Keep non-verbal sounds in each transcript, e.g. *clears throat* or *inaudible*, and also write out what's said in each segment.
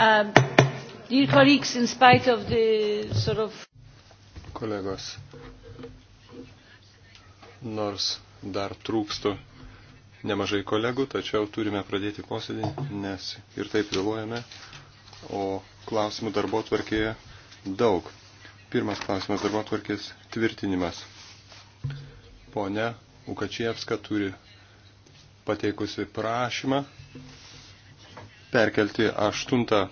Um, dear colleagues, in spite of the sort of... Kolegos, nors dar trūkstu nemažai kolegų, tačiau turime pradėti posėdį, nes ir taip vėluojame, o klausimų darbo tvarkėje daug. Pirmas klausimas darbo tvarkės tvirtinimas. Pone Ukačievska turi pateikusi prašymą perkelti aštuntą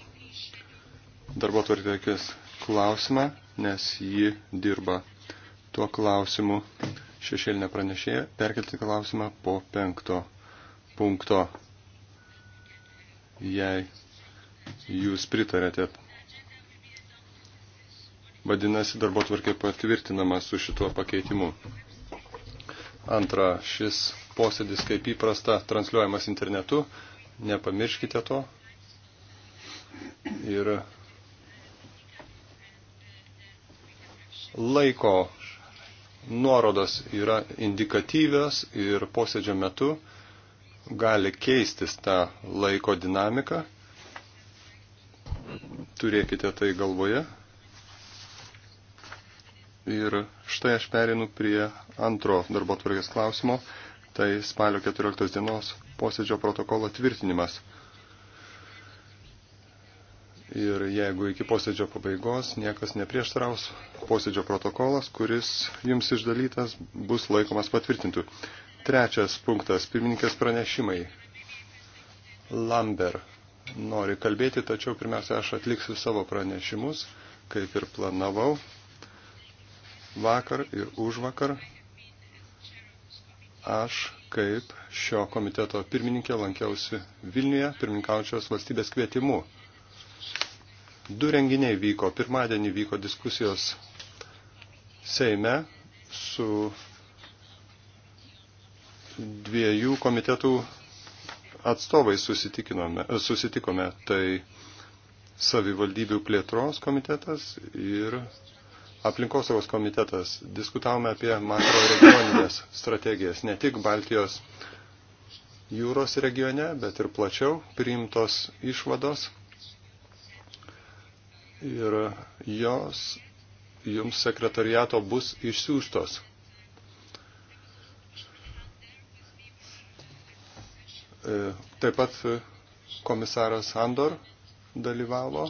darbo tvarkės klausimą, nes ji dirba tuo klausimu šešėlinę pranešėją, perkelti klausimą po penkto punkto. Jei jūs pritarėte, vadinasi, darbo tvarkė patvirtinama su šituo pakeitimu. Antra, šis posėdis kaip įprasta transliuojamas internetu. Nepamirškite to. Ir laiko nuorodos yra indikatyvios ir posėdžio metu gali keistis tą laiko dinamiką. Turėkite tai galvoje. Ir štai aš perinu prie antro darbo tvarkės klausimo tai spalio 14 dienos posėdžio protokolo tvirtinimas. Ir jeigu iki posėdžio pabaigos niekas neprieštaraus, posėdžio protokolas, kuris jums išdalytas, bus laikomas patvirtintų. Trečias punktas – pirmininkės pranešimai. Lamber nori kalbėti, tačiau pirmiausia aš atliksiu savo pranešimus, kaip ir planavau, vakar ir už vakar Aš kaip šio komiteto pirmininkė lankiausi Vilniuje pirmininkaujančios valstybės kvietimu. Du renginiai vyko. Pirmadienį vyko diskusijos Seime su dviejų komitetų atstovai susitikome. Tai savivaldybių plėtros komitetas ir aplinkosaugos komitetas diskutavome apie makroregioninės strategijas, ne tik Baltijos jūros regione, bet ir plačiau priimtos išvados. Ir jos jums sekretariato bus išsiųstos. E, taip pat komisaras Andor dalyvavo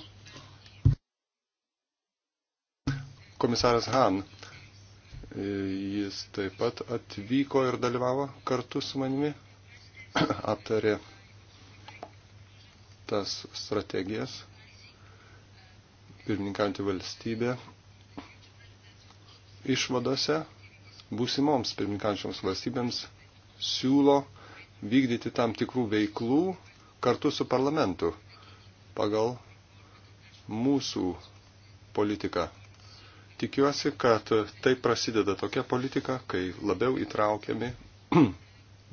komisaras Han. Jis taip pat atvyko ir dalyvavo kartu su manimi, *clears throat* aptarė tas strategijas, pirmininkantį valstybę, išvadose būsimoms pirmininkančioms valstybėms siūlo vykdyti tam tikrų veiklų kartu su parlamentu pagal mūsų politiką Tikiuosi, kad taip prasideda tokia politika, kai labiau įtraukiami *clears throat*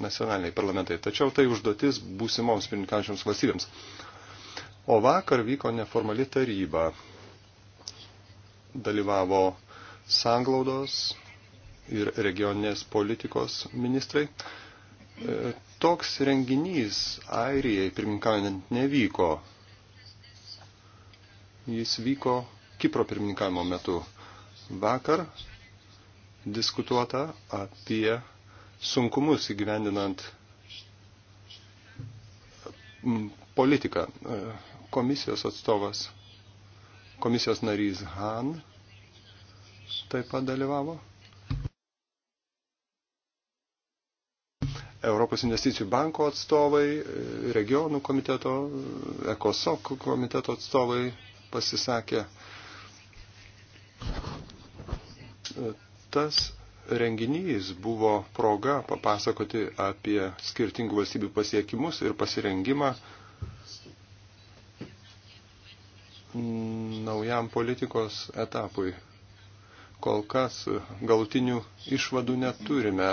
nacionaliniai parlamentai. Tačiau tai užduotis būsimoms pirmininkančioms valstybėms. O vakar vyko neformali taryba. Dalyvavo sanglaudos ir regioninės politikos ministrai. E, toks renginys Airijai pirmininkaujant nevyko. Jis vyko Kipro pirmininkavimo metu. Vakar diskutuota apie sunkumus įgyvendinant politiką. E, komisijos atstovas, komisijos narys Han taip pat dalyvavo. Europos investicijų banko atstovai, regionų komiteto, ECOSOC komiteto atstovai pasisakė Tas renginys buvo proga papasakoti apie skirtingų valstybių pasiekimus ir pasirengimą naujam politikos etapui. Kol kas galutinių išvadų neturime.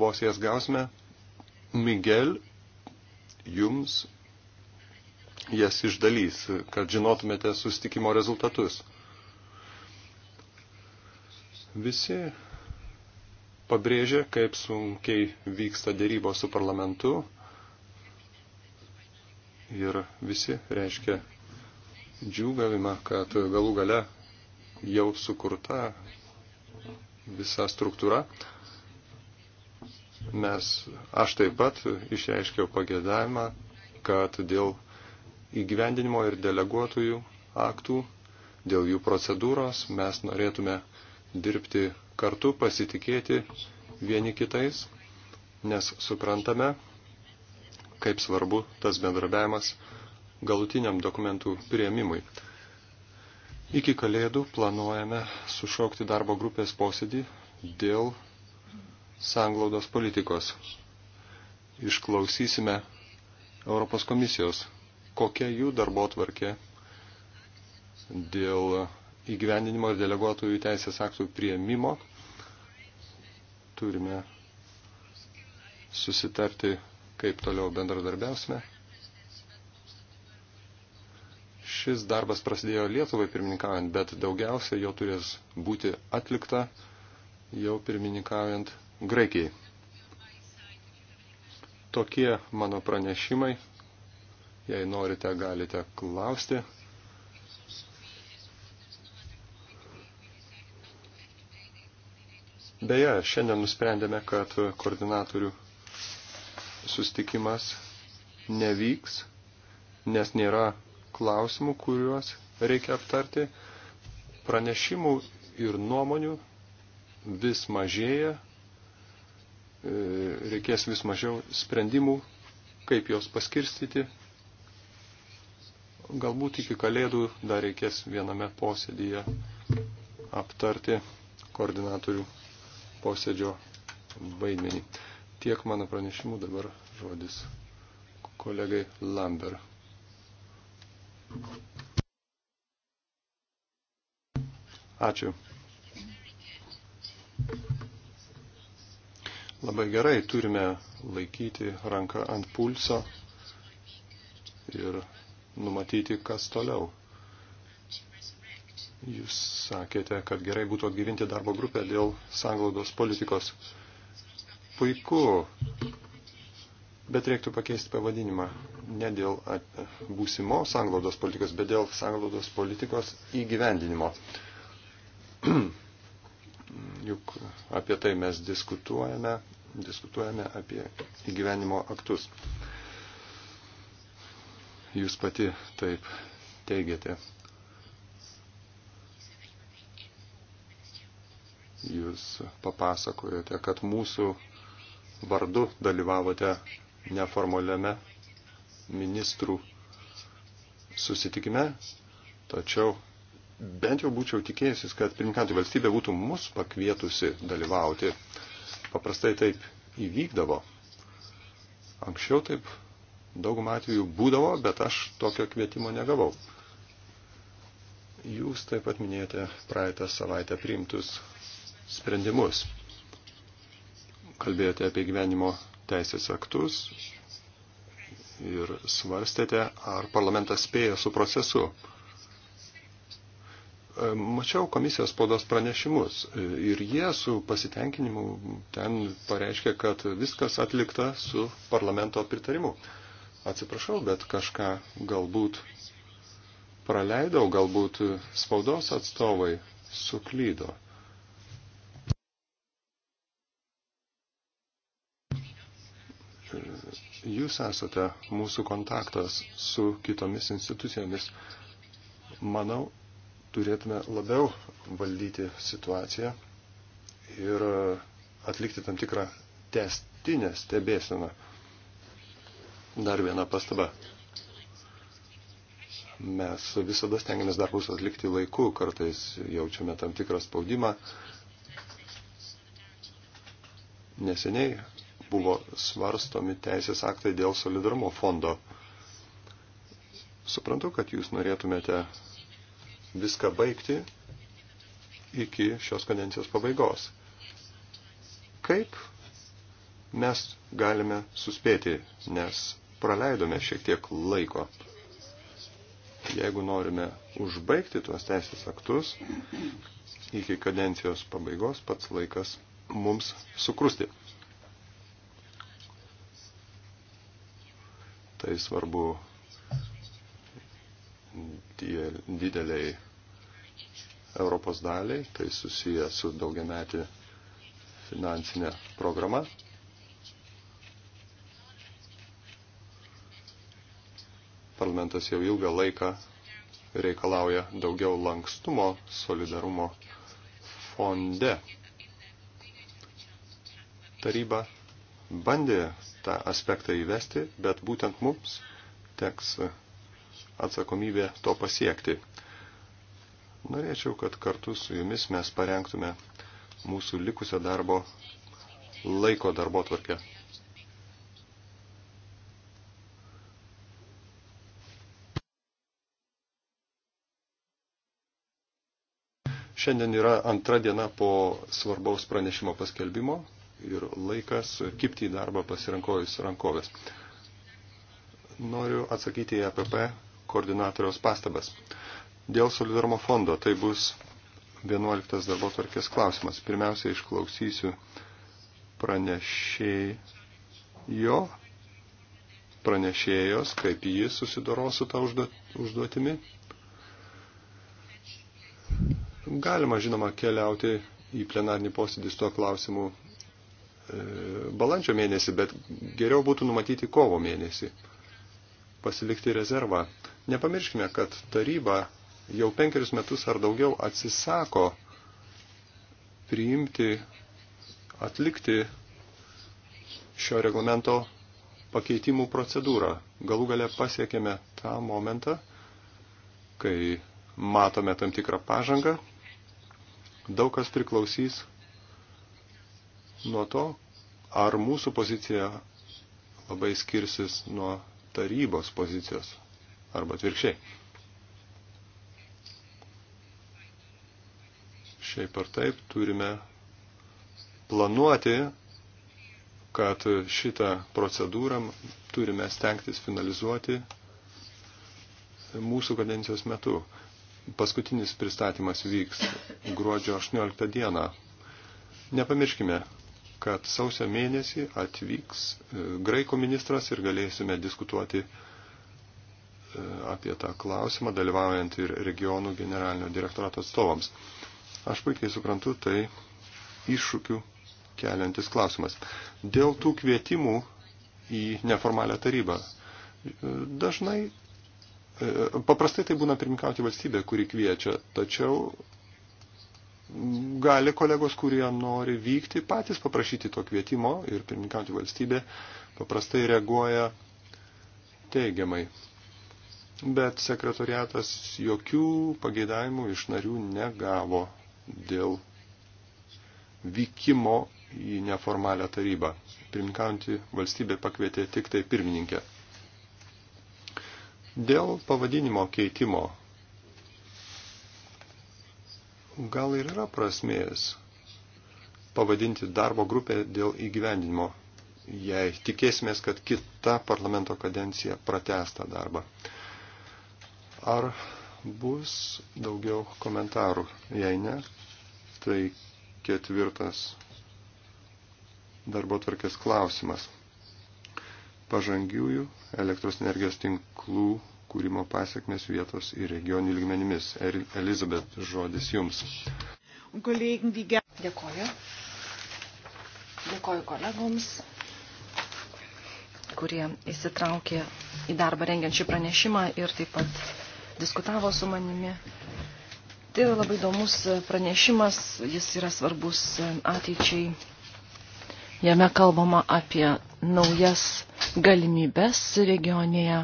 Vos jas gausime. Miguel jums jas išdalys, kad žinotumėte sustikimo rezultatus. Visi pabrėžė, kaip sunkiai vyksta dėrybos su parlamentu ir visi reiškia džiūgavimą, kad galų gale jau sukurta visa struktūra. Mes, aš taip pat išreiškiau pagėdavimą, kad dėl įgyvendinimo ir deleguotųjų aktų, dėl jų procedūros mes norėtume dirbti kartu, pasitikėti vieni kitais, nes suprantame, kaip svarbu tas bendrabiavimas galutiniam dokumentų prieimimui. Iki kalėdų planuojame sušaukti darbo grupės posėdį dėl sanglaudos politikos. Išklausysime Europos komisijos, kokia jų darbo tvarkė dėl įgyvendinimo ir deleguotojų teisės aktų prieimimo turime susitarti, kaip toliau bendradarbiausime. Šis darbas prasidėjo Lietuvai pirmininkaujant, bet daugiausia jo turės būti atlikta jau pirmininkaujant Graikijai. Tokie mano pranešimai. Jei norite, galite klausti. Beje, šiandien nusprendėme, kad koordinatorių sustikimas nevyks, nes nėra klausimų, kuriuos reikia aptarti. Pranešimų ir nuomonių vis mažėja, e, reikės vis mažiau sprendimų, kaip juos paskirstyti. Galbūt iki kalėdų dar reikės viename posėdyje aptarti koordinatorių posėdžio vaidmenį. Tiek mano pranešimų dabar žodis kolegai Lambert. Ačiū. Labai gerai turime laikyti ranką ant pulso ir numatyti, kas toliau. Jūs sakėte, kad gerai būtų atgyvinti darbo grupę dėl sanglaudos politikos. Puiku, bet reiktų pakeisti pavadinimą ne dėl būsimos sanglaudos politikos, bet dėl sanglaudos politikos įgyvendinimo. *clears throat* Juk apie tai mes diskutuojame, diskutuojame apie įgyvenimo aktus. Jūs pati taip teigiate. jūs papasakojote, kad mūsų vardu dalyvavote neformaliame ministrų susitikime, tačiau bent jau būčiau tikėjusis, kad pirmininkantį valstybė būtų mus pakvietusi dalyvauti. Paprastai taip įvykdavo. Anksčiau taip daugumą atvejų būdavo, bet aš tokio kvietimo negavau. Jūs taip pat minėjote praeitą savaitę priimtus sprendimus. Kalbėjote apie gyvenimo teisės aktus ir svarstėte, ar parlamentas spėjo su procesu. Mačiau komisijos spaudos pranešimus ir jie su pasitenkinimu ten pareiškė, kad viskas atlikta su parlamento pritarimu. Atsiprašau, bet kažką galbūt praleidau, galbūt spaudos atstovai suklydo. Jūs esate mūsų kontaktas su kitomis institucijomis. Manau, turėtume labiau valdyti situaciją ir atlikti tam tikrą testinę stebėseną. Dar viena pastaba. Mes visada stengiamės darbus atlikti laiku, kartais jaučiame tam tikrą spaudimą. Neseniai buvo svarstomi teisės aktai dėl solidarumo fondo. Suprantu, kad jūs norėtumėte viską baigti iki šios kadencijos pabaigos. Kaip mes galime suspėti, nes praleidome šiek tiek laiko. Jeigu norime užbaigti tuos teisės aktus iki kadencijos pabaigos, pats laikas mums sukrusti. Tai svarbu dideliai Europos daliai, tai susiję su daugiametė finansinė programa. Parlamentas jau ilgą laiką reikalauja daugiau lankstumo solidarumo fonde. Taryba bandė tą aspektą įvesti, bet būtent mums teks atsakomybė to pasiekti. Norėčiau, kad kartu su jumis mes parengtume mūsų likusią darbo laiko darbo tvarkę. Šiandien yra antra diena po svarbaus pranešimo paskelbimo, ir laikas kipti į darbą pasirankojus rankovės. Noriu atsakyti į APP koordinatoriaus pastabas. Dėl solidarumo fondo tai bus 11 darbo tvarkės klausimas. Pirmiausia, išklausysiu pranešėjo, pranešėjos, kaip jis susidoro su tą užduotimi. Galima, žinoma, keliauti į plenarnį posėdį su tuo klausimu balandžio mėnesį, bet geriau būtų numatyti kovo mėnesį, pasilikti rezervą. Nepamirškime, kad taryba jau penkerius metus ar daugiau atsisako priimti, atlikti šio reglamento pakeitimų procedūrą. Galų gale pasiekėme tą momentą, kai matome tam tikrą pažangą. Daug kas priklausys nuo to, ar mūsų pozicija labai skirsis nuo tarybos pozicijos arba atvirkščiai. Šiaip ar taip turime planuoti, kad šitą procedūrą turime stengtis finalizuoti mūsų kadencijos metu. Paskutinis pristatymas vyks gruodžio 18 dieną. Nepamirškime kad sausio mėnesį atvyks e, graiko ministras ir galėsime diskutuoti e, apie tą klausimą, dalyvaujant ir regionų generalinio direktorato atstovams. Aš puikiai suprantu, tai iššūkių keliantis klausimas. Dėl tų kvietimų į neformalią tarybą. E, dažnai, paprastai tai būna pirminkauti valstybė, kuri kviečia, tačiau gali kolegos, kurie nori vykti, patys paprašyti to kvietimo ir pirmininkantį valstybė paprastai reaguoja teigiamai. Bet sekretoriatas jokių pageidavimų iš narių negavo dėl vykimo į neformalią tarybą. Pirmininkaujantį valstybę pakvietė tik tai pirmininkę. Dėl pavadinimo keitimo gal ir yra prasmės pavadinti darbo grupę dėl įgyvendinimo, jei tikėsimės, kad kita parlamento kadencija pratestą darbą. Ar bus daugiau komentarų? Jei ne, tai ketvirtas darbo tvarkės klausimas. Pažangiųjų elektros energijos tinklų kūrimo pasiekmes vietos ir regionių lygmenimis. Er, Elizabet, žodis jums. Dėkoju. Dėkoju kolegoms, kurie įsitraukė į darbą rengiant šį pranešimą ir taip pat diskutavo su manimi. Tai yra labai įdomus pranešimas, jis yra svarbus ateičiai. Jame kalbama apie naujas galimybės regionėje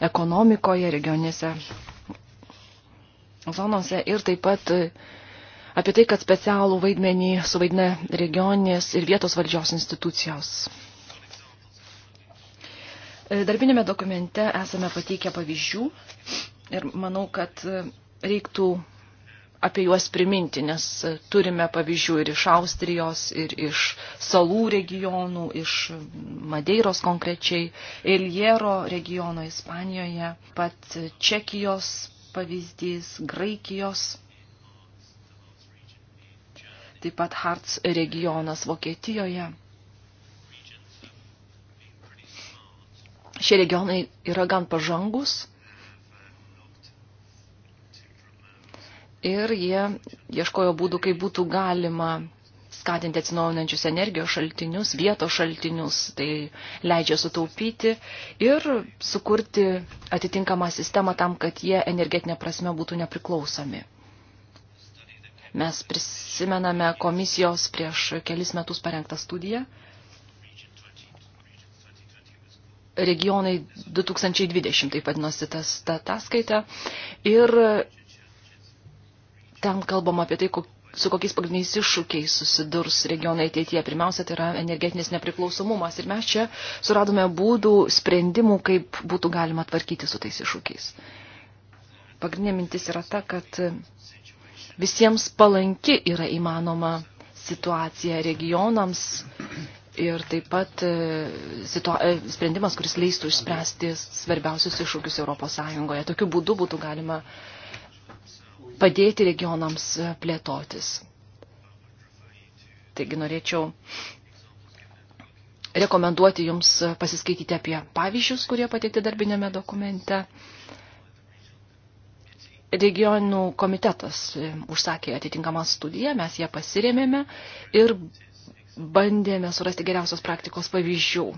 ekonomikoje, regionėse zonose ir taip pat e, apie tai, kad specialų vaidmenį suvaidina regioninės ir vietos valdžios institucijos. E, Darbinėme dokumente esame pateikę pavyzdžių ir manau, kad e, reiktų apie juos priminti, nes turime pavyzdžių ir iš Austrijos, ir iš salų regionų, iš Madeiros konkrečiai, Eliero regiono Ispanijoje, pat Čekijos pavyzdys, Graikijos, taip pat Harts regionas Vokietijoje. Šie regionai yra gan pažangus ir jie ieškojo būdų, kaip būtų galima skatinti atsinaujinančius energijos šaltinius, vietos šaltinius, tai leidžia sutaupyti ir sukurti atitinkamą sistemą tam, kad jie energetinė prasme būtų nepriklausomi. Mes prisimename komisijos prieš kelis metus parengtą studiją. Regionai 2020 taip pat nusitas tą ataskaitą. Ir ten kalbama apie tai, su kokiais pagrindiniais iššūkiais susidurs regionai ateityje. Pirmiausia, tai yra energetinis nepriklausomumas. Ir mes čia suradome būdų, sprendimų, kaip būtų galima tvarkyti su tais iššūkiais. Pagrindinė mintis yra ta, kad visiems palanki yra įmanoma situacija regionams ir taip pat e, situa e, sprendimas, kuris leistų išspręsti svarbiausius iššūkius Europos Sąjungoje. Tokiu būdu būtų galima uh, padėti regionams e, plėtotis. Taigi norėčiau rekomenduoti jums e, pasiskaityti apie pavyzdžius, kurie pateikti darbinėme dokumente. Regionų komitetas e, užsakė atitinkamą studiją, mes ją pasirėmėme ir bandėme surasti geriausios praktikos pavyzdžių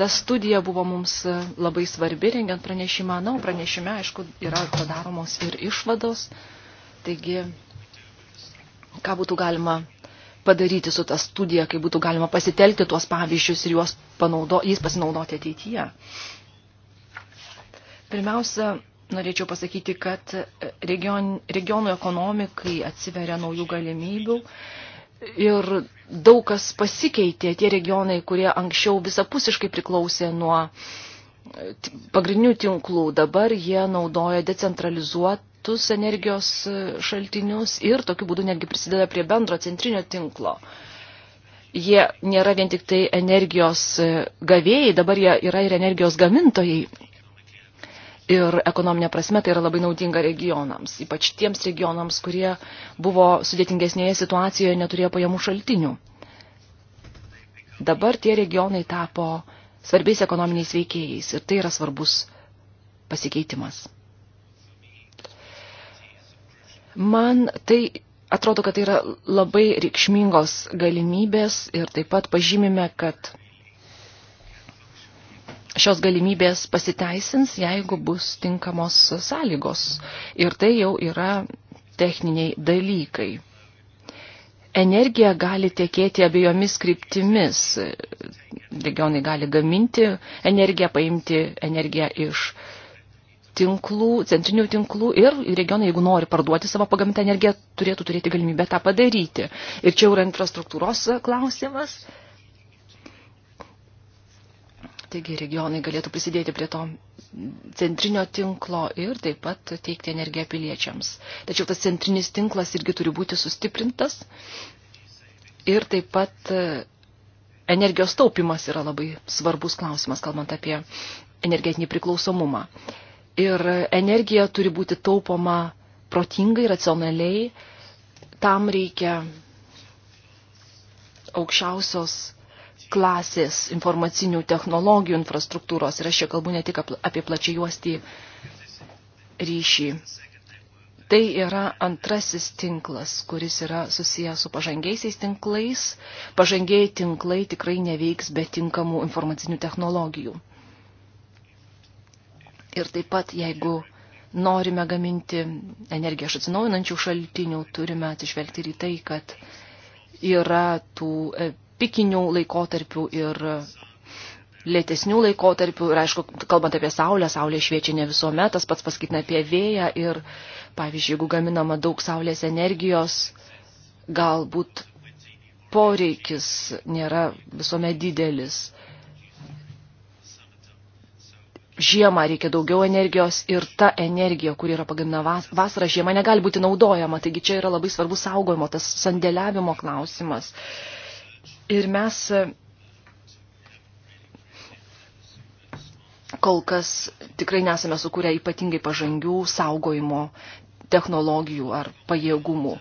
ta studija buvo mums e, labai svarbi, rengiant pranešimą. Na, pranešime, aišku, yra padaromos ir išvados. Taigi, ką būtų galima padaryti su ta studija, kai būtų galima pasitelkti tuos pavyzdžius ir juos panaudo, jis pasinaudoti ateityje. Pirmiausia, norėčiau pasakyti, kad region, regionų ekonomikai atsiveria naujų galimybių, Ir daug kas pasikeitė tie regionai, kurie anksčiau visapusiškai priklausė nuo e, pagrindinių tinklų. Dabar jie naudoja decentralizuotus energijos e, šaltinius ir tokiu būdu netgi prisideda prie bendro centrinio tinklo. Jie nėra vien tik tai energijos e, gavėjai, dabar jie yra ir energijos gamintojai ir ekonominė prasme tai yra labai naudinga regionams, ypač tiems regionams, kurie buvo sudėtingesnėje situacijoje neturėjo pajamų šaltinių. Dabar tie regionai tapo svarbiais ekonominiais veikėjais ir tai yra svarbus pasikeitimas. Man tai atrodo, kad tai yra labai reikšmingos galimybės ir taip pat pažymime, kad šios galimybės pasiteisins, jeigu bus tinkamos sąlygos. Ir tai jau yra techniniai dalykai. Energija gali tiekėti abiejomis kryptimis. Regionai gali gaminti energiją, paimti energiją iš tinklų, centrinių tinklų ir regionai, jeigu nori parduoti savo pagamintą energiją, turėtų turėti galimybę tą padaryti. Ir čia jau yra infrastruktūros klausimas. Taigi regionai galėtų prisidėti prie to centrinio tinklo ir taip pat teikti energiją piliečiams. Tačiau tas centrinis tinklas irgi turi būti sustiprintas ir taip pat e, energijos taupimas yra labai svarbus klausimas, kalbant apie energetinį priklausomumą. Ir energija turi būti taupoma protingai, racionaliai, tam reikia aukščiausios klasės informacinių technologijų infrastruktūros. Ir aš čia kalbu ne tik apie plačiai juostį ryšį. Tai yra antrasis tinklas, kuris yra susijęs su pažangiaisiais tinklais. Pažangiai tinklai tikrai neveiks be tinkamų informacinių technologijų. Ir taip pat, jeigu norime gaminti energiją iš atsinaujinančių šaltinių, turime atsižvelgti ir į tai, kad yra tų e, pikinių laikotarpių ir lėtesnių laikotarpių. Ir aišku, kalbant apie saulę, saulė šviečia ne visuomet, tas pats paskaitina apie vėją. Ir, pavyzdžiui, jeigu gaminama daug saulės energijos, galbūt poreikis nėra visuomet didelis. Žiemą reikia daugiau energijos ir ta energija, kuri yra pagamina vasarą, žiemą negali būti naudojama. Taigi čia yra labai svarbus saugojimo, tas sandėliavimo klausimas. Uh, Ir mes e, kol kas tikrai nesame sukūrę ypatingai pažangių saugojimo technologijų ar pajėgumų.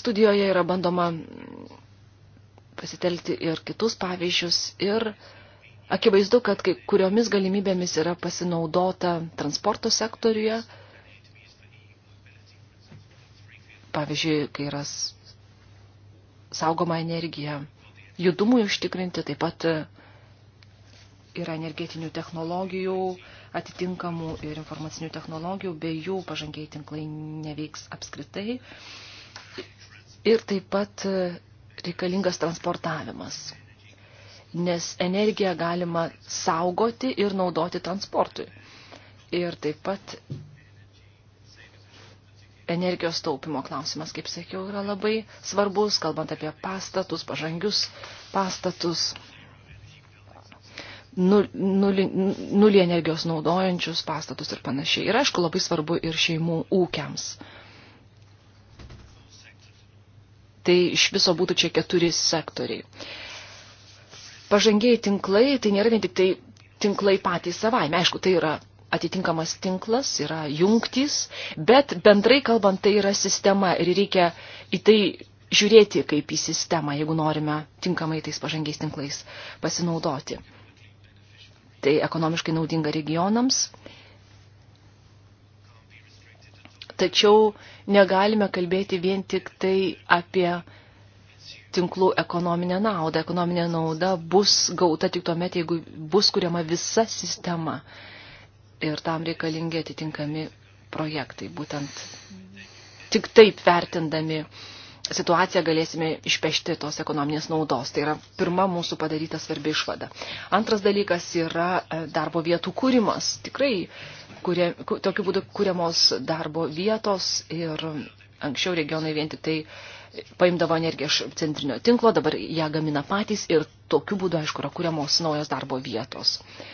Studijoje yra bandoma pasitelti ir kitus pavyzdžius ir akivaizdu, kad kai kuriomis galimybėmis yra pasinaudota transporto sektoriuje, pavyzdžiui, kai yra saugomą energiją judumui užtikrinti, taip pat yra energetinių technologijų, atitinkamų ir informacinių technologijų, be jų pažangiai tinklai neveiks apskritai. Ir taip pat reikalingas transportavimas, nes energiją galima saugoti ir naudoti transportui. Ir taip pat energijos taupimo klausimas, kaip sakiau, yra labai svarbus, kalbant apie pastatus, pažangius pastatus, nulį, nulį energijos naudojančius pastatus ir panašiai. Ir aišku, labai svarbu ir šeimų ūkiams. Tai iš viso būtų čia keturi sektoriai. Pažangiai tinklai, tai nėra vien tik tai tinklai patys savaime. Aišku, tai yra atitinkamas tinklas, yra jungtys, bet bendrai kalbant tai yra sistema ir reikia į tai žiūrėti kaip į sistemą, jeigu norime tinkamai tais pažangiais tinklais pasinaudoti. Tai ekonomiškai naudinga regionams. Tačiau negalime kalbėti vien tik tai apie tinklų ekonominę naudą. Ekonominė nauda bus gauta tik tuomet, jeigu bus kuriama visa sistema. Uh, ir tam reikalingi atitinkami projektai. Būtent tik taip vertindami situaciją galėsime išpešti tos ekonominės naudos. Tai yra pirma mūsų padaryta svarbi išvada. Antras dalykas yra e, darbo vietų kūrimas. Tikrai kurie, tokiu būdu kūriamos darbo vietos ir anksčiau regionai vien tik tai paimdavo energiją iš centrinio tinklo, dabar ją gamina patys ir tokiu būdu, aišku, yra kūriamos naujos darbo vietos. Uh,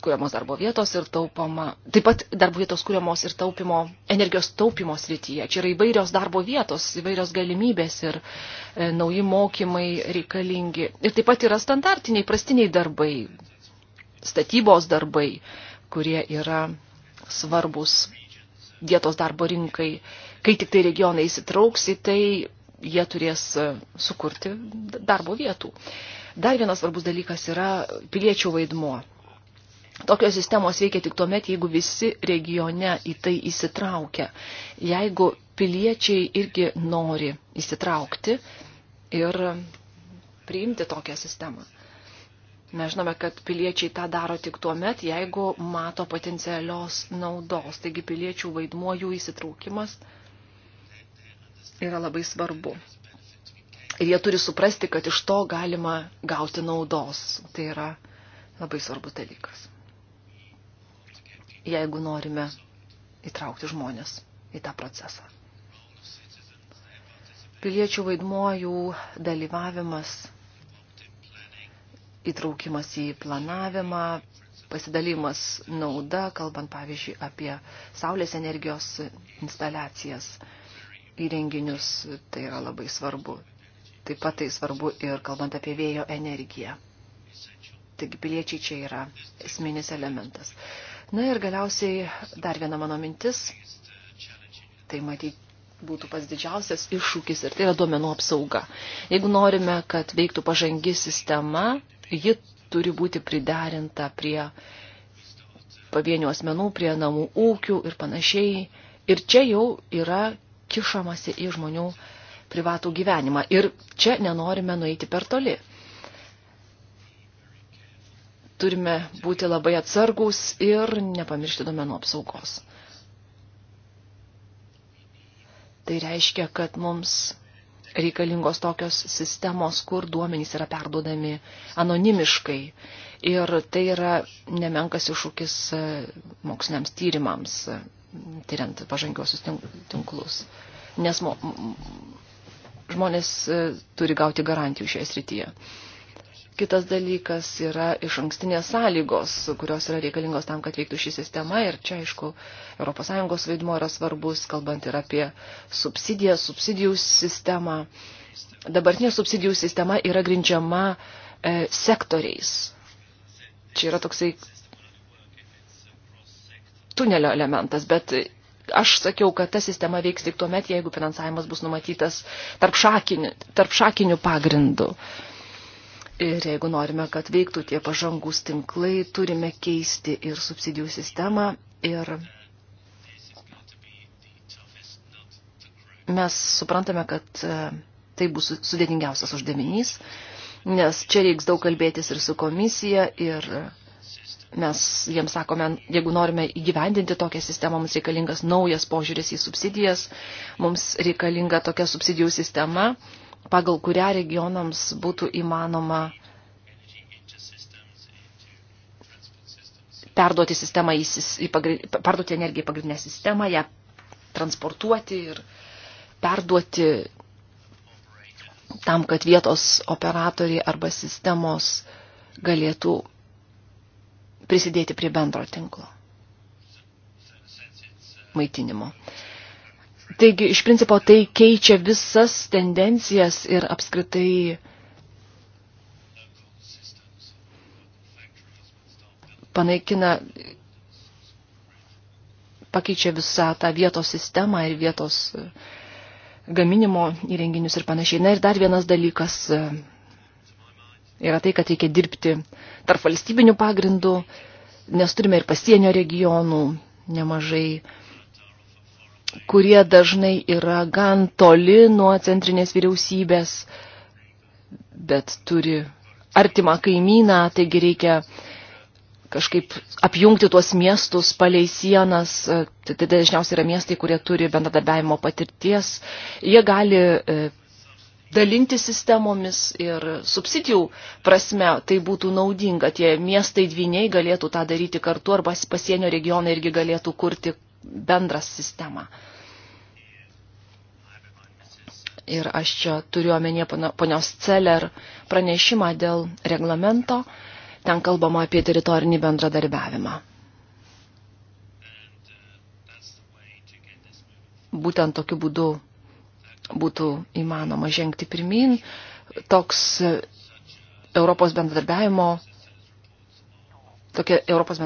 kuriamos darbo vietos ir taupoma, taip pat darbo vietos kuriamos ir taupimo, energijos taupimo srityje. Čia yra įvairios darbo vietos, įvairios galimybės ir e, nauji mokymai reikalingi. Ir taip pat yra standartiniai, prastiniai darbai, statybos darbai, kurie yra svarbus vietos darbo rinkai. Kai tik tai regionai įsitrauks į tai, jie turės e, sukurti darbo vietų. Dar vienas svarbus dalykas yra piliečių vaidmuo Tokios sistemos veikia tik tuomet, jeigu visi regione į tai įsitraukia, jeigu piliečiai irgi nori įsitraukti ir priimti tokią sistemą. Mes žinome, kad piliečiai tą daro tik tuo met, jeigu mato potencialios naudos. Taigi piliečių vaidmuo, jų įsitraukimas yra labai svarbu. Ir jie turi suprasti, kad iš to galima gauti naudos. Tai yra labai svarbus dalykas jeigu norime įtraukti žmonės į tą procesą. Piliečių vaidmuo jų dalyvavimas, įtraukimas į planavimą, pasidalymas nauda, kalbant pavyzdžiui apie saulės energijos instaliacijas, įrenginius, tai yra labai svarbu. Taip pat tai svarbu ir kalbant apie vėjo energiją. Taigi piliečiai čia yra esminis elementas. Na ir galiausiai dar viena mano mintis. Tai matyti būtų pats didžiausias iššūkis ir tai yra duomenų apsauga. Jeigu norime, kad veiktų pažangi sistema, ji turi būti priderinta prie pavienių asmenų, prie namų ūkių ir panašiai. Ir čia jau yra kišamasi į žmonių privatų gyvenimą. Ir čia nenorime nueiti per toli turime būti labai atsargus ir nepamiršti domenų apsaugos. Tai reiškia, kad mums reikalingos tokios sistemos, kur duomenys yra perduodami anonimiškai. Ir tai yra nemenkas iššūkis e, moksliniams tyrimams, e, tyriant pažangiosius tinklus. Nes mo, žmonės e, turi gauti garantijų šioje srityje. Kitas dalykas yra iš ankstinės sąlygos, kurios yra reikalingos tam, kad veiktų ši sistema. Ir čia, aišku, ES vaidmo yra svarbus, kalbant ir apie subsidiją, subsidijų sistemą. Dabartinė subsidijų sistema yra grindžiama e, sektoriais. Čia yra toksai tunelio elementas, bet aš sakiau, kad ta sistema veiks tik tuomet, jeigu finansavimas bus numatytas tarp šakinių, tarp šakinių pagrindų. E, Ir jeigu norime, kad veiktų tie pažangus tinklai, turime keisti ir subsidijų sistemą. Ir mes suprantame, kad e, tai bus sudėtingiausias uždavinys, nes čia reiks daug kalbėtis ir su komisija. Ir mes jiems sakome, jeigu norime įgyvendinti tokią sistemą, mums reikalingas naujas požiūris į subsidijas, mums reikalinga tokia subsidijų sistema pagal kurią regionams būtų įmanoma perduoti, sistemą į, į pagrind, perduoti energiją į pagrindinę sistemą, ją transportuoti ir perduoti tam, kad vietos operatoriai arba sistemos galėtų prisidėti prie bendro tinklo maitinimo. Taigi, iš principo, tai keičia visas tendencijas ir apskritai panaikina, pakeičia visą tą vietos sistemą ir vietos e, gaminimo įrenginius ir panašiai. Na ir dar vienas dalykas e, yra tai, kad reikia dirbti tarp valstybinių pagrindų, nes turime ir pasienio regionų nemažai kurie dažnai yra gan toli nuo centrinės vyriausybės, bet turi artimą kaimyną, taigi reikia kažkaip apjungti tuos miestus palei sienas, tai, tai dažniausiai yra miestai, kurie turi bendradarbiavimo patirties, jie gali e, dalinti sistemomis ir subsidijų prasme tai būtų naudinga. Tie miestai dviniai galėtų tą daryti kartu arba pasienio regionai irgi galėtų kurti bendrą sistemą. Ir aš čia turiu omenyje ponios Celler pranešimą dėl reglamento, ten kalbama apie teritorinį bendradarbiavimą. Būtent tokiu būdu būtų įmanoma žengti pirmin, toks Europos bendradarbiavimo tokia Europos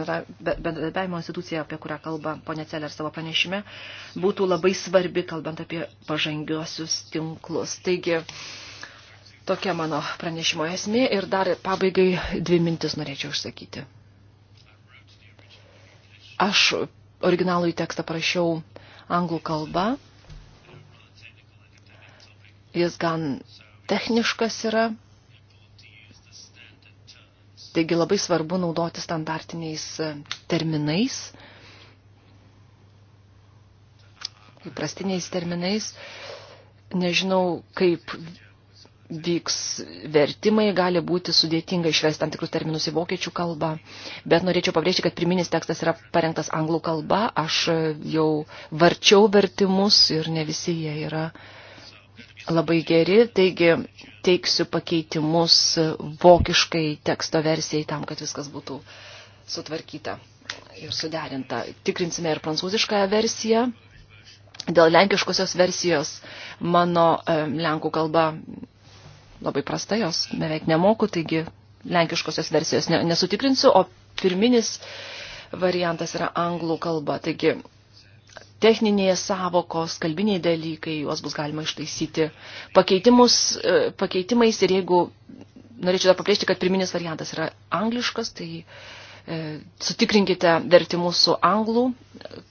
bendradarbiavimo institucija, apie kurią kalba ponė Celer savo pranešime, būtų labai svarbi, kalbant apie pažangiuosius tinklus. Taigi, tokia mano pranešimo esmė ir dar pabaigai dvi mintis norėčiau užsakyti. Aš originalų į tekstą parašiau anglų kalbą. Jis gan techniškas yra, Taigi labai svarbu naudoti standartiniais e, terminais, įprastiniais terminais. Nežinau, kaip vyks vertimai, gali būti sudėtinga išvesti tam tikrus terminus į vokiečių kalbą, bet norėčiau pabrėžti, kad priminis tekstas yra parengtas anglų kalba, aš e, jau varčiau vertimus ir ne visi jie yra uh, labai geri, taigi teiksiu pakeitimus vokiškai teksto versijai tam, kad viskas būtų sutvarkyta ir suderinta. Tikrinsime ir prancūzišką versiją. Dėl lenkiškosios versijos mano e, lenkų kalba labai prasta, jos beveik nemoku, taigi lenkiškosios versijos nesutikrinsiu, o pirminis variantas yra anglų kalba. Taigi techninės savokos, kalbiniai dalykai, juos bus galima ištaisyti e, pakeitimais ir jeigu, norėčiau dar pabrėžti, kad pirminis variantas yra angliškas, tai e, sutikrinkite vertimus su anglų e,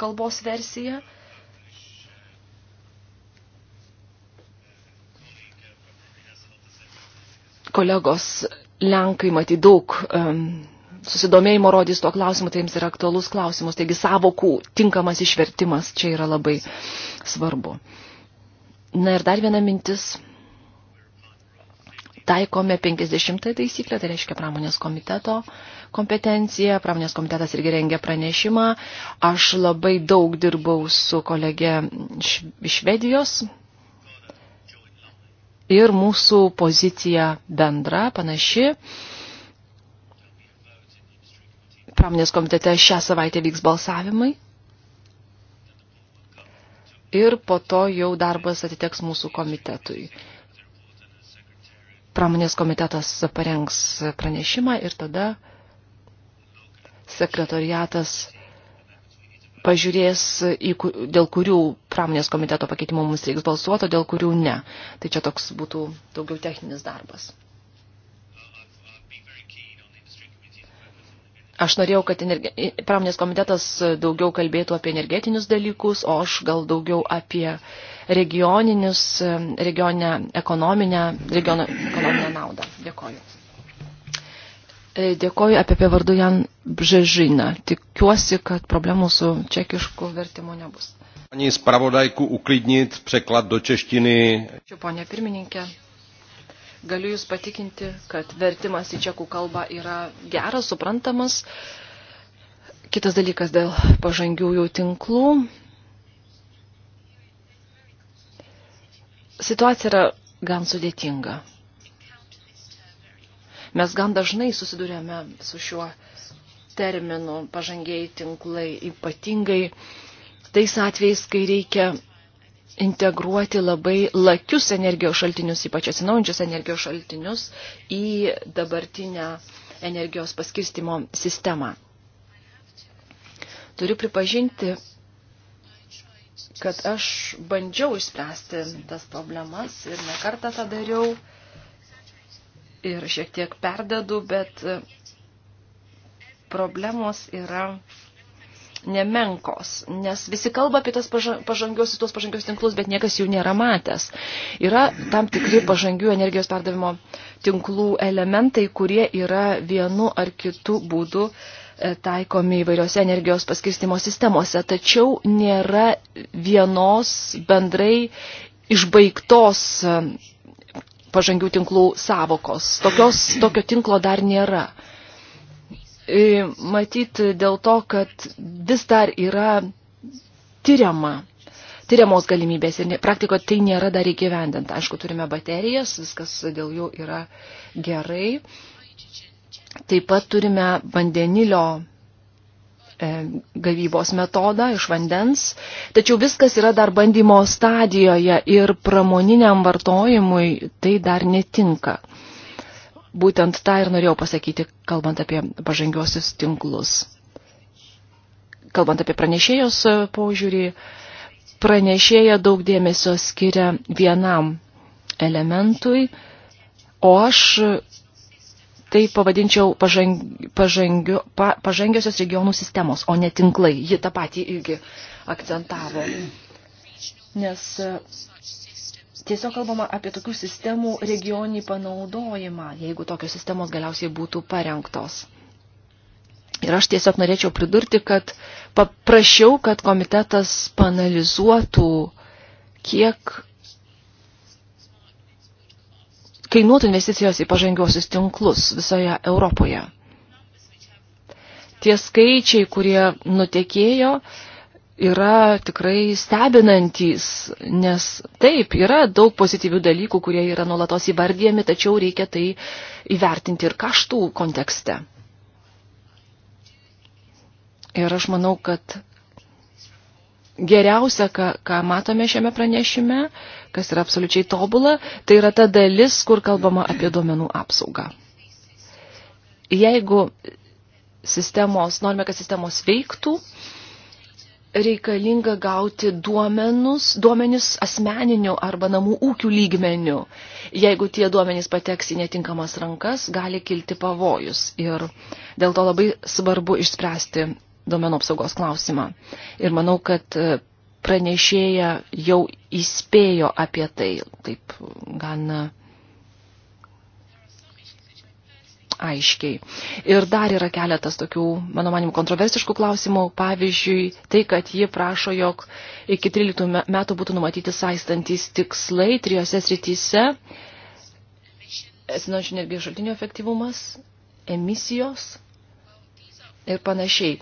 kalbos versija. Kolegos Lenkai matyt daug um, e, susidomėjimo rodys tuo klausimu, tai jums yra aktualus klausimus. Taigi savokų tinkamas išvertimas čia yra labai svarbu. Na ir dar viena mintis. Taikome 50 taisyklę, tai reiškia pramonės komiteto kompetenciją. Pramonės komitetas irgi rengia pranešimą. Aš labai daug dirbau su kolege iš Švedijos, ir mūsų pozicija bendra, panaši pramonės komitete šią savaitę vyks balsavimai. Ir po to jau darbas atiteks mūsų komitetui. Pramonės komitetas parengs pranešimą ir tada sekretoriatas pažiūrės, dėl kurių pramonės komiteto pakeitimo mums reiks balsuoto, dėl kurių ne. Tai čia toks būtų daugiau techninis darbas. Aš norėjau, kad energe... pramonės komitetas daugiau kalbėtų apie energetinius dalykus, o aš gal daugiau apie regioninius, regioninę ekonominę, regiono ekonominę naudą. Dėkoju. E, dėkoju apie pavardu Jan Bžežina. Tikiuosi, kad problemų su čekišku vertimu nebus. Pani spravodajku uklidnit preklad do češtiny. Ačiū, ponė pirmininkė. Galiu Jūs patikinti, kad vertimas į čekų kalbą yra geras, suprantamas. Kitas dalykas dėl pažangiųjų tinklų. Situacija yra gan sudėtinga. Mes gan dažnai susidurėme su šiuo terminu pažangiai tinklai, ypatingai tais atvejais, kai reikia integruoti labai lakius energijos šaltinius, ypač atsinaujančius energijos šaltinius, į dabartinę energijos paskirstimo sistemą. Turiu pripažinti, kad aš bandžiau išspręsti tas problemas ir nekartą tą dariau ir šiek tiek perdedu, bet problemos yra nemenkos, nes visi kalba apie tas pažangios, tuos pažangios tinklus, bet niekas jų nėra matęs. Yra tam tikri pažangių energijos perdavimo tinklų elementai, kurie yra vienu ar kitu būdu e, taikomi įvairiose energijos paskirstimo sistemose, tačiau nėra vienos bendrai išbaigtos e, pažangių tinklų savokos. Tokios, tokio tinklo dar nėra. E, matyti dėl to, kad vis dar yra tyriama, tyriamos galimybės ir praktikoje tai nėra dar įgyvendinta. Aišku, turime baterijas, viskas dėl jų yra gerai. Taip pat turime vandenilio e, gavybos metodą iš vandens, tačiau viskas yra dar bandymo stadijoje ir pramoniniam vartojimui tai dar netinka. Būtent tą ir norėjau pasakyti, kalbant apie pažangiosius tinklus. Kalbant apie pranešėjos e, požiūrį, pranešėja daug dėmesio skiria vienam elementui, o aš tai pavadinčiau pažang, pažangio, pa, pažangiosios regionų sistemos, o ne tinklai. Ji tą patį irgi akcentavo. Nes tiesiog kalbama apie tokių sistemų regionį panaudojimą, jeigu tokios sistemos galiausiai būtų parengtos. Ir aš tiesiog norėčiau pridurti, kad paprašiau, kad komitetas panalizuotų, kiek kainuotų investicijos į pažangiuosius tinklus visoje Europoje. Tie skaičiai, kurie nutekėjo, yra tikrai stebinantys, nes taip, yra daug pozityvių dalykų, kurie yra nuolatos įvardyjami, tačiau reikia tai įvertinti ir kaštų kontekste. Ir aš manau, kad geriausia, ką, ką matome šiame pranešime, kas yra absoliučiai tobula, tai yra ta dalis, kur kalbama apie duomenų apsaugą. Jeigu sistemos, norime, kad sistemos veiktų, reikalinga gauti duomenus, duomenis asmeniniu arba namų ūkių lygmeniu. Jeigu tie duomenys pateks į netinkamas rankas, gali kilti pavojus ir dėl to labai svarbu išspręsti duomenų apsaugos klausimą. Ir manau, kad e, pranešėja jau įspėjo apie tai taip gana aiškiai. Ir dar yra keletas tokių, mano manim, kontroversiškų klausimų. Pavyzdžiui, tai, kad ji prašo, jog iki 13 metų būtų numatyti saistantys tikslai trijose srityse. Esinančių energijos šaltinių efektyvumas, emisijos ir panašiai.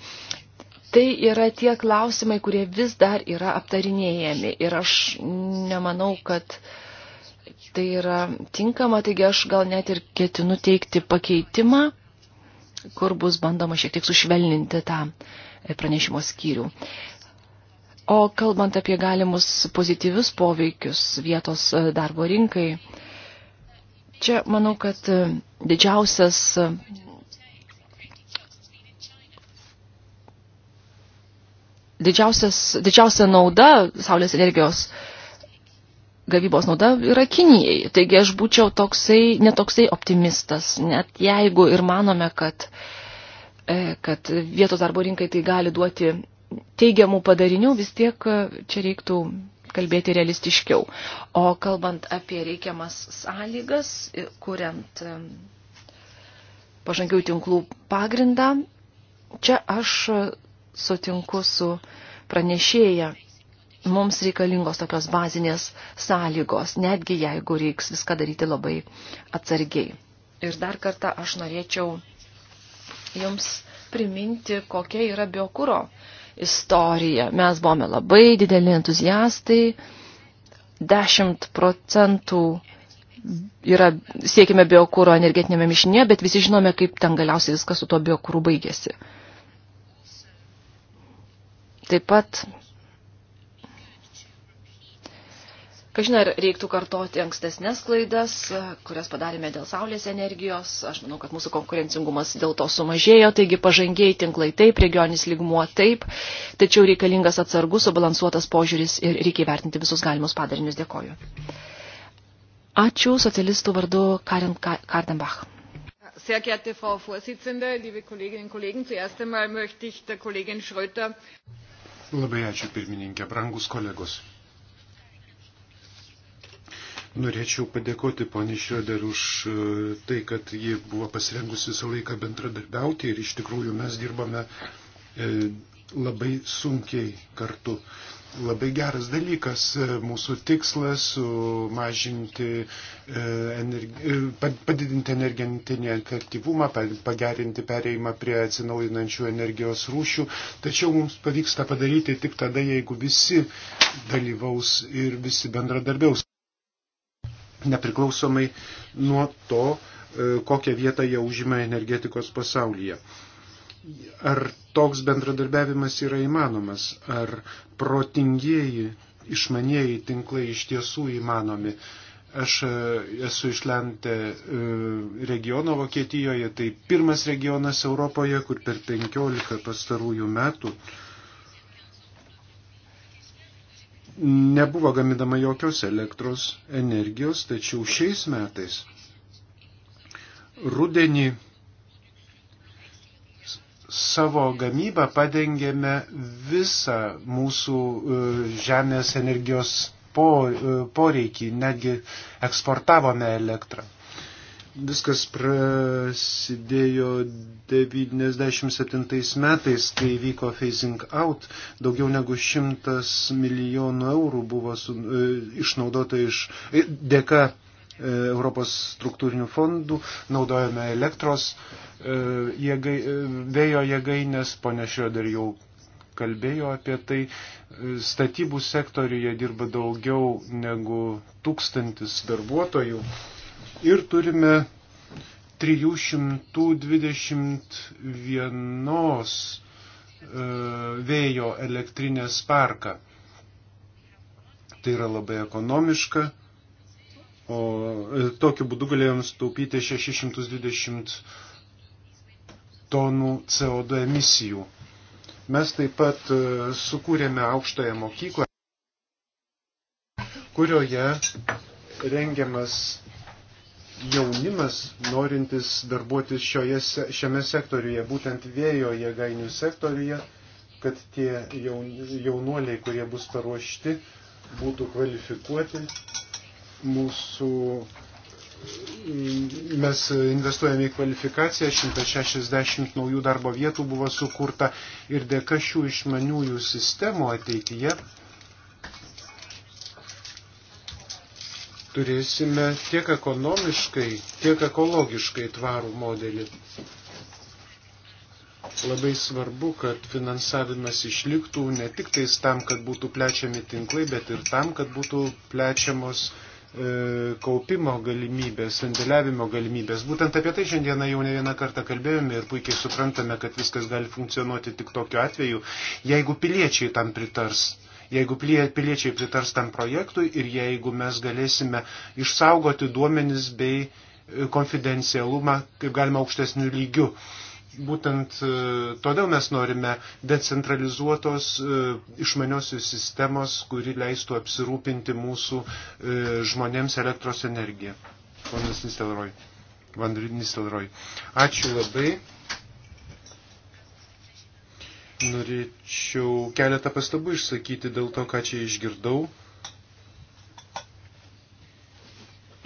Tai yra tie klausimai, kurie vis dar yra aptarinėjami. Ir aš nemanau, kad uh, tai yra tinkama, taigi aš gal net ir ketinu teikti pakeitimą, kur bus bandoma šiek tiek sušvelninti tą e, pranešimo skyrių. O kalbant apie galimus pozityvius poveikius vietos e, darbo rinkai, čia manau, kad e, didžiausias didžiausias, didžiausia nauda Saulės energijos uh, gavybos nauda yra Kinijai. Taigi aš būčiau toksai, netoksai optimistas, net jeigu ir manome, kad, e, kad vietos darbo rinkai tai gali duoti teigiamų padarinių, vis tiek e, čia reiktų kalbėti realistiškiau. O kalbant apie reikiamas sąlygas, e, kuriant pažangių tinklų pagrindą, čia aš sutinku su pranešėja mums reikalingos tokios bazinės sąlygos, netgi jeigu reiks viską daryti labai atsargiai. Ir dar kartą aš norėčiau jums priminti, kokia yra biokūro istorija. Mes buvome labai dideli entuziastai, 10 procentų yra, siekime biokūro energetinėme mišinėje, bet visi žinome, kaip ten galiausiai viskas su tuo biokūru baigėsi. Taip pat Kažina, ar reiktų kartoti ankstesnės klaidas, kurias padarėme dėl saulės energijos. Aš manau, kad mūsų konkurencingumas dėl to sumažėjo, taigi pažangiai tinklai taip, regionis lygmuo taip, tačiau reikalingas atsargus, subalansuotas požiūris ir reikia vertinti visus galimus padarinius. Dėkoju. Ačiū socialistų vardu Karin Kardenbach. Sehr geehrte Frau Vorsitzende, liebe Kolleginnen und Kollegen, zuerst einmal möchte ich der Kollegin Schröter. Labai ačiū pirmininkė, brangus kolegos. Norėčiau padėkoti poniai Šrioder už e, tai, kad ji buvo pasirengusi visą laiką bendradarbiauti ir iš tikrųjų mes dirbame e, labai sunkiai kartu. Labai geras dalykas e, mūsų tikslas sumažinti, padidinti energetinį efektyvumą, pagerinti pereimą prie atsinaujinančių energijos rūšių. Tačiau mums pavyks tą padaryti tik tada, jeigu visi dalyvaus ir visi bendradarbiaus nepriklausomai nuo to, e, kokią vietą jie užima energetikos pasaulyje. Ar toks bendradarbiavimas yra įmanomas, ar protingieji, išmanieji tinklai iš tiesų įmanomi. Aš e, esu iš Lente e, regiono Vokietijoje, tai pirmas regionas Europoje, kur per 15 pastarųjų metų uh, nebuvo gamindama jokios elektros energijos, tačiau šiais metais rudenį savo gamybą padengėme visą mūsų e, žemės energijos e, poreikį, netgi eksportavome elektrą. Viskas prasidėjo 97 metais, kai vyko phasing out. Daugiau negu 100 milijonų eurų buvo su, e, išnaudota iš, e, dėka e, Europos struktūrinių fondų. Naudojame elektros e, jėgai, e, vėjo jėgainės, panešio dar jau kalbėjo apie tai. E, statybų sektoriuje dirba daugiau negu tūkstantis darbuotojų. E, ir turime 321 e, vėjo elektrinės parką. Tai yra labai ekonomiška, o e, tokiu būdu galėjom staupyti 620 tonų CO2 emisijų. Mes taip pat e, sukūrėme aukštąją mokyklą, kurioje rengiamas jaunimas, norintis darbuotis šioje, šiame sektoriuje, būtent vėjo jėgainių sektoriuje, kad tie jaunuoliai, kurie bus paruošti, būtų kvalifikuoti. Mūsų, mes investuojame į kvalifikaciją, 160 naujų darbo vietų buvo sukurta ir dėka šių išmaniųjų sistemų ateityje turėsime tiek ekonomiškai, tiek ekologiškai tvarų modelį. Labai svarbu, kad finansavimas išliktų ne tik tais tam, kad būtų plečiami tinklai, bet ir tam, kad būtų plečiamos e, kaupimo galimybės, sandėliavimo galimybės. Būtent apie tai šiandieną jau ne vieną kartą kalbėjome ir puikiai suprantame, kad viskas gali funkcionuoti tik tokiu atveju, jeigu piliečiai tam pritars jeigu piliečiai pritars tam projektui ir jeigu mes galėsime išsaugoti duomenis bei e, konfidencialumą kaip galima aukštesnių lygių. Būtent e, todėl mes norime decentralizuotos e, išmaniosios sistemos, kuri leistų apsirūpinti mūsų žmonėms elektros energiją. Ponas Nistelroj. Vandrinis Elroj. Ačiū labai. Norėčiau keletą pastabų išsakyti dėl to, ką čia išgirdau.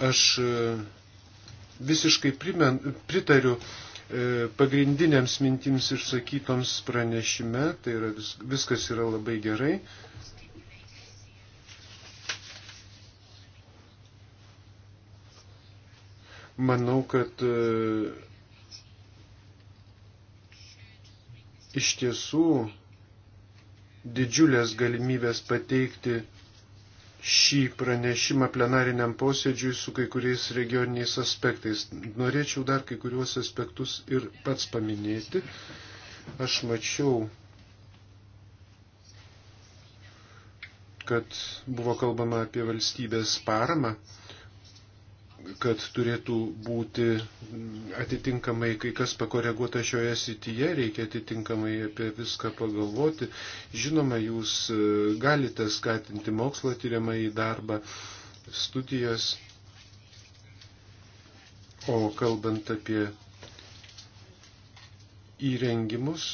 Aš e, visiškai primen, pritariu e, pagrindiniams mintims išsakytoms pranešime, tai yra vis, viskas yra labai gerai. Manau, kad e, iš tiesų didžiulės galimybės pateikti šį pranešimą plenariniam posėdžiui su kai kuriais regioniniais aspektais. Norėčiau dar kai kuriuos aspektus ir pats paminėti. Aš mačiau, kad buvo kalbama apie valstybės paramą kad turėtų būti atitinkamai kai kas pakoreguota šioje sityje, reikia atitinkamai apie viską pagalvoti. Žinoma, jūs e, galite skatinti mokslo tyriamą į darbą, studijas. O kalbant apie įrengimus,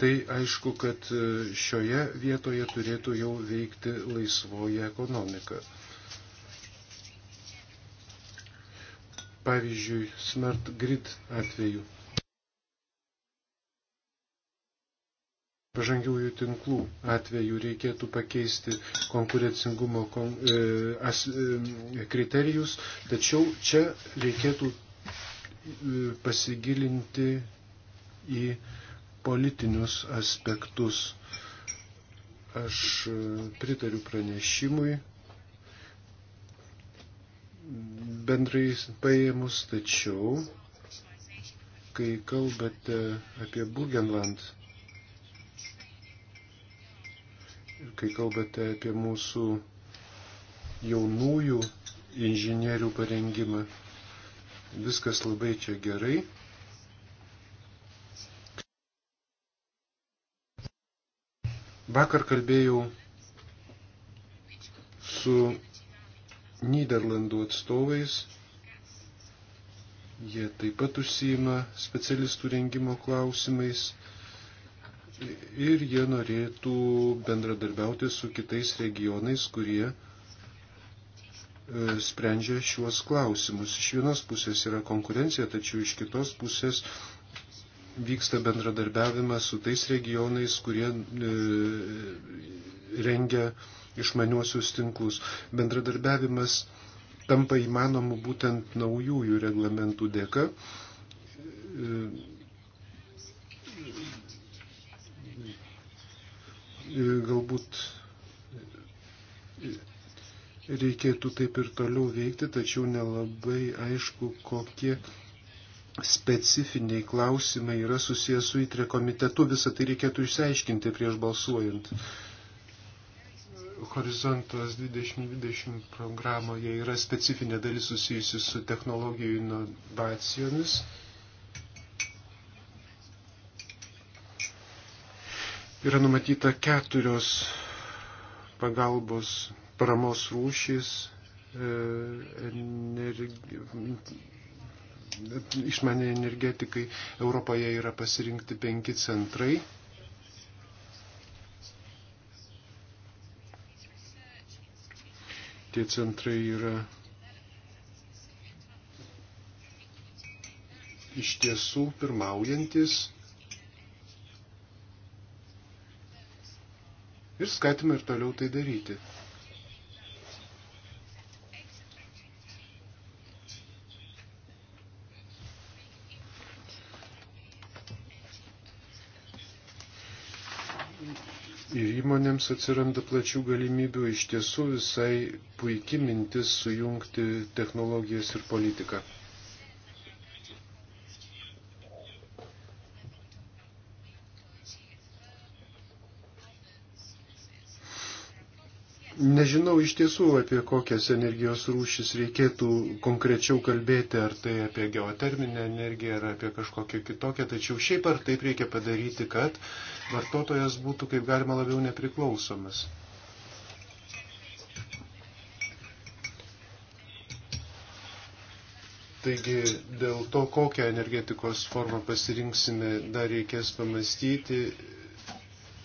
tai aišku, kad e, šioje vietoje turėtų jau veikti laisvoji ekonomika. pavyzdžiui, smart grid atveju. Pažangiųjų tinklų atveju reikėtų pakeisti konkurencingumo kon, e, as, e, kriterijus, tačiau čia reikėtų e, pasigilinti į politinius aspektus. Aš e, pritariu pranešimui bendrai paėmus, tačiau kai kalbate apie Burgenland ir kai kalbate apie mūsų jaunųjų inžinierių parengimą, viskas labai čia gerai. Vakar kalbėjau su Niderlandų atstovais. Jie taip pat užsijima specialistų rengimo klausimais ir jie norėtų bendradarbiauti su kitais regionais, kurie e, sprendžia šiuos klausimus. Iš vienos pusės yra konkurencija, tačiau iš kitos pusės vyksta bendradarbiavimas su tais regionais, kurie e, rengia išmaniuosius tinklus. Bendradarbiavimas tampa įmanomu būtent naujųjų reglamentų dėka. E, e, galbūt reikėtų taip ir toliau veikti, tačiau nelabai aišku, kokie specifiniai klausimai yra susijęs su įtrė komitetu. Visą tai reikėtų išsiaiškinti prieš balsuojant. Horizontas 2020 programoje yra specifinė dalis susijusi su technologijų inovacijomis. Yra numatyta keturios pagalbos paramos rūšys, e, energi... išmanė energetikai. Europoje yra pasirinkti penki centrai tie centrai yra iš tiesų pirmaujantis ir skatime ir toliau tai daryti. įmonėms atsiranda plačių galimybių, iš tiesų visai puikia mintis sujungti technologijas ir politiką. Nežinau iš tiesų, apie kokias energijos rūšis reikėtų konkrečiau kalbėti, ar tai apie geoterminę energiją, ar apie kažkokią kitokią, tačiau šiaip ar taip reikia padaryti, kad vartotojas būtų kaip galima labiau nepriklausomas. Taigi dėl to, kokią energetikos formą pasirinksime, dar reikės pamastyti,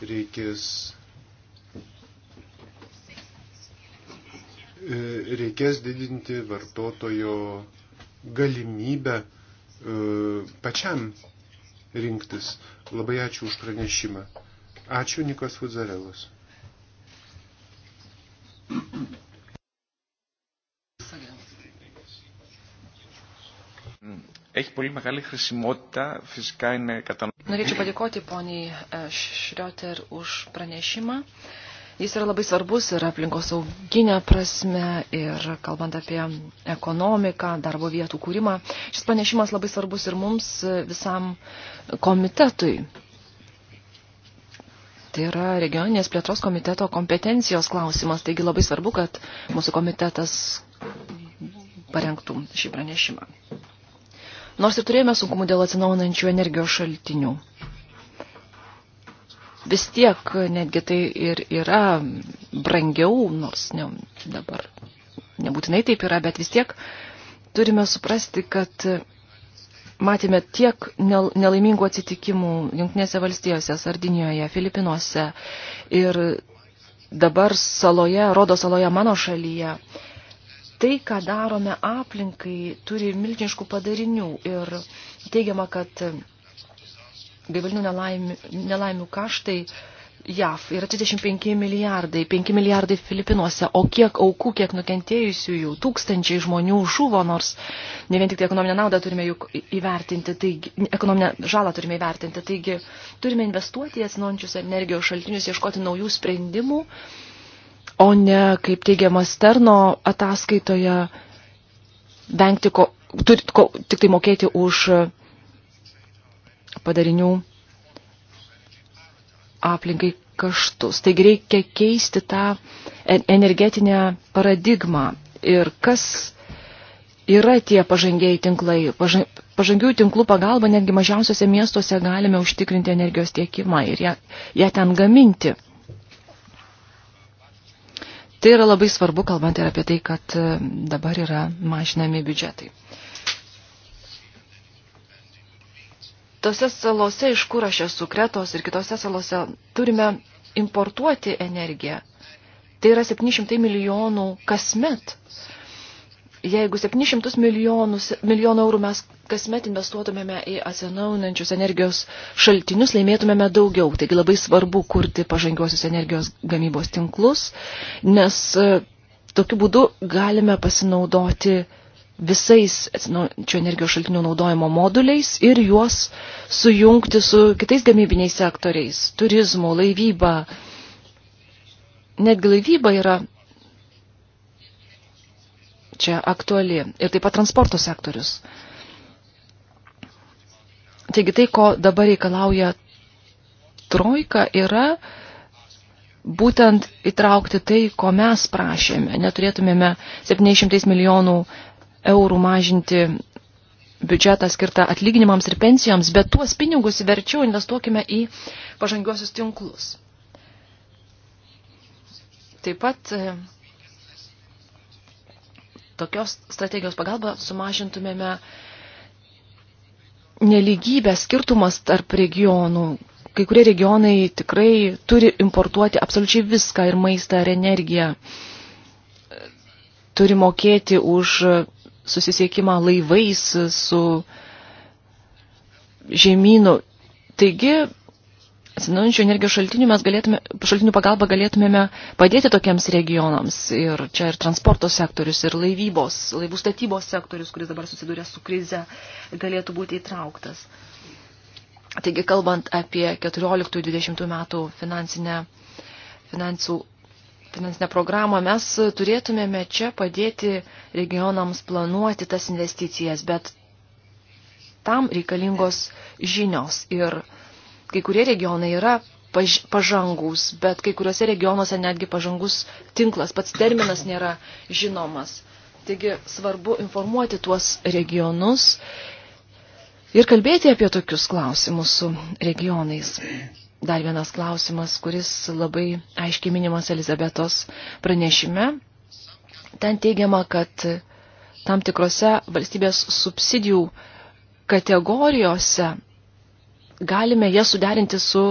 reikės E, reikės didinti vartotojo galimybę e, pačiam rinktis. Labai ačiū už pranešimą. Ačiū Nikos Fudzarelos. Έχει πολύ μεγάλη χρησιμότητα, φυσικά είναι κατανοητή. Norėčiau padėkoti poniai e, Šrioter už pranešimą. Uh, Jis yra labai svarbus ir aplinkos sauginė prasme, ir kalbant apie ekonomiką, darbo vietų kūrimą. Šis pranešimas labai svarbus ir mums visam komitetui. Tai yra regioninės plėtros komiteto kompetencijos klausimas, taigi labai svarbu, kad mūsų komitetas parengtų šį pranešimą. Nors ir turėjome sunkumų dėl atsinaunančių energijos šaltinių vis tiek netgi tai ir yra brangiau, nors ne, dabar nebūtinai taip yra, bet vis tiek turime suprasti, kad matėme tiek nelaimingų atsitikimų Junktinėse valstijose, Sardinijoje, Filipinuose ir dabar saloje, Rodo saloje mano šalyje. Tai, ką darome aplinkai, turi milžiniškų padarinių ir teigiama, kad gaivalinių nelaimių, nelaimių kaštai JAV yra 35 milijardai, 5 milijardai Filipinuose, o kiek aukų, kiek nukentėjusiųjų, tūkstančiai žmonių žuvo, nors ne vien tik tai ekonominę naudą turime juk įvertinti, taigi, ekonominę žalą turime įvertinti, taigi turime investuoti į atsinaujančius energijos šaltinius, ieškoti naujų sprendimų, o ne, kaip teigiama Sterno ataskaitoje, vengti ko, turi, ko, tik tai mokėti už padarinių aplinkai kaštus. Taigi reikia keisti tą energetinę paradigmą. Ir kas yra tie pažangiai tinklai? Pažangių tinklų pagalba netgi mažiausiose miestuose galime užtikrinti energijos tiekimą ir ją, ją ten gaminti. Tai yra labai svarbu, kalbant ir apie tai, kad e, dabar yra mažinami biudžetai. tose salose, iš kur aš esu, Kretos ir kitose salose, turime importuoti energiją. Tai yra 700 milijonų kasmet. Jeigu 700 milijonus, milijonų eurų mes kasmet investuotumėme į atsinaujinančius energijos šaltinius, laimėtumėme daugiau. Taigi labai svarbu kurti pažangiosius energijos gamybos tinklus, nes e, tokiu būdu galime pasinaudoti uh, visais atsinaujančių energijos šaltinių naudojimo moduliais ir juos sujungti su kitais gamybiniais sektoriais - turizmu, laivyba. Netgi laivyba yra čia aktuali ir taip pat transporto sektorius. Taigi tai, ko dabar reikalauja trojka, yra būtent įtraukti tai, ko mes prašėme. Neturėtumėme 700 milijonų eurų mažinti biudžetą skirtą atlyginimams ir pensijoms, bet tuos pinigus verčiau investuokime į pažangiosius tinklus. Taip pat e, tokios strategijos pagalba sumažintumėme nelygybę skirtumas tarp regionų. Kai kurie regionai tikrai turi importuoti absoliučiai viską ir maistą ir energiją. E, turi mokėti už susisiekimą laivais su žemynu. Taigi, atsinaujančių energijos šaltinių, mes galėtume, šaltinių pagalba galėtumėme padėti tokiems regionams. Ir čia ir transporto sektorius, ir laivybos, laivų statybos sektorius, kuris dabar susidūrė su krize, galėtų būti įtrauktas. Taigi, kalbant apie 14-20 metų finansinę, finansų finansinę programą, mes turėtumėme čia padėti regionams planuoti tas investicijas, bet tam reikalingos žinios. Ir kai kurie regionai yra pažangus, bet kai kuriuose regionuose netgi pažangus tinklas, pats terminas nėra žinomas. Taigi svarbu informuoti tuos regionus ir kalbėti apie tokius klausimus su regionais dar vienas klausimas, kuris labai aiškiai minimas Elizabetos pranešime. Ten teigiama, kad tam tikrose valstybės subsidijų kategorijose galime jas suderinti su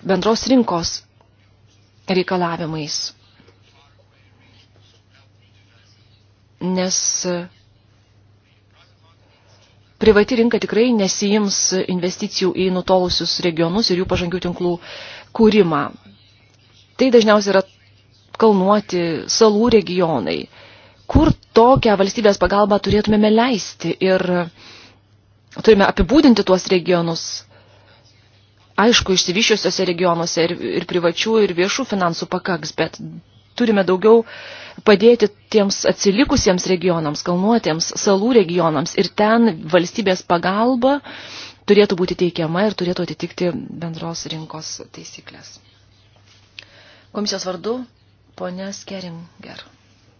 bendros rinkos reikalavimais. Nes privati rinka tikrai nesijims investicijų į nutolusius regionus ir jų pažangių tinklų kūrimą. Tai dažniausiai yra kalnuoti salų regionai. Kur tokią valstybės pagalbą turėtumėme leisti ir turime apibūdinti tuos regionus. Aišku, išsivyščiusiuose regionuose ir, ir privačių, ir viešų finansų pakaks, bet turime daugiau padėti tiems atsilikusiems regionams, kalnuotiems, salų regionams ir ten valstybės pagalba turėtų būti teikiama ir turėtų atitikti bendros rinkos taisyklės. Komisijos vardu, ponė Skeringer.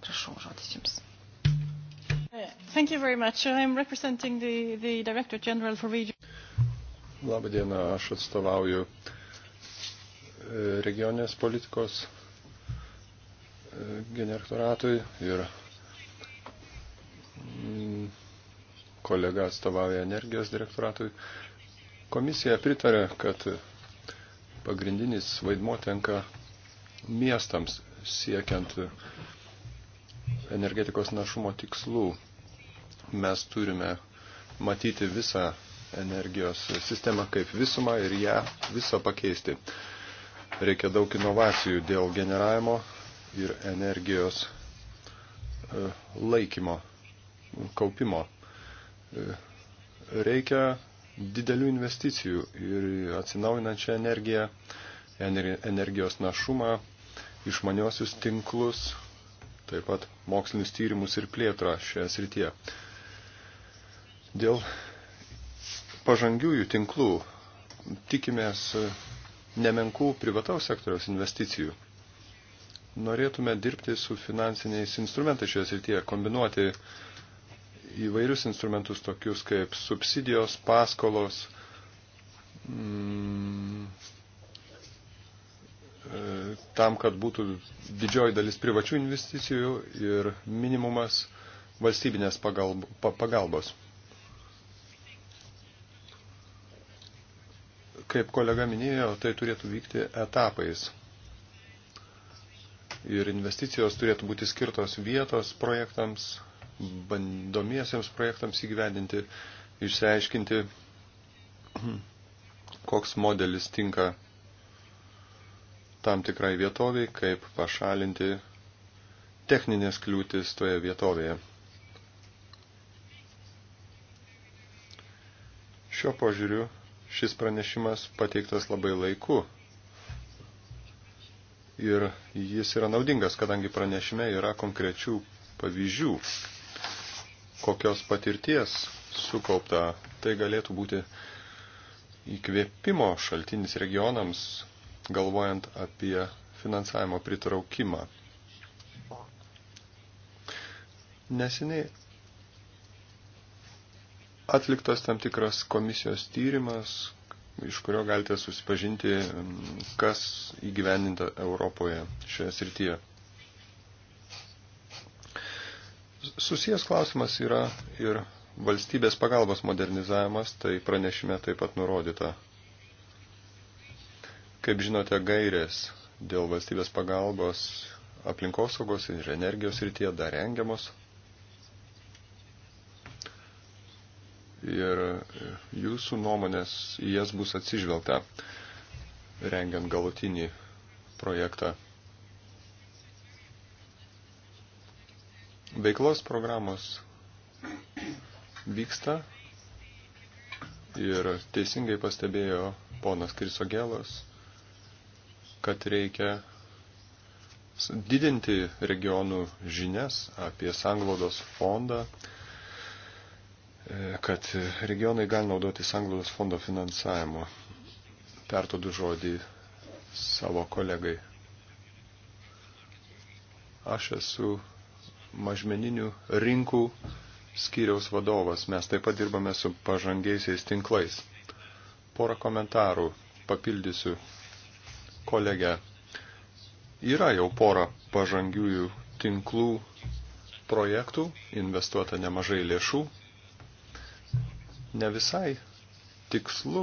Prašau, žodis jums. Thank you very much. I'm representing the, the Director General for Region. Labą dieną, aš atstovauju e, regionės politikos generatoratui ir mm, kolega atstovauja energijos direktoratui. Komisija pritarė, kad pagrindinis vaidmo tenka miestams siekiant energetikos našumo tikslų. Mes turime matyti visą energijos sistemą kaip visumą ir ją visą pakeisti. Reikia daug inovacijų dėl generavimo ir energijos e, laikymo, kaupimo. E, reikia didelių investicijų ir atsinaujinančią energiją, energijos našumą, išmaniosius tinklus, taip pat mokslinius tyrimus ir plėtrą šioje srityje. Dėl pažangiųjų tinklų tikimės nemenkų privataus sektoriaus investicijų norėtume dirbti su finansiniais instrumentais šioje srityje, kombinuoti įvairius instrumentus tokius kaip subsidijos, paskolos, mm, e, tam, kad būtų didžioji dalis privačių investicijų ir minimumas valstybinės pagalbos. Kaip kolega minėjo, tai turėtų vykti etapais ir investicijos turėtų būti skirtos vietos projektams, bandomiesiems projektams įgyvendinti, išsiaiškinti, *clears throat* koks modelis tinka tam tikrai vietoviai, kaip pašalinti techninės kliūtis toje vietovėje. Šiuo požiūriu šis pranešimas pateiktas labai laiku ir jis yra naudingas, kadangi pranešime yra konkrečių pavyzdžių, kokios patirties sukaupta. Tai galėtų būti įkvėpimo šaltinis regionams, galvojant apie finansavimo pritraukimą. Neseniai atliktas tam tikras komisijos tyrimas, iš kurio galite susipažinti, kas įgyvendinta Europoje šioje srityje. Susijęs klausimas yra ir valstybės pagalbos modernizavimas, tai pranešime taip pat nurodyta. Kaip žinote, gairės dėl valstybės pagalbos aplinkosaugos ir energijos srityje dar rengiamos. ir jūsų nuomonės į jas bus atsižvelgta, rengiant galutinį projektą. Veiklos programos vyksta ir teisingai pastebėjo ponas Krisogėlas, kad reikia didinti regionų žinias apie sanglaudos fondą, kad regionai gali naudoti sanglaudos fondo finansavimo. Pertodu žodį savo kolegai. Aš esu mažmeninių rinkų skyriaus vadovas. Mes taip pat dirbame su pažangiaisiais tinklais. Porą komentarų papildysiu kolegę. Yra jau pora pažangiųjų tinklų projektų, investuota nemažai lėšų, ne visai tikslu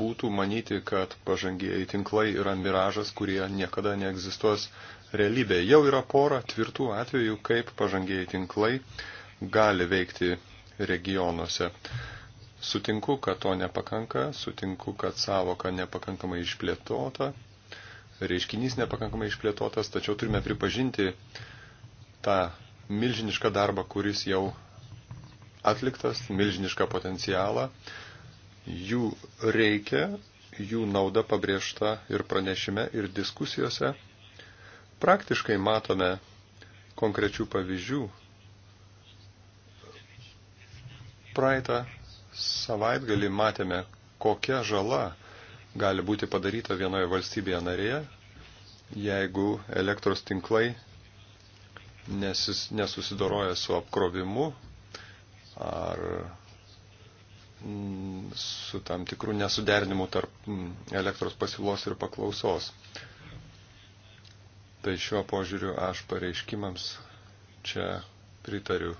būtų manyti, kad pažangieji tinklai yra miražas, kurie niekada neegzistuos realybėje. Jau yra pora tvirtų atvejų, kaip pažangieji tinklai gali veikti regionuose. Sutinku, kad to nepakanka, sutinku, kad savoka nepakankamai išplėtota, reiškinys nepakankamai išplėtotas, tačiau turime pripažinti tą milžinišką darbą, kuris jau atliktas, milžinišką potencialą. Jų reikia, jų nauda pabrėžta ir pranešime, ir diskusijose. Praktiškai matome konkrečių pavyzdžių. Praeitą savaitgalį matėme, kokia žala gali būti padaryta vienoje valstybėje narėje, jeigu elektros tinklai nesusidoroja su apkrovimu ar mm, su tam tikrų nesuderinimu tarp mm, elektros pasiūlos ir paklausos. Tai šiuo požiūriu aš pareiškimams čia pritariu.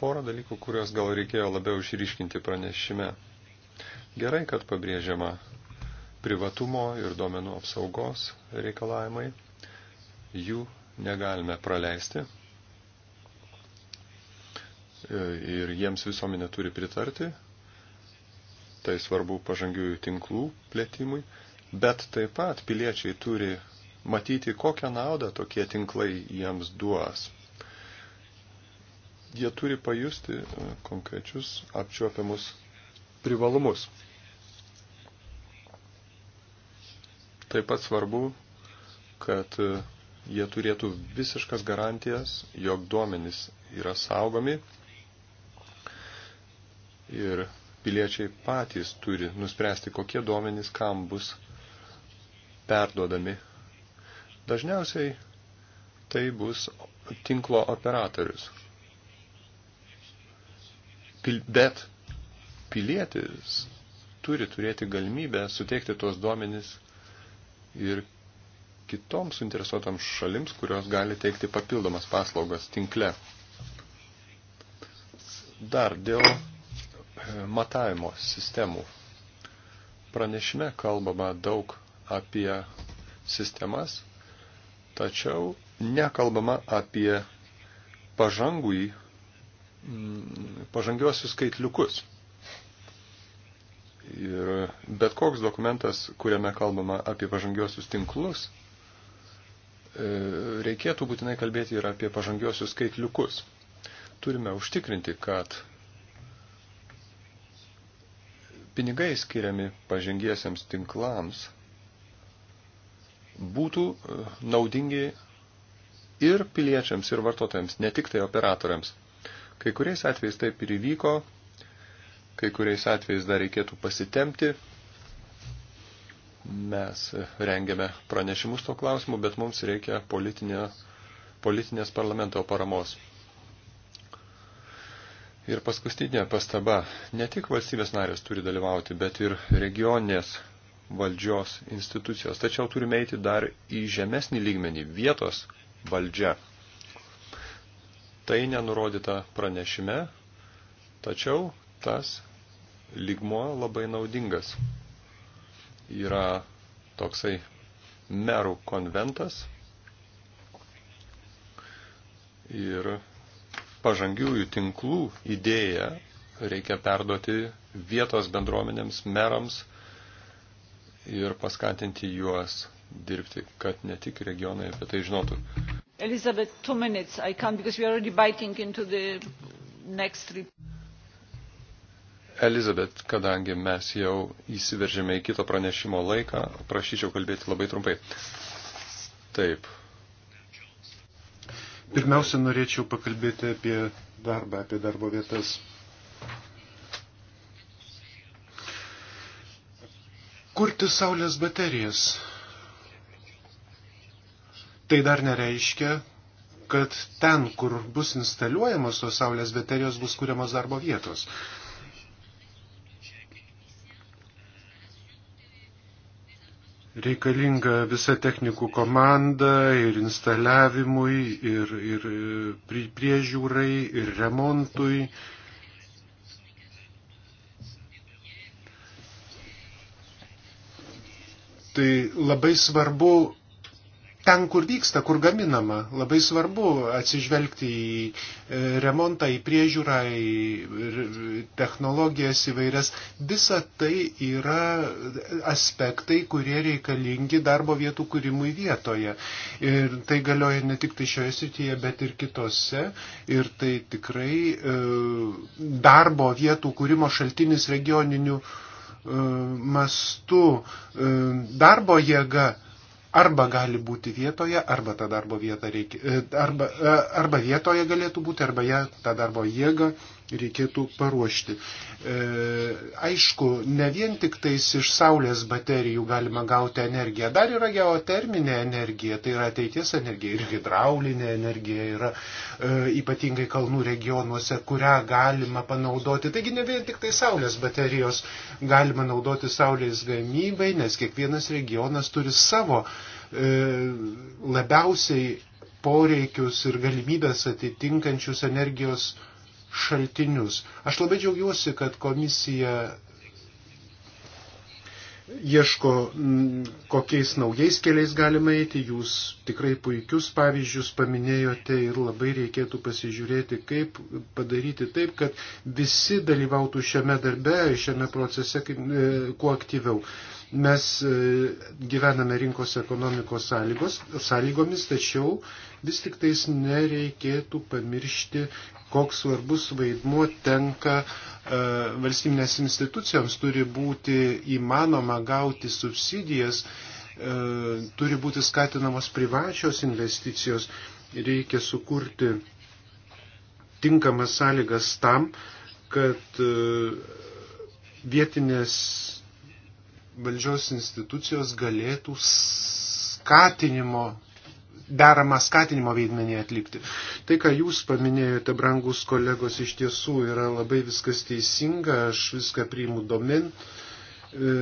Porą dalykų, kuriuos gal reikėjo labiau išryškinti pranešime. Gerai, kad pabrėžiama privatumo ir duomenų apsaugos reikalavimai. Jų negalime praleisti ir jiems visuomenė turi pritarti. Tai svarbu pažangiųjų tinklų plėtimui, bet taip pat piliečiai turi matyti, kokią naudą tokie tinklai jiems duos. Jie turi pajusti e, konkrečius apčiuopiamus privalumus. Taip pat svarbu, kad e, jie turėtų visiškas garantijas, jog duomenys yra saugomi ir piliečiai patys turi nuspręsti, kokie duomenys kam bus perduodami. Dažniausiai tai bus tinklo operatorius. Pil, bet pilietis turi turėti galimybę suteikti tuos duomenys ir kitoms suinteresuotams šalims, kurios gali teikti papildomas paslaugas tinkle. Dar dėl matavimo sistemų. Pranešime kalbama daug apie sistemas, tačiau nekalbama apie pažangui, mm, pažangiuosius skaitliukus. Ir bet koks dokumentas, kuriame kalbama apie pažangiuosius tinklus, e, reikėtų būtinai kalbėti ir apie pažangiuosius skaitliukus. Turime užtikrinti, kad pinigai skiriami pažengiesiams tinklams būtų e, naudingi ir piliečiams, ir vartotojams, ne tik tai operatoriams. Kai kuriais atvejais taip ir įvyko, kai kuriais atvejais dar reikėtų pasitemti. Mes e, rengiame pranešimus to klausimu, bet mums reikia politinė, politinės parlamento paramos. Ir paskutinė pastaba. Ne tik valstybės narės turi dalyvauti, bet ir regionės valdžios institucijos. Tačiau turime eiti dar į žemesnį lygmenį - vietos valdžia. Tai nenurodyta pranešime, tačiau tas lygmo labai naudingas. Yra toksai merų konventas ir pažangiųjų tinklų idėją reikia perduoti vietos bendruomenėms, merams ir paskatinti juos dirbti, kad ne tik regionai apie tai žinotų. Elizabeth, two minutes. I can't because we are already biting into the next report. Elizabeth, kadangi mes jau įsiveržėme į kito pranešimo laiką, prašyčiau kalbėti labai trumpai. Taip, Pirmiausia, norėčiau pakalbėti apie darbą, apie darbo vietas. Kurti saulės baterijas. Tai dar nereiškia, kad ten, kur bus instaliuojamos tos saulės baterijos, bus kuriamos darbo vietos. reikalinga visa technikų komanda ir instaliavimui, ir, ir e, priežiūrai, ir remontui. Tai labai svarbu ten, kur vyksta, kur gaminama. Labai svarbu atsižvelgti į e, remontą, į priežiūrą, į technologijas įvairias. Visa tai yra aspektai, kurie reikalingi darbo vietų kūrimui vietoje. Ir tai galioja ne tik tai šioje srityje, bet ir kitose. Ir tai tikrai e, darbo vietų kūrimo šaltinis regioninių e, mastų darbo jėga arba gali būti vietoje, arba tą darbo vietą reikia, e, arba, e, arba vietoje galėtų būti, arba ją, tą darbo jėgą reikėtų paruošti. E, aišku, ne vien tik tais iš saulės baterijų galima gauti energiją, dar yra geoterminė energija, tai yra ateities energija ir hidraulinė energija yra e, ypatingai kalnų regionuose, kurią galima panaudoti. Taigi ne vien tik tai saulės baterijos galima naudoti saulės gamybai, nes kiekvienas regionas turi savo e, labiausiai poreikius ir galimybės atitinkančius energijos šaltinius. Aš labai džiaugiuosi, kad komisija ieško, mm, kokiais naujais keliais galima eiti. Jūs tikrai puikius pavyzdžius paminėjote ir labai reikėtų pasižiūrėti, kaip padaryti taip, kad visi dalyvautų šiame darbe, šiame procese kaip, e, kuo aktyviau. Mes e, gyvename rinkos ekonomikos sąlygos, sąlygomis, tačiau vis tik tais nereikėtų pamiršti, koks svarbus vaidmuo tenka e, valstybinės institucijoms. Turi būti įmanoma gauti subsidijas, e, turi būti skatinamos privačios investicijos, reikia sukurti tinkamas sąlygas tam, kad vietinės valdžios institucijos galėtų skatinimo, deramą skatinimo vaidmenį atlikti. Tai, ką jūs paminėjote, brangus kolegos, iš tiesų yra labai viskas teisinga, aš viską priimu domin. E,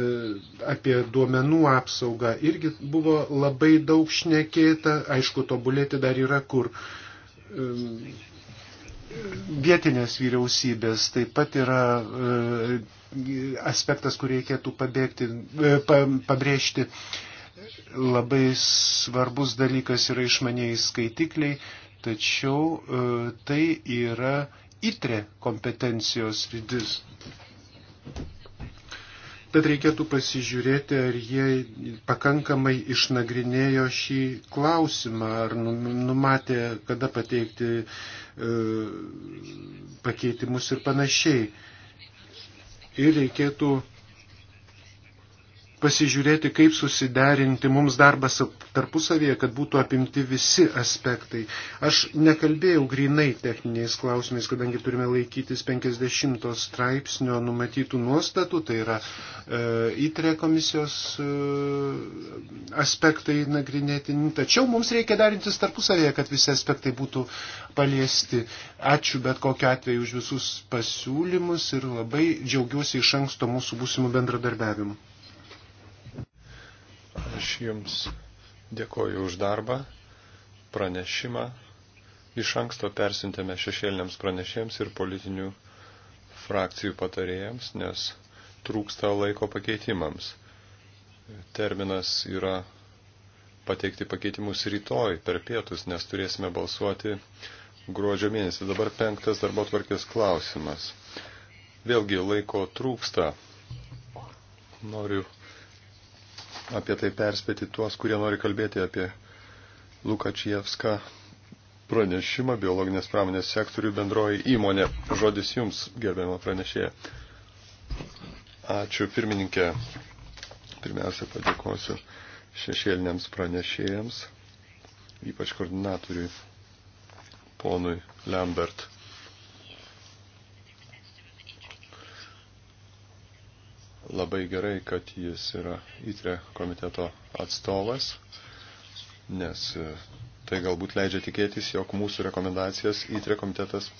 apie duomenų apsaugą irgi buvo labai daug šnekėta, aišku, tobulėti dar yra kur e, vietinės vyriausybės taip pat yra e, aspektas, kurį reikėtų pabėgti, e, pabrėžti. Labai svarbus dalykas yra išmaniai skaitikliai, tačiau e, tai yra įtre kompetencijos rydis. Tad reikėtų pasižiūrėti, ar jie pakankamai išnagrinėjo šį klausimą, ar nu, numatė, kada pateikti e, pakeitimus ir panašiai. E, ir reikėtų pasižiūrėti, kaip susiderinti mums darbas tarpusavėje, kad būtų apimti visi aspektai. Aš nekalbėjau grinai techniniais klausimais, kadangi turime laikytis 50 straipsnio numatytų nuostatų, tai yra e, įtre komisijos e, aspektai nagrinėtini. Tačiau mums reikia darintis tarpusavėje, kad visi aspektai būtų paliesti. Ačiū bet kokiu atveju už visus pasiūlymus ir labai džiaugiuosi iš anksto mūsų būsimų bendradarbiavimų. Aš Jums dėkoju už darbą, pranešimą. Iš anksto persintėme šešėliniams pranešėjams ir politinių frakcijų patarėjams, nes trūksta laiko pakeitimams. Terminas yra pateikti pakeitimus rytoj per pietus, nes turėsime balsuoti gruodžio mėnesį. Dabar penktas darbo tvarkės klausimas. Vėlgi laiko trūksta. Noriu apie tai perspėti tuos, kurie nori kalbėti apie Lukačievską pranešimą biologinės pramonės sektorių bendroji įmonė. Žodis jums, gerbiamą pranešėją. Ačiū pirmininkė. Pirmiausia, padėkosiu šešėliniams pranešėjams, ypač koordinatoriui ponui Lambert. Labai gerai, kad jis yra įtre komiteto atstovas, nes e, tai galbūt leidžia tikėtis, jog mūsų rekomendacijas įtre komitetas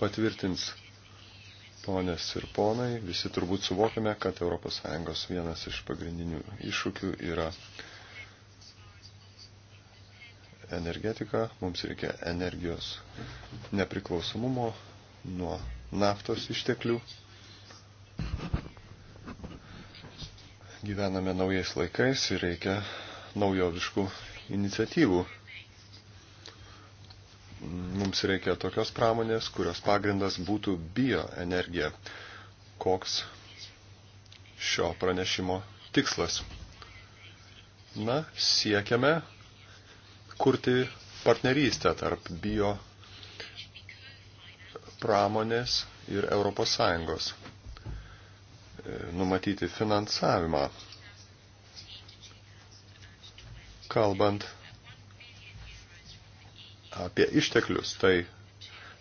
patvirtins. Ponės ir ponai, visi turbūt suvokime, kad ES vienas iš pagrindinių iššūkių yra energetika, mums reikia energijos nepriklausomumo nuo naftos išteklių. gyvename naujais laikais ir reikia naujoviškų iniciatyvų. Mums reikia tokios pramonės, kurios pagrindas būtų bioenergija. Koks šio pranešimo tikslas? Na, siekiame kurti partnerystę tarp bio pramonės ir ES numatyti finansavimą. Kalbant apie išteklius, tai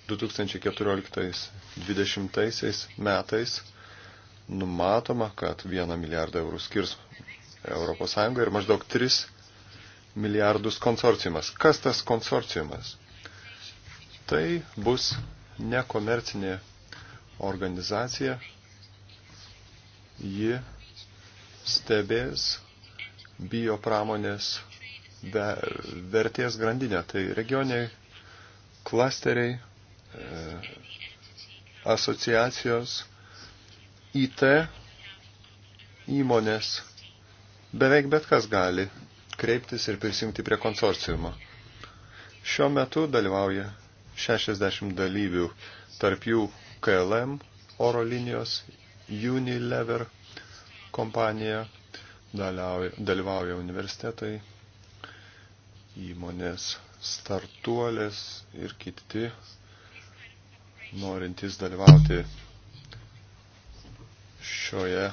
2014-2020 metais numatoma, kad 1 milijardą eurų skirs ES ir maždaug 3 milijardus konsorciumas. Kas tas konsorciumas? Tai bus nekomercinė organizacija, Ji stebės biopramonės vertės grandinę. Tai regioniai, klasteriai, e, asociacijos, IT įmonės, beveik bet kas gali kreiptis ir prisijungti prie konsorciumo. Šiuo metu dalyvauja 60 dalyvių, tarp jų KLM oro linijos Unilever kompanija, dalyvauja universitetai, įmonės, startuolės ir kiti norintys dalyvauti šioje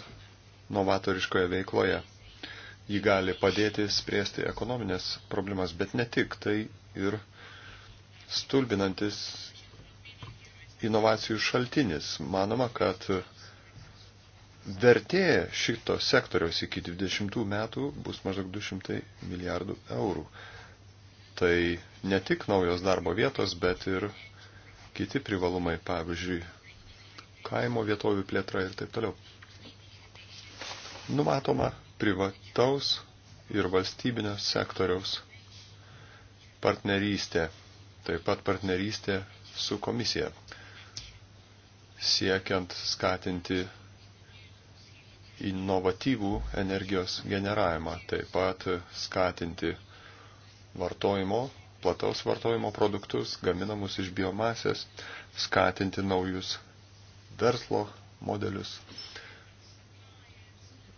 novatoriškoje veikloje. Ji gali padėti spręsti ekonominės problemas, bet ne tik tai ir stulbinantis inovacijų šaltinis. Manoma, kad vertė šito sektoriaus iki 20 metų bus maždaug 200 milijardų eurų. Tai ne tik naujos darbo vietos, bet ir kiti privalumai, pavyzdžiui, kaimo vietovių plėtra ir taip toliau. Numatoma privataus ir valstybinio sektoriaus partnerystė, taip pat partnerystė su komisija, siekiant skatinti inovatyvų energijos generavimą, taip pat skatinti vartojimo, plataus vartojimo produktus, gaminamus iš biomasės, skatinti naujus verslo modelius.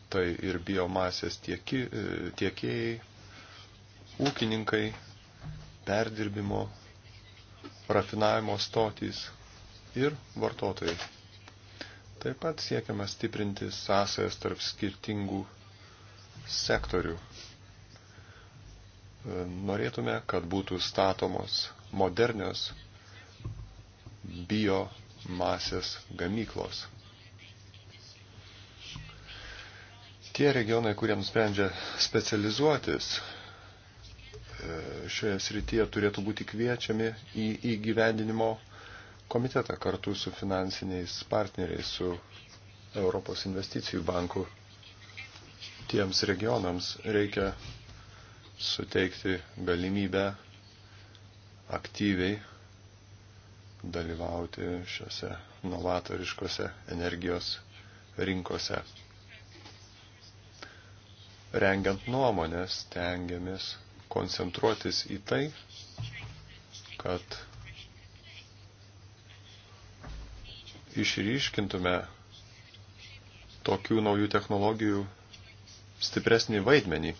Tai ir biomasės tieki, tiekėjai, ūkininkai, perdirbimo, rafinavimo stotys ir vartotojai. Taip pat siekiama stiprinti sąsajas tarp skirtingų sektorių. Norėtume, kad būtų statomos modernios biomasės gamyklos. Tie regionai, kuriems sprendžia specializuotis, e, šioje srityje turėtų būti kviečiami į įgyvendinimo komitetą kartu su finansiniais partneriais, su Europos investicijų banku. Tiems regionams reikia suteikti galimybę aktyviai dalyvauti šiuose novatoriškose energijos rinkose. Rengiant nuomonės, tengiamės koncentruotis į tai, kad išryškintume tokių naujų technologijų stipresnį vaidmenį.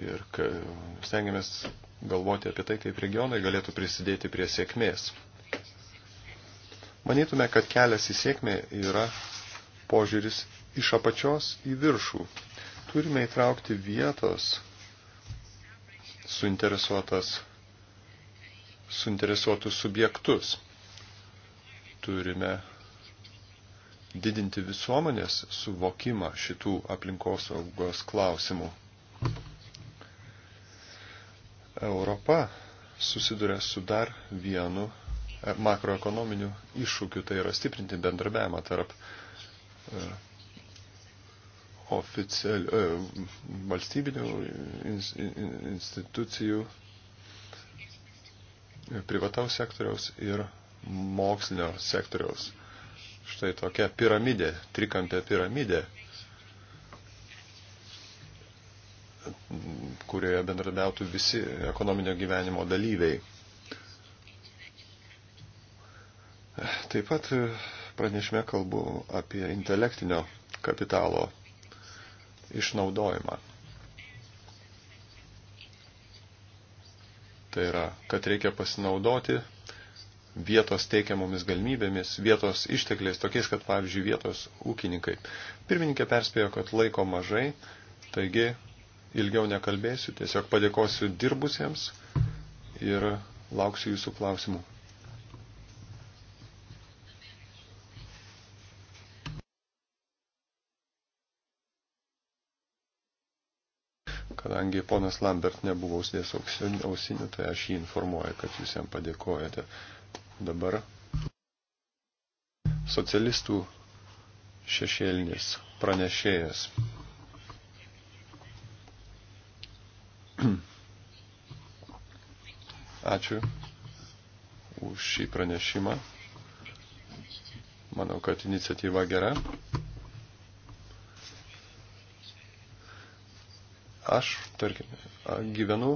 Ir stengiamės galvoti apie tai, kaip regionai galėtų prisidėti prie sėkmės. Manytume, kad kelias į sėkmę yra požiūris iš apačios į viršų. Turime įtraukti vietos suinteresuotas, suinteresuotus subjektus turime didinti visuomenės suvokimą šitų aplinkosaugos klausimų. Europa susiduria su dar vienu e, makroekonominiu iššūkiu, tai yra stiprinti bendrabiavimą tarp e, oficial, e, valstybinių institucijų, privataus sektoriaus ir mokslinio sektoriaus. Štai tokia piramidė, trikampė piramidė, kurioje bendradarbiautų visi ekonominio gyvenimo dalyviai. Taip pat pranešime kalbu apie intelektinio kapitalo išnaudojimą. Tai yra, kad reikia pasinaudoti vietos teikiamomis galimybėmis, vietos ištekliais, tokiais, kad, pavyzdžiui, vietos ūkininkai. Pirmininkė perspėjo, kad laiko mažai, taigi ilgiau nekalbėsiu, tiesiog padėkosiu dirbusiems ir lauksiu jūsų klausimų. Kadangi ponas Lambert nebuvo ausinių, tai aš jį informuoju, kad jūs jam padėkojate dabar socialistų šešėlinis pranešėjas. Ačiū už šį pranešimą. Manau, kad iniciatyva gera. Aš, tarkim, gyvenu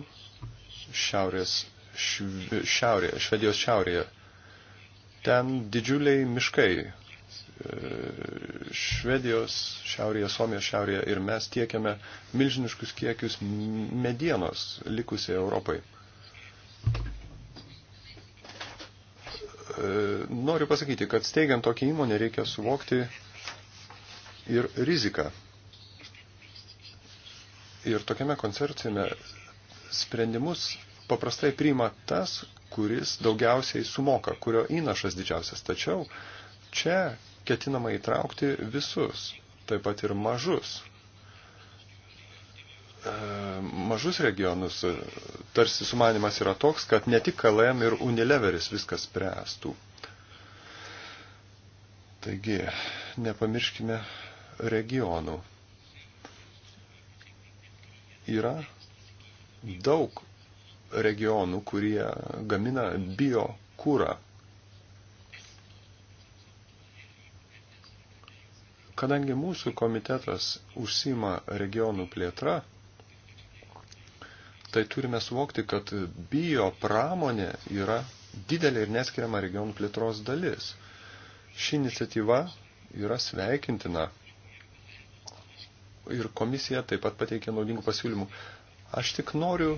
šiaurės, šv, šiaurėje, Švedijos šiaurėje ten didžiuliai miškai. E, Švedijos, šiaurėje, Suomijos šiaurėje ir mes tiekiame milžiniškus kiekius medienos likusiai Europai. E, noriu pasakyti, kad steigiant tokį įmonę reikia suvokti ir riziką. Ir tokiame koncercijame sprendimus paprastai priima tas, kuris daugiausiai sumoka, kurio įnašas didžiausias. Tačiau čia ketinama įtraukti visus, taip pat ir mažus. E, mažus regionus e, tarsi sumanimas yra toks, kad ne tik KLM ir Unileveris viskas spręstų. Taigi, nepamirškime regionų. Yra daug regionų, kurie gamina bio kūrą. Kadangi mūsų komitetas užsima regionų plėtra, tai turime suvokti, kad bio pramonė yra didelė ir neskiriama regionų plėtros dalis. Ši iniciatyva yra sveikintina ir komisija taip pat pateikė naudingų pasiūlymų. Aš tik noriu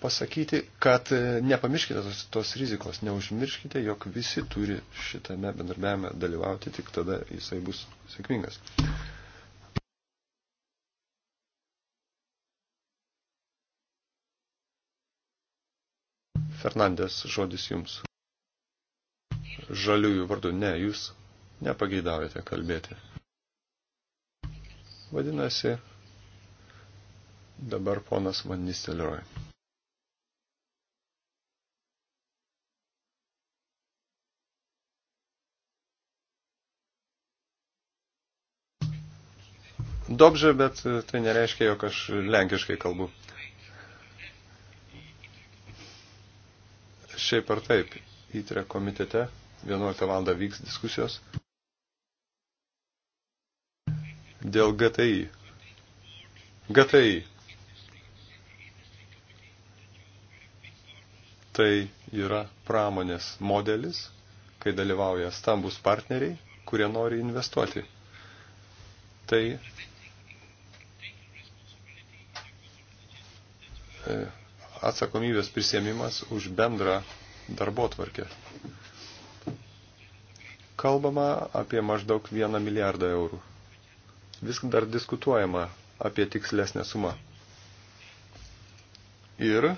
pasakyti, kad e, nepamirškite tos, tos rizikos, neužmirškite, jog visi turi šitame bendarbiavime dalyvauti, tik tada jisai bus sėkmingas. Fernandės žodis jums. Žaliųjų vardu, ne, jūs nepageidaujate kalbėti. Vadinasi, dabar ponas Van Nistelrooy. Dobžė, bet e, tai nereiškia, jog aš lenkiškai kalbu. Šiaip ar taip, įtre komitete 11 val. vyks diskusijos dėl GTI. GTI. Tai yra pramonės modelis, kai dalyvauja stambus partneriai, kurie nori investuoti. Tai E, atsakomybės prisėmimas už bendrą darbo tvarkę. Kalbama apie maždaug 1 milijardą eurų. Vis dar diskutuojama apie tikslesnę sumą. Ir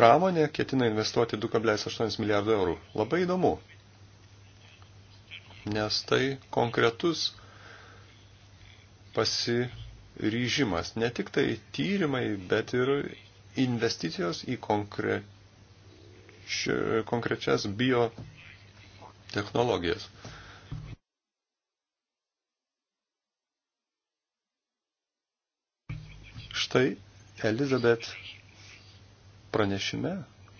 pramonė ketina investuoti 2,8 milijardo eurų. Labai įdomu, nes tai konkretus pasi ryžimas. Ne tik tai tyrimai, bet ir investicijos į konkrečias biotechnologijas. Štai Elizabet pranešime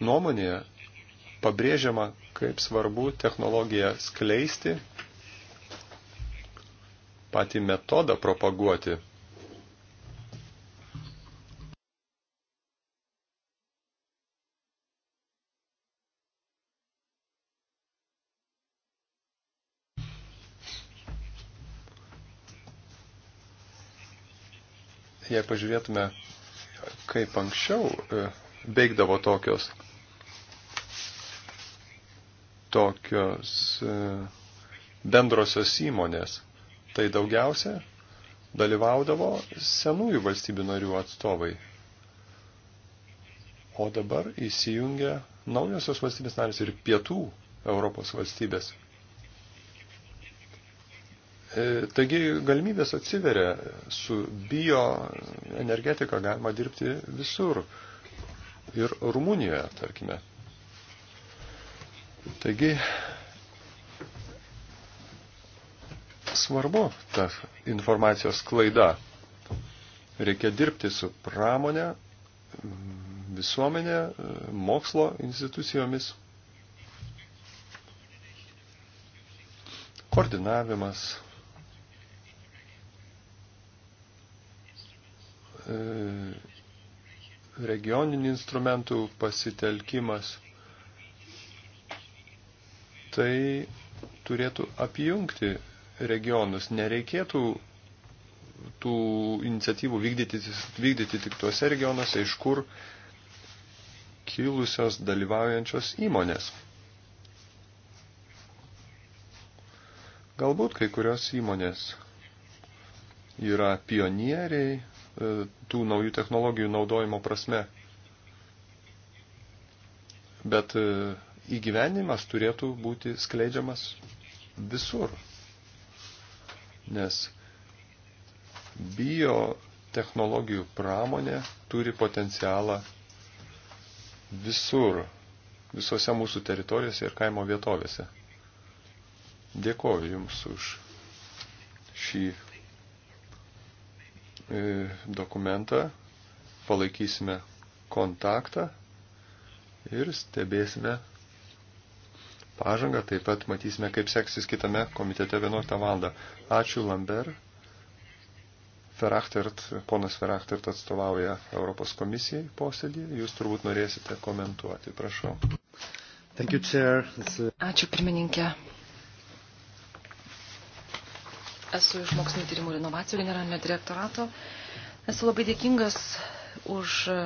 nuomonėje pabrėžiama, kaip svarbu technologiją skleisti, patį metodą propaguoti. jei pažiūrėtume, kaip anksčiau e, veikdavo tokios, tokios e, bendrosios įmonės, tai daugiausia dalyvaudavo senųjų valstybių narių atstovai. O dabar įsijungia naujosios valstybės narės ir pietų Europos valstybės. E, taigi galimybės atsiveria. Su bioenergetika galima dirbti visur. Ir Rumunijoje, tarkime. Taigi svarbu ta informacijos klaida. Reikia dirbti su pramonė, visuomenė, mokslo institucijomis. Koordinavimas, E, regioninių instrumentų pasitelkimas, tai turėtų apjungti regionus. Nereikėtų tų iniciatyvų vykdyti, vykdyti tik tuose regionuose, iš kur kilusios dalyvaujančios įmonės. Galbūt kai kurios įmonės yra pionieriai, E, tų naujų technologijų naudojimo prasme. Bet e, įgyvenimas turėtų būti skleidžiamas visur. Nes biotechnologijų pramonė turi potencialą visur, visose mūsų teritorijose ir kaimo vietovėse. Dėkoju Jums už šį E, dokumentą, palaikysime kontaktą ir stebėsime pažangą, taip pat matysime, kaip seksis kitame komitete 11 valandą. Ačiū Lambert. Ferachtert, ponas Ferachtert atstovauja Europos komisijai posėdį, jūs turbūt norėsite komentuoti, prašau. Thank you, chair. Ačiū pirmininkė esu iš Mokslinio tyrimų ir inovacijų generalinio direktorato. Esu labai dėkingas už e,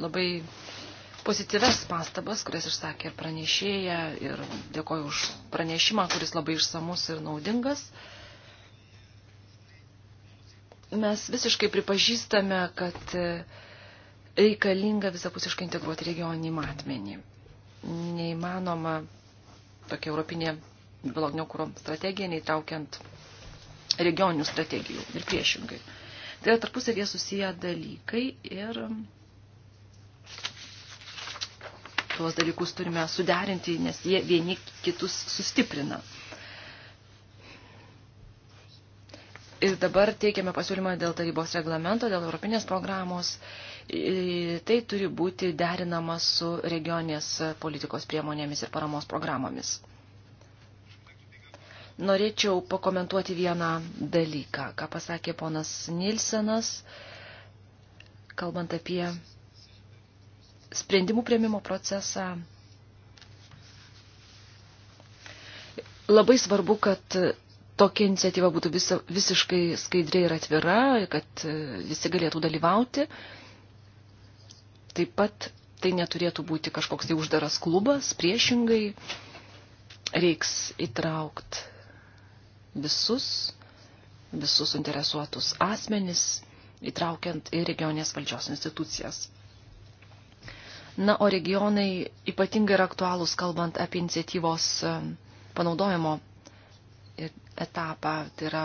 labai pozityves pastabas, kurias išsakė ir pranešėja, ir dėkoju už pranešimą, kuris labai išsamus ir naudingas. Mes visiškai pripažįstame, kad e, reikalinga visapusiškai integruoti regioninį matmenį. Neįmanoma tokia europinė biologinio kūro strategija, neįtraukiant regioninių strategijų ir priešingai. Tai yra tarpusavėje susiję dalykai ir tuos dalykus turime suderinti, nes jie vieni kitus sustiprina. Ir dabar teikiame pasiūlymą dėl tarybos reglamento, dėl europinės programos. Tai turi būti derinama su regionės politikos priemonėmis ir paramos programomis norėčiau pakomentuoti vieną dalyką, ką pasakė ponas Nilsenas, kalbant apie sprendimų prieimimo procesą. Labai svarbu, kad tokia iniciatyva būtų visa, visiškai skaidri ir atvira, kad visi galėtų dalyvauti. Taip pat tai neturėtų būti kažkoks tai uždaras klubas, priešingai reiks įtraukti visus, visus interesuotus asmenis, įtraukiant ir regionės valdžios institucijas. Na, o regionai ypatingai yra aktualūs, kalbant apie iniciatyvos e, panaudojimo etapą, tai yra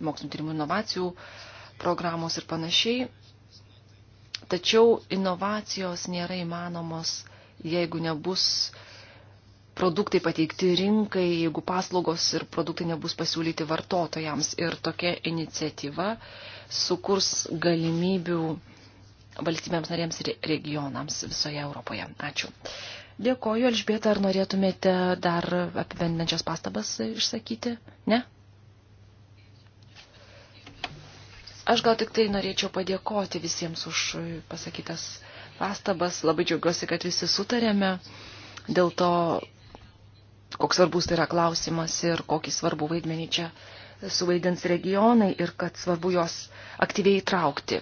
mokslinio tyrimų inovacijų programos ir panašiai. Tačiau inovacijos nėra įmanomos, jeigu nebus uh, produktai pateikti rinkai, jeigu paslaugos ir produktai nebus pasiūlyti vartotojams. Ir tokia iniciatyva sukurs galimybių valstybėms narėms ir regionams visoje Europoje. Ačiū. Dėkoju, Elžbieta, ar norėtumėte dar apibendinančias pastabas išsakyti? Ne? Aš gal tik tai norėčiau padėkoti visiems už pasakytas pastabas. Labai džiaugiuosi, kad visi sutarėme dėl to, koks svarbus tai yra klausimas ir kokį svarbų vaidmenį čia suvaidins regionai ir kad svarbu jos aktyviai įtraukti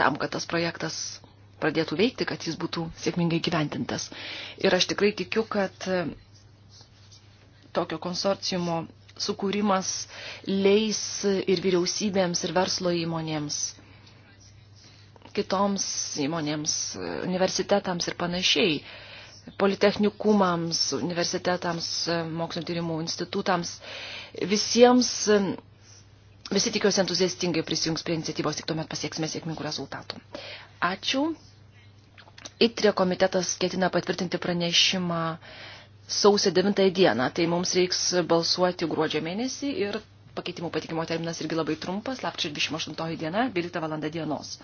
tam, kad tas projektas pradėtų veikti, kad jis būtų sėkmingai gyventintas. Ir aš tikrai tikiu, kad tokio konsorciumo sukūrimas leis ir vyriausybėms, ir verslo įmonėms, kitoms įmonėms, universitetams ir panašiai politechnikumams, universitetams, mokslinio tyrimų institutams, visiems, visi tikiuosi entuziastingai prisijungs prie iniciatyvos, tik tuomet pasieksime sėkmingų rezultatų. Ačiū. ITRE komitetas ketina patvirtinti pranešimą sausio 9 dieną, tai mums reiks balsuoti gruodžio mėnesį ir pakeitimų patikimo terminas irgi labai trumpas, lapčio 28 diena, 12 valanda dienos.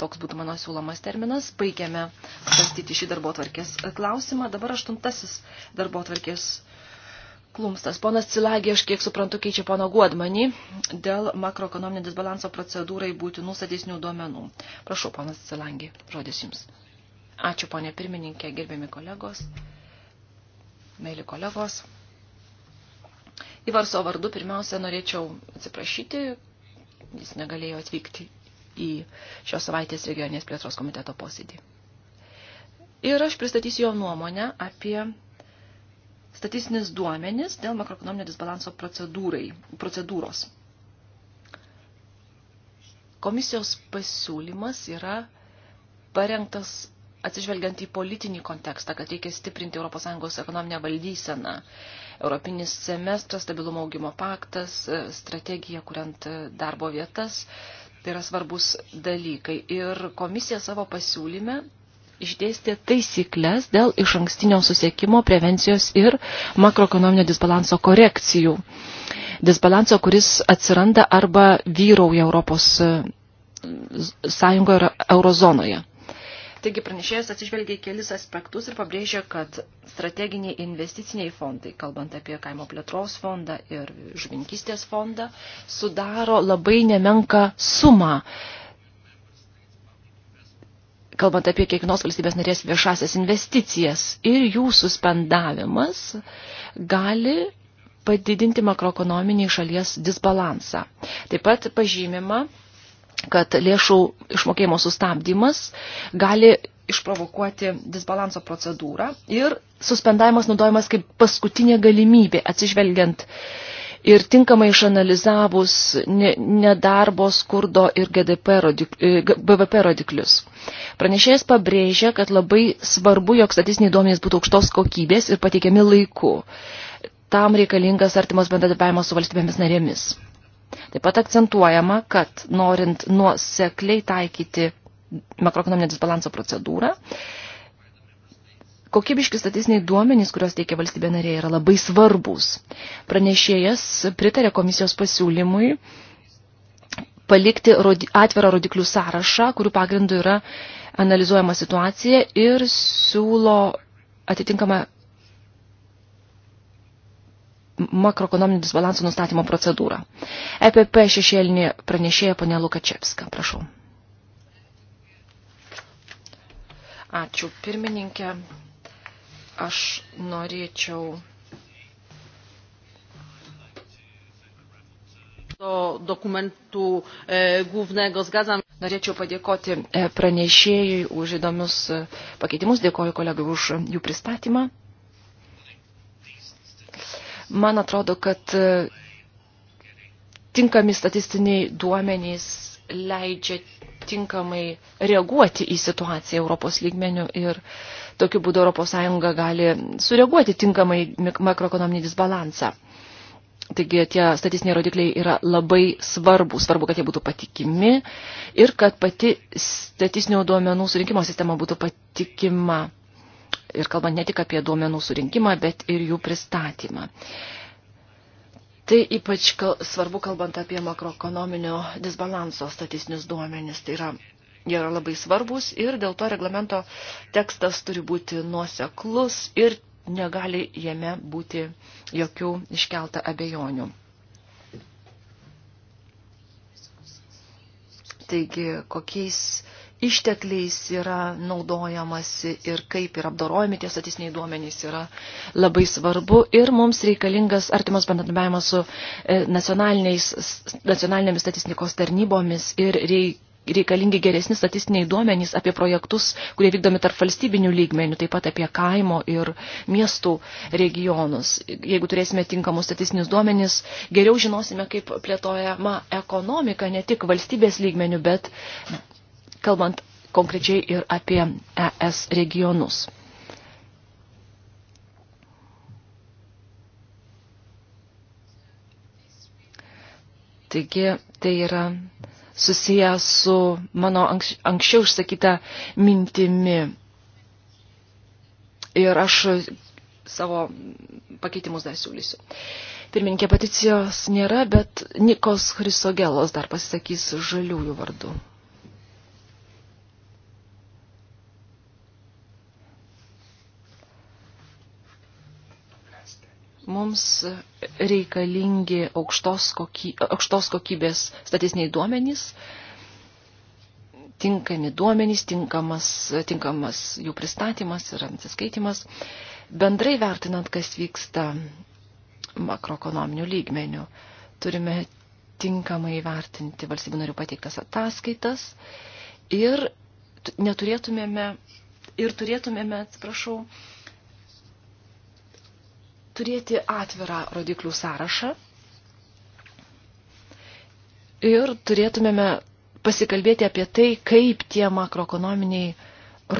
Toks būtų mano siūlomas terminas. Baigiame svarstyti šį darbo tvarkės klausimą. Dabar aštuntasis darbo tvarkės klumstas. Ponas Cilagė, aš kiek suprantu, keičia pono Guodmanį dėl makroekonominio disbalanso procedūrai būtinų sadėsnių duomenų. Prašau, ponas Cilangė, žodis jums. Ačiū, ponė pirmininkė, gerbiami kolegos, mėly kolegos. Įvarso vardu pirmiausia norėčiau atsiprašyti, jis negalėjo atvykti į šios savaitės regionės plėtros komiteto posėdį. Ir aš pristatysiu jo nuomonę apie statistinis duomenis dėl makroekonominio disbalanso procedūros. Komisijos pasiūlymas yra parengtas atsižvelgiant į politinį kontekstą, kad reikia stiprinti ES ekonominę valdyseną. Europinis semestras, stabilumo augimo paktas, strategija, kuriant darbo vietas, Tai yra svarbus dalykai. Ir komisija savo pasiūlyme išdėstė taisyklės dėl iš ankstinio susiekimo, prevencijos ir makroekonominio disbalanso korekcijų. Disbalanso, kuris atsiranda arba vyrauja Europos sąjungoje ir eurozonoje. Taigi pranešėjas atsižvelgia į kelis aspektus ir pabrėžia, kad strateginiai investiciniai fondai, kalbant apie kaimo plėtros fondą ir žuvinkystės fondą, sudaro labai nemenką sumą kalbant apie kiekvienos valstybės narės viešasias investicijas ir jų suspendavimas gali padidinti makroekonominį šalies disbalansą. Taip pat pažymima, kad lėšų išmokėjimo sustabdymas gali išprovokuoti disbalanso procedūrą ir suspendavimas naudojamas kaip paskutinė galimybė atsižvelgiant ir tinkamai išanalizavus nedarbo, skurdo ir GDP rodik, e, BVP rodiklius. Pranešėjas pabrėžia, kad labai svarbu, jog statistiniai duomenys būtų aukštos kokybės ir pateikiami laiku. Tam reikalingas artimas bendradarbiavimas su valstybėmis narėmis. Taip pat akcentuojama, kad norint nuosekliai taikyti makroekonominio disbalanso procedūrą, kokybiški statistiniai duomenys, kuriuos teikia valstybė narė, yra labai svarbus. Pranešėjas pritarė komisijos pasiūlymui palikti atvirą rodiklių sąrašą, kurių pagrindu yra analizuojama situacija ir siūlo atitinkamą makroekonominio disbalanso nustatymo procedūrą. EPP šešėlinį pranešėją ponė Lukačevska. Prašau. Ačiū pirmininkė. Aš norėčiau do dokumentu e, głównego. Zgadzam. Norėčiau padėkoti e, pranešėjai už įdomius e, pakeitimus. Dėkoju kolegai už jų pristatymą. Man atrodo, kad e, tinkami statistiniai duomenys leidžia tinkamai reaguoti į situaciją Europos lygmenių ir tokiu būdu ES gali sureaguoti tinkamai makroekonominį disbalansą. Taigi tie statistiniai rodikliai yra labai svarbu, svarbu, kad jie būtų patikimi ir kad pati statistinių duomenų surinkimo sistema būtų patikima ir kalbant ne tik apie duomenų surinkimą, bet ir jų pristatymą. Tai ypač kal, svarbu kalbant apie makroekonominio disbalanso statistinius duomenis. Tai yra, jie yra labai svarbus ir dėl to reglamento tekstas turi būti nuoseklus ir negali jame būti jokių iškeltą abejonių. Taigi, kokiais ištekliais yra naudojamasi ir kaip yra apdorojami tie statistiniai duomenys yra labai svarbu ir mums reikalingas artimas bendradarbiavimas su e, nacionalinėmis statistikos tarnybomis ir reikalingi geresni statistiniai duomenys apie projektus, kurie vykdomi tarp valstybinių lygmenių, taip pat apie kaimo ir miestų regionus. Jeigu turėsime tinkamus statistinius duomenys, geriau žinosime, kaip plėtojama ekonomika ne tik valstybės lygmenių, bet kalbant konkrečiai ir apie ES regionus. Taigi tai yra susiję su mano anksčiau išsakyta mintimi. Ir aš savo pakeitimus dar siūlysiu. Pirmininkė peticijos nėra, bet Nikos Hrisogelos dar pasisakys žaliųjų vardu. Mums reikalingi aukštos, koky, aukštos kokybės statistiniai duomenys, tinkami duomenys, tinkamas, tinkamas jų pristatymas ir atsiskaitimas, bendrai vertinant, kas vyksta makroekonominių lygmenių. Turime tinkamai vertinti valstybių narių pateiktas ataskaitas ir neturėtumėme ir turėtumėme, atsiprašau, turėti atvirą rodiklių sąrašą ir turėtumėme pasikalbėti apie tai, kaip tie makroekonominiai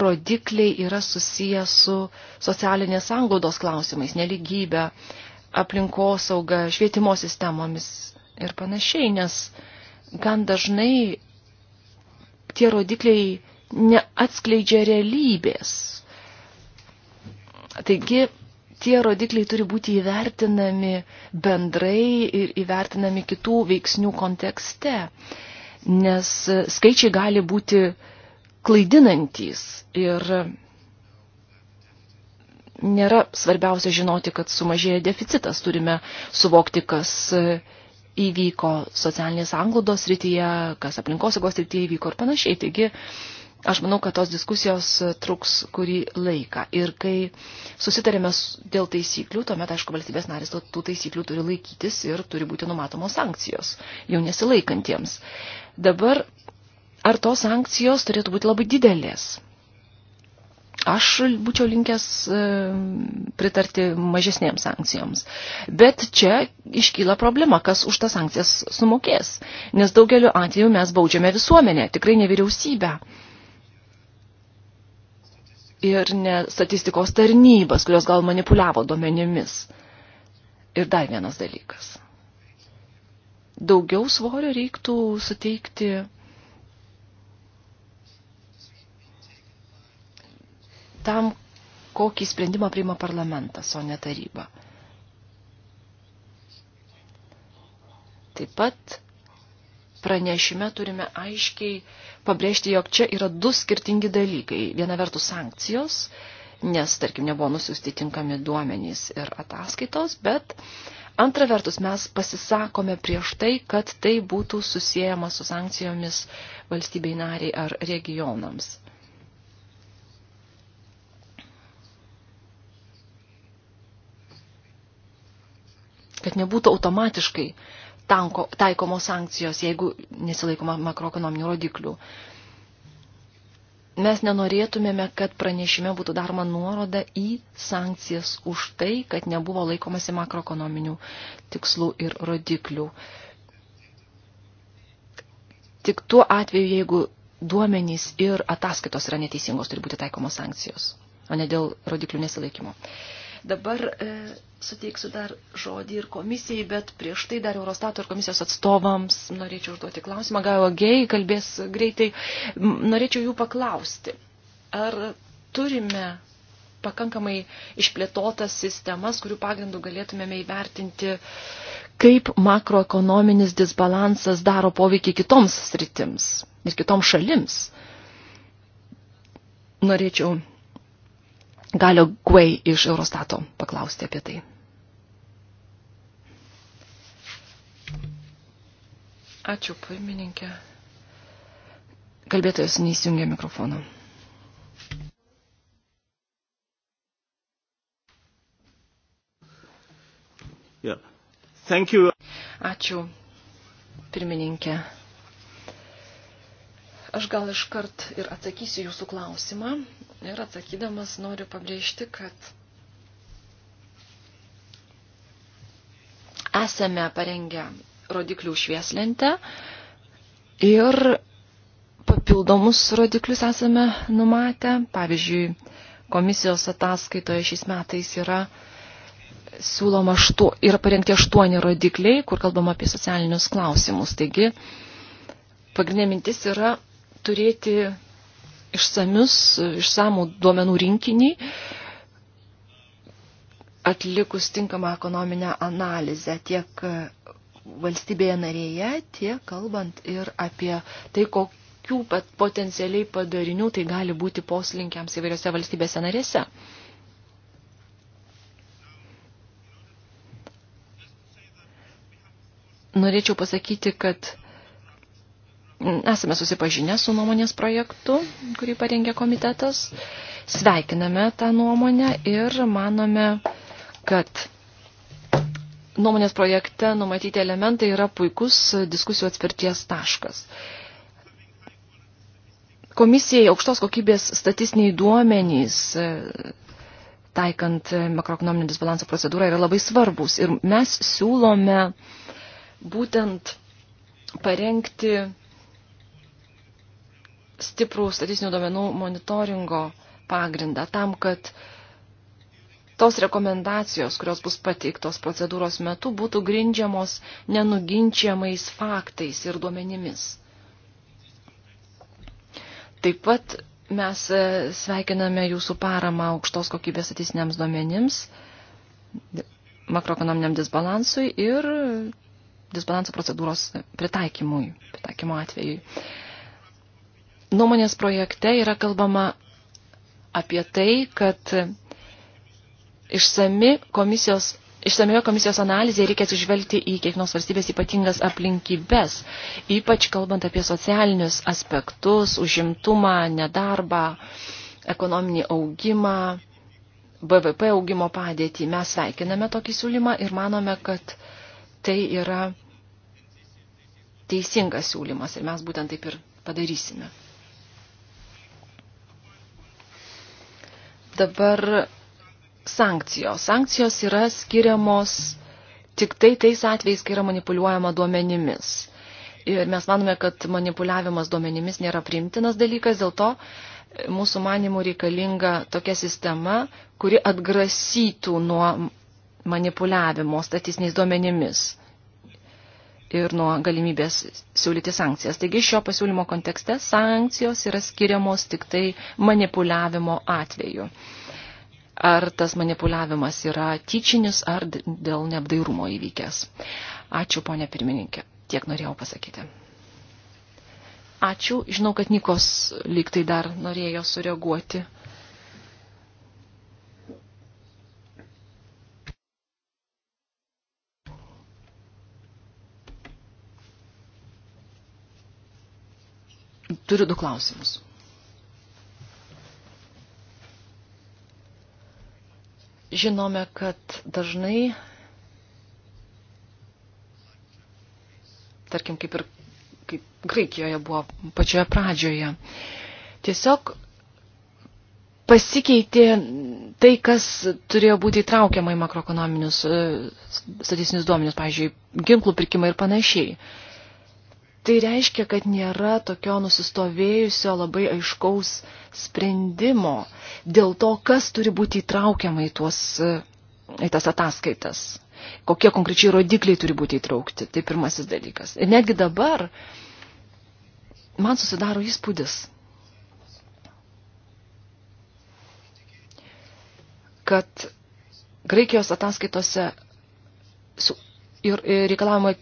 rodikliai yra susiję su socialinės anglodos klausimais, neligybė, aplinkosauga, švietimo sistemomis ir panašiai, nes gan dažnai tie rodikliai neatskleidžia realybės. Taigi tie rodikliai turi būti įvertinami bendrai ir įvertinami kitų veiksnių kontekste, nes skaičiai gali būti klaidinantys ir nėra svarbiausia žinoti, kad sumažėja deficitas, turime suvokti, kas įvyko socialinės anglodos rytyje, kas aplinkosaugos rytyje įvyko ir panašiai. Taigi, Aš manau, kad tos diskusijos e, truks kurį laiką. Ir kai susitarėme dėl taisyklių, tuomet, aišku, valstybės narys tų taisyklių turi laikytis ir turi būti numatomos sankcijos jau nesilaikantiems. Dabar, ar tos sankcijos turėtų būti labai didelės? Aš būčiau linkęs e, pritarti mažesnėms sankcijoms. Bet čia iškyla problema, kas už tas sankcijas sumokės. Nes daugeliu atveju mes baudžiame visuomenę, tikrai ne vyriausybę ir ne statistikos tarnybas, kurios gal manipuliavo duomenimis. Ir dar vienas dalykas. Daugiau svorio reiktų suteikti tam, kokį sprendimą priima parlamentas, o ne taryba. Taip pat pranešime turime aiškiai pabrėžti, jog čia yra du skirtingi dalykai. Viena vertus sankcijos, nes, tarkim, nebuvo nusiųsti tinkami duomenys ir ataskaitos, bet antra vertus mes pasisakome prieš tai, kad tai būtų susijęma su sankcijomis valstybei nariai ar regionams. Kad nebūtų automatiškai uh, tanko, taikomos sankcijos, jeigu nesilaikoma makroekonominių rodiklių. Mes nenorėtumėme, kad pranešime būtų daroma nuoroda į sankcijas už tai, kad nebuvo laikomasi makroekonominių tikslų ir rodiklių. Tik tuo atveju, jeigu duomenys ir ataskaitos yra neteisingos, turi būti taikomos sankcijos, o ne dėl rodiklių nesilaikymo. Uh, Dabar e, suteiksiu dar žodį ir komisijai, bet prieš tai dar Eurostato ir komisijos atstovams norėčiau užduoti klausimą. Gal gei kalbės greitai. Norėčiau jų paklausti. Ar turime pakankamai išplėtotas sistemas, kurių pagrindų galėtumėme įvertinti, kaip makroekonominis disbalansas daro poveikį kitoms sritims ir kitoms šalims. Norėčiau Galio Guei iš Eurostato paklausti apie tai. Ačiū, pirmininkė. Kalbėtojas neįsijungia mikrofoną. Yeah. Thank you. Ačiū, pirmininkė. Aš gal iškart ir atsakysiu jūsų klausimą, Ir atsakydamas noriu pabrėžti, kad esame parengę rodiklių švieslentę ir papildomus rodiklius esame numatę. Pavyzdžiui, komisijos ataskaitoje šiais metais yra siūloma štu, yra parengti aštuoni rodikliai, kur kalbama apie socialinius klausimus. Taigi, pagrindinė mintis yra turėti išsamius, išsamų duomenų rinkinį, atlikus tinkamą ekonominę analizę tiek valstybėje narėje, tiek kalbant ir apie tai, kokių potencialiai padarinių tai gali būti poslinkiams įvairiose valstybėse narėse. Norėčiau pasakyti, kad Esame susipažinę su nuomonės projektu, kurį parengė komitetas. Sveikiname tą nuomonę ir manome, kad nuomonės projekte numatyti elementai yra puikus diskusijų atspirties taškas. Komisijai aukštos kokybės statistiniai duomenys e, taikant makroekonominio disbalanso procedūrą yra labai svarbus. Ir mes siūlome būtent parengti stiprų statistinių duomenų monitoringo pagrindą tam, kad tos rekomendacijos, kurios bus pateiktos procedūros metu, būtų grindžiamos nenuginčiamais faktais ir duomenimis. Taip pat mes e, sveikiname jūsų paramą aukštos kokybės statistiniams duomenims, makroekonominiam disbalansui ir disbalanso procedūros pritaikymui, pritaikymo atvejui nuomonės projekte yra kalbama apie tai, kad išsami komisijos Išsamioje komisijos analizėje reikia atsižvelgti į kiekvienos valstybės ypatingas aplinkybės, ypač kalbant apie socialinius aspektus, užimtumą, nedarbą, ekonominį augimą, BVP augimo padėtį. Mes sveikiname tokį siūlymą ir manome, kad tai yra teisingas siūlymas ir mes būtent taip ir padarysime. Dabar sankcijos. Sankcijos yra skiriamos tik tai tais atvejais, kai yra manipuliuojama duomenimis. Ir mes manome, kad manipuliavimas duomenimis nėra priimtinas dalykas, dėl to e, mūsų manimų reikalinga tokia sistema, kuri atgrasytų nuo manipuliavimo statistiniais duomenimis ir nuo galimybės siūlyti sankcijas. Taigi šio pasiūlymo kontekste sankcijos yra skiriamos tik tai manipuliavimo atveju. Ar tas manipuliavimas yra tyčinis ar dėl neapdairumo įvykęs. Ačiū, ponė pirmininkė. Tiek norėjau pasakyti. Ačiū. Žinau, kad Nikos lyg tai dar norėjo sureaguoti. Turiu du klausimus. Žinome, kad dažnai, tarkim, kaip ir kaip Graikijoje buvo pačioje pradžioje, tiesiog pasikeitė tai, kas turėjo būti įtraukiama į makroekonominius e, statistinius duomenius, pavyzdžiui, ginklų pirkimai ir panašiai. Tai reiškia, kad nėra tokio nusistovėjusio labai aiškaus sprendimo dėl to, kas turi būti įtraukiama į, tuos, į tas ataskaitas, kokie konkrečiai rodikliai turi būti įtraukti. Tai pirmasis dalykas. Ir netgi dabar man susidaro įspūdis, kad Graikijos ataskaitose ir reikalavimai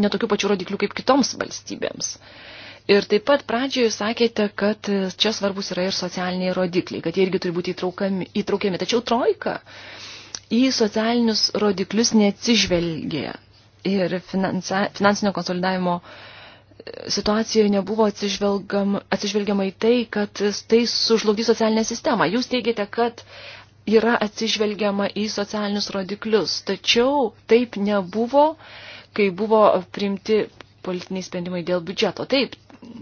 netokių pačių rodiklių kaip kitoms valstybėms. Ir taip pat pradžioje sakėte, kad čia svarbus yra ir socialiniai rodikliai, kad jie irgi turi būti įtraukami. įtraukiami. Tačiau trojka į socialinius rodiklius neatsižvelgė ir finansa, finansinio konsolidavimo e, situacijoje nebuvo atsižvelgiama į tai, kad tai sužlugdys socialinę sistemą. Jūs teigiate, kad yra atsižvelgiama į socialinius rodiklius, tačiau taip nebuvo kai buvo primti politiniai sprendimai dėl biudžeto. Taip,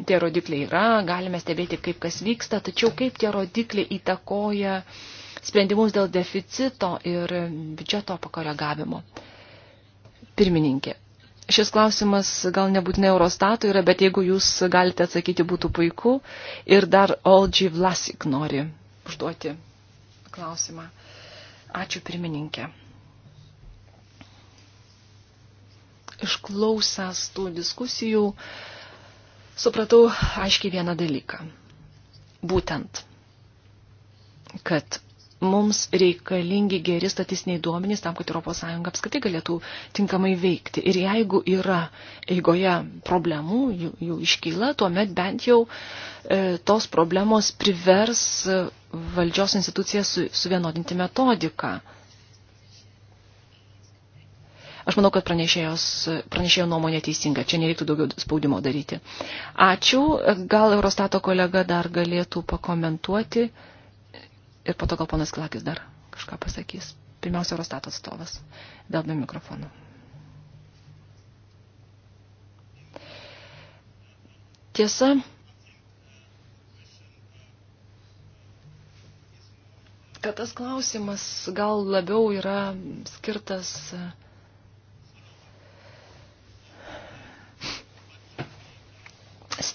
tie rodikliai yra, galime stebėti, kaip kas vyksta, tačiau kaip tie rodikliai įtakoja sprendimus dėl deficito ir biudžeto pakoregavimo. Pirmininkė. Šis klausimas gal nebūtinai Eurostato yra, bet jeigu jūs galite atsakyti, būtų puiku. Ir dar Olgi Vlasik nori užduoti klausimą. Ačiū pirmininkė. išklausęs tų diskusijų, supratau aiškiai vieną dalyką. Būtent, kad mums reikalingi geri statistiniai duomenys tam, kad ES apskritai galėtų tinkamai veikti. Ir jeigu yra eigoje problemų, jų, jų iškyla, tuomet bent jau e, tos problemos privers e, valdžios instituciją su, suvienodinti metodiką. E, Aš manau, kad pranešėjo nuomonė teisinga, čia nereiktų daugiau spaudimo daryti. Ačiū, gal Eurostato kolega dar galėtų pakomentuoti ir po to gal ponas Klakis dar kažką pasakys. Pirmiausia, Eurostato atstovas, dėl be mikrofonų. Tiesa, kad tas klausimas gal labiau yra skirtas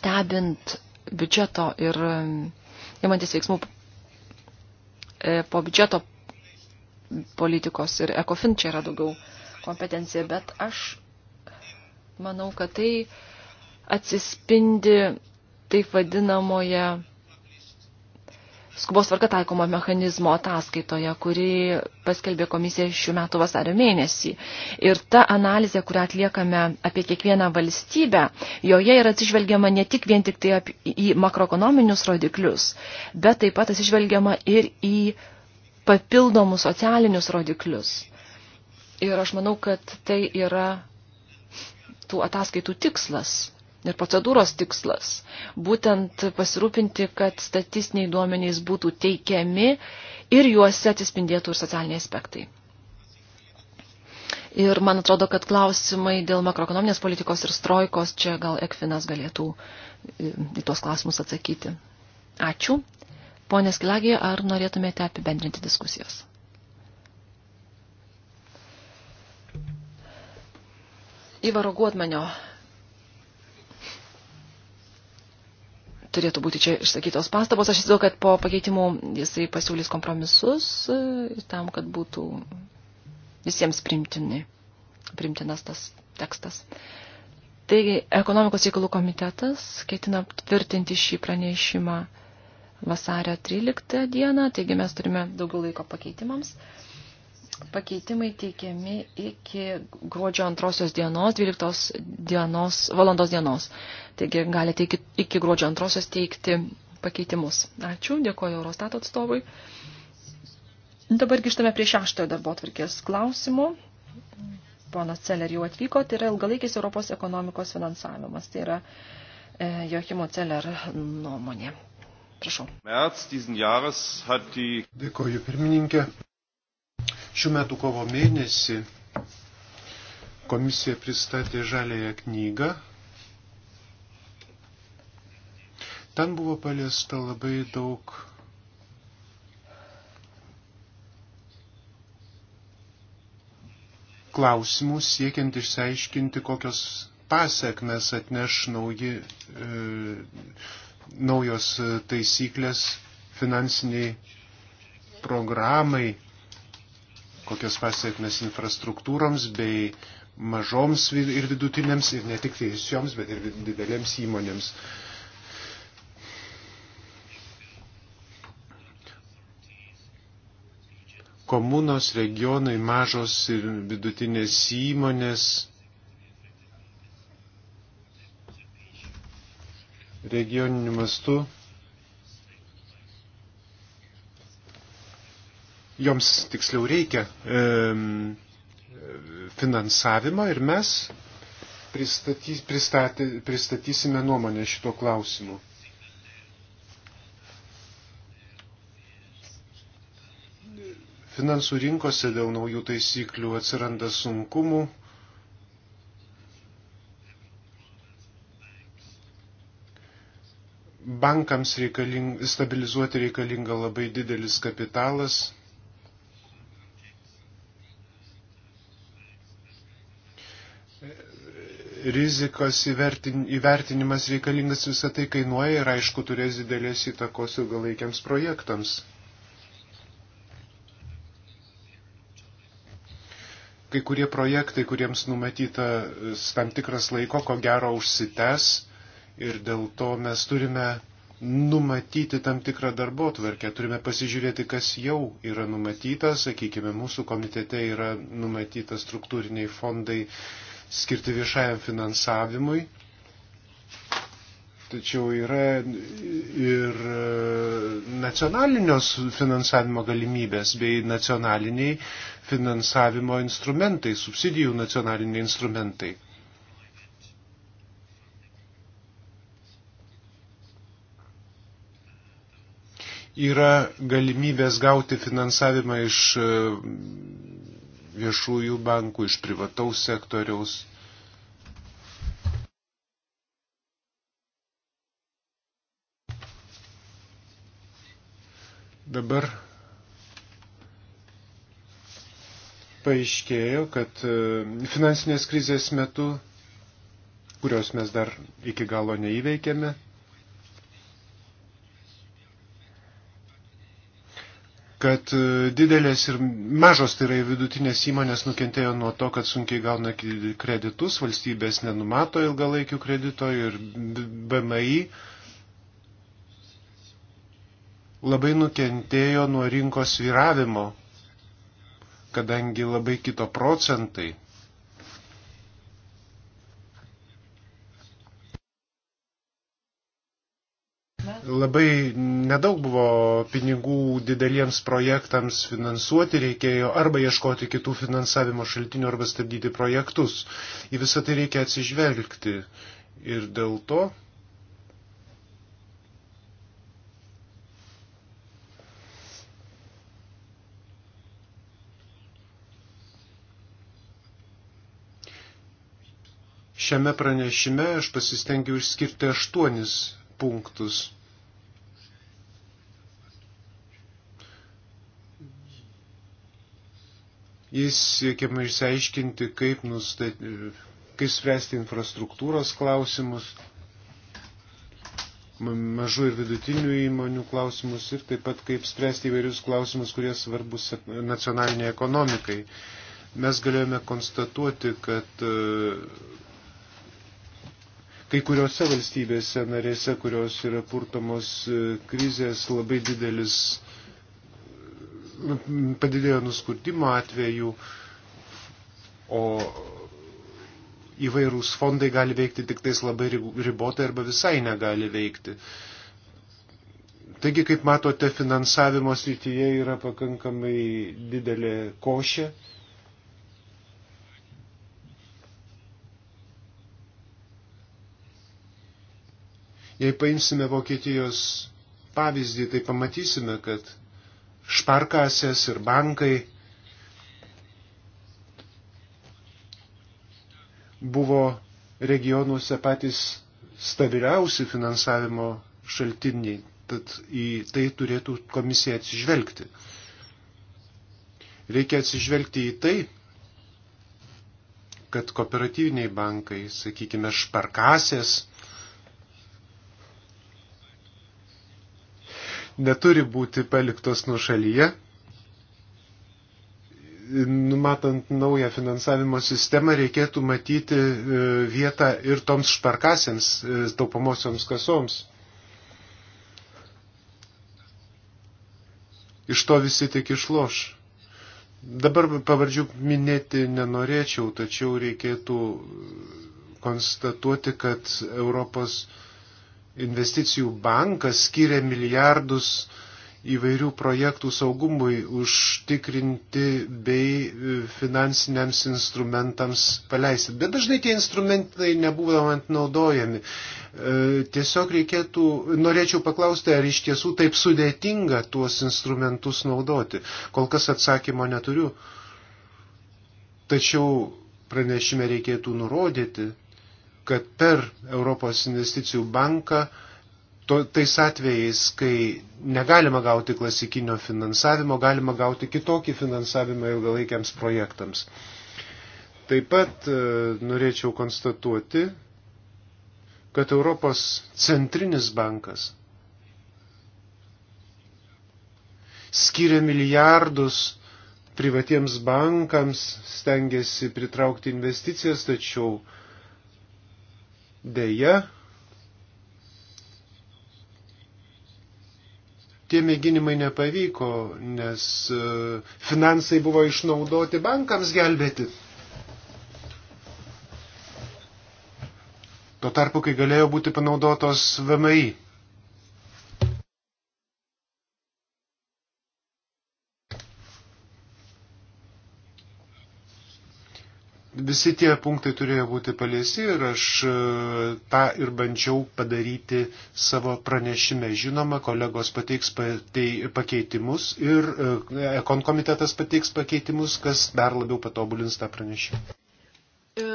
stebint biudžeto ir imantis veiksmų e, po biudžeto politikos ir ECOFIN čia yra daugiau kompetencija, bet aš manau, kad tai atsispindi taip vadinamoje skubos tvarka taikomo mechanizmo ataskaitoje, kuri paskelbė komisija šių metų vasario mėnesį. Ir ta analizė, kurią atliekame apie kiekvieną valstybę, joje yra atsižvelgiama ne tik vien tik tai į makroekonominius rodiklius, bet taip pat atsižvelgiama ir į papildomus socialinius rodiklius. Ir aš manau, kad tai yra tų ataskaitų tikslas ir procedūros tikslas. Būtent pasirūpinti, kad statistiniai duomenys būtų teikiami ir juose atsispindėtų ir socialiniai aspektai. Ir man atrodo, kad klausimai dėl makroekonominės politikos ir strojkos, čia gal Ekvinas galėtų e, į tuos klausimus atsakyti. Ačiū. Pone Skilagija, ar norėtumėte apibendrinti diskusijas? Įvaro Guodmanio turėtų būti čia išsakytos pastabos. Aš įsivaizduoju, kad po pakeitimų jisai pasiūlys kompromisus e, tam, kad būtų visiems primtini, primtinas tas tekstas. Taigi, ekonomikos reikalų komitetas ketina tvirtinti šį pranešimą vasario 13 dieną, taigi mes turime daugiau laiko pakeitimams. Pakeitimai teikiami iki gruodžio antrosios dienos, 12 dienos, valandos dienos. Taigi galite iki, iki gruodžio antrosios teikti pakeitimus. Ačiū, dėkoju Eurostato atstovui. Dabar grįžtame prie šeštojo darbo atvarkės klausimų. Ponas Celer jau atvyko, tai yra ilgalaikis Europos ekonomikos finansavimas. Tai yra e, Joachimo Celer nuomonė. Prašau. Dėkoju pirmininkė. Šių metų kovo mėnesį komisija pristatė žalėją knygą. Ten buvo paliesta labai daug klausimų siekiant išsiaiškinti, kokios pasiekmes atneš nauji, e, naujos taisyklės finansiniai programai kokios pasiekmes infrastruktūroms bei mažoms ir vidutinėms ir ne tik teisioms, bet ir didelėms įmonėms. Komunos, regionai, mažos ir vidutinės įmonės regioniniu mastu joms tiksliau reikia e, finansavimo ir mes pristatys, pristatė, pristatysime nuomonę šito klausimu. Finansų rinkose dėl naujų taisyklių atsiranda sunkumų. Bankams reikaling, stabilizuoti reikalinga labai didelis kapitalas. rizikos įvertin, įvertinimas reikalingas visą tai kainuoja ir aišku turės didelės įtakos ilgalaikiams projektams. Kai kurie projektai, kuriems numatyta tam tikras laiko, ko gero užsites ir dėl to mes turime numatyti tam tikrą darbo tvarkę, turime pasižiūrėti, kas jau yra numatyta, sakykime, mūsų komitete yra numatyta struktūriniai fondai skirti viešajam finansavimui. Tačiau yra ir e, nacionalinio finansavimo galimybės bei nacionaliniai finansavimo instrumentai, subsidijų nacionaliniai instrumentai. Yra galimybės gauti finansavimą iš e, viešųjų bankų, iš privataus sektoriaus. Dabar paaiškėjo, kad e, finansinės krizės metu, kurios mes dar iki galo neįveikėme, kad e, didelės ir mažos, tai yra vidutinės įmonės nukentėjo nuo to, kad sunkiai gauna kreditus, valstybės nenumato ilgalaikių kredito ir BMI labai nukentėjo nuo rinkos viravimo, kadangi labai kito procentai Labai nedaug buvo pinigų dideliems projektams finansuoti, reikėjo arba ieškoti kitų finansavimo šaltinių, arba stabdyti projektus. Į visą tai reikia atsižvelgti. Ir dėl to Šiame pranešime aš pasistengiau išskirti aštuonis punktus. Jis siekiama išsiaiškinti, kaip, nustat... kaip spręsti infrastruktūros klausimus, mažų ir vidutinių įmonių klausimus ir taip pat kaip spręsti įvairius klausimus, kurie svarbus nacionaliniai ekonomikai. Mes galėjome konstatuoti, kad e, kai kuriuose valstybėse narėse, kurios yra purtomos e, krizės, labai didelis padidėjo nuskurdimo atveju, o įvairūs fondai gali veikti tik tais labai ribotai arba visai negali veikti. Taigi, kaip matote, finansavimo srityje yra pakankamai didelė košė. Jei paimsime Vokietijos pavyzdį, tai pamatysime, kad šparkasės ir bankai buvo regionuose patys stabiliausi finansavimo šaltiniai, tad į tai turėtų komisija atsižvelgti. Reikia atsižvelgti į tai, kad kooperatyviniai bankai, sakykime, šparkasės, neturi būti paliktos nuo šalyje, numatant naują finansavimo sistemą, reikėtų matyti e, vietą ir toms šparkasėms e, taupamosioms kasoms. Iš to visi tik išloš. Dabar pavardžių minėti nenorėčiau, tačiau reikėtų e, konstatuoti, kad Europos investicijų bankas skiria milijardus įvairių projektų saugumui užtikrinti bei e, finansiniams instrumentams paleisti. Bet dažnai tie instrumentai nebūdavant naudojami. E, tiesiog reikėtų, norėčiau paklausti, ar iš tiesų taip sudėtinga tuos instrumentus naudoti. Kol kas atsakymo neturiu. Tačiau pranešime reikėtų nurodyti, kad per Europos investicijų banką to, tais atvejais, kai negalima gauti klasikinio finansavimo, galima gauti kitokį finansavimą ilgalaikiams projektams. Taip pat e, norėčiau konstatuoti, kad Europos centrinis bankas skiria milijardus privatiems bankams, stengiasi pritraukti investicijas, tačiau e, Deja, tie mėginimai nepavyko, nes e, finansai buvo išnaudoti bankams gelbėti. Tuo tarpu, kai galėjo būti panaudotos VMI. visi tie punktai turėjo būti paliesi ir aš e, tą ir bandžiau padaryti savo pranešime. Žinoma, kolegos pateiks pakeitimus ir e, ekon komitetas pateiks pakeitimus, kas dar labiau patobulins tą pranešimą. E,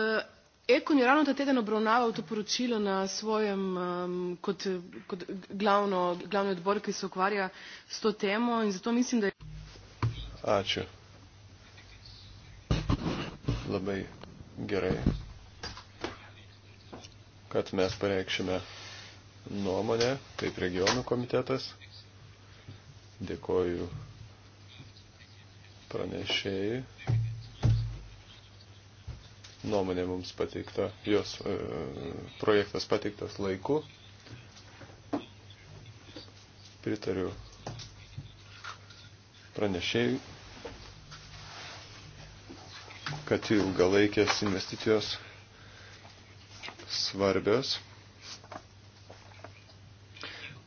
ekon je ravno ta teden obravnaval to poročilo na svojem, um, kot, kot glavno, glavni odbor, ki se ukvarja s to temo in zato mislim, da je. Ačiū labai gerai, kad mes pareikšime nuomonę kaip regionų komitetas. Dėkoju pranešėjai. Nuomonė mums pateikta, jos e, projektas pateiktas laiku. Pritariu pranešėjui kad ilgalaikės investicijos svarbios,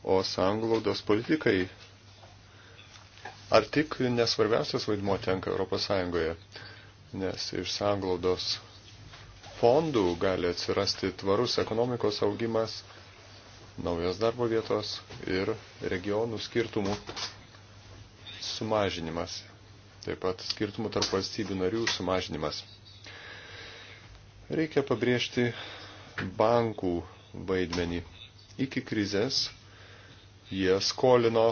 o sanglaudos politikai ar tik nesvarbiausias vaidmo tenka Europos Sąjungoje, nes iš sanglaudos fondų gali atsirasti tvarus ekonomikos augimas, naujos darbo vietos ir regionų skirtumų sumažinimas taip pat skirtumų tarp valstybių narių sumažinimas. Reikia pabrėžti bankų vaidmenį. Iki krizės jie skolino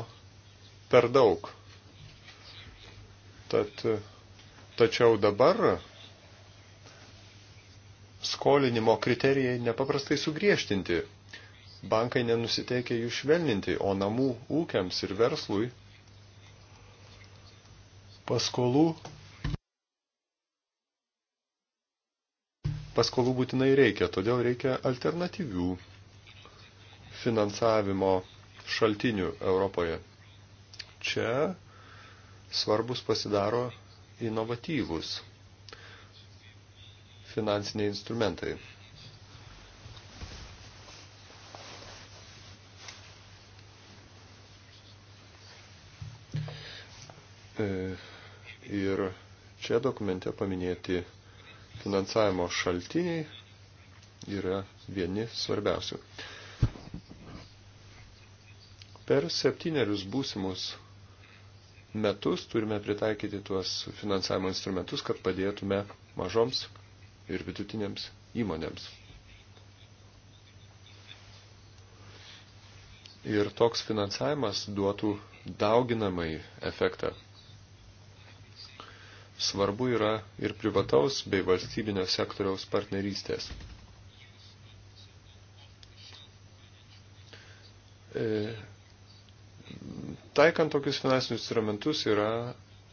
per daug. Tad, tačiau dabar skolinimo kriterijai nepaprastai sugriežtinti. Bankai nenusiteikia jų švelninti, o namų ūkiams ir verslui paskolų, paskolų būtinai reikia, todėl reikia alternatyvių finansavimo šaltinių Europoje. Čia svarbus pasidaro inovatyvus finansiniai instrumentai. Čia dokumente paminėti finansavimo šaltiniai yra vieni svarbiausių. Per septynerius būsimus metus turime pritaikyti tuos finansavimo instrumentus, kad padėtume mažoms ir vidutinėms įmonėms. Ir toks finansavimas duotų dauginamai efektą svarbu yra ir privataus bei valstybinio sektoriaus partnerystės. E, taikant tokius finansinius instrumentus yra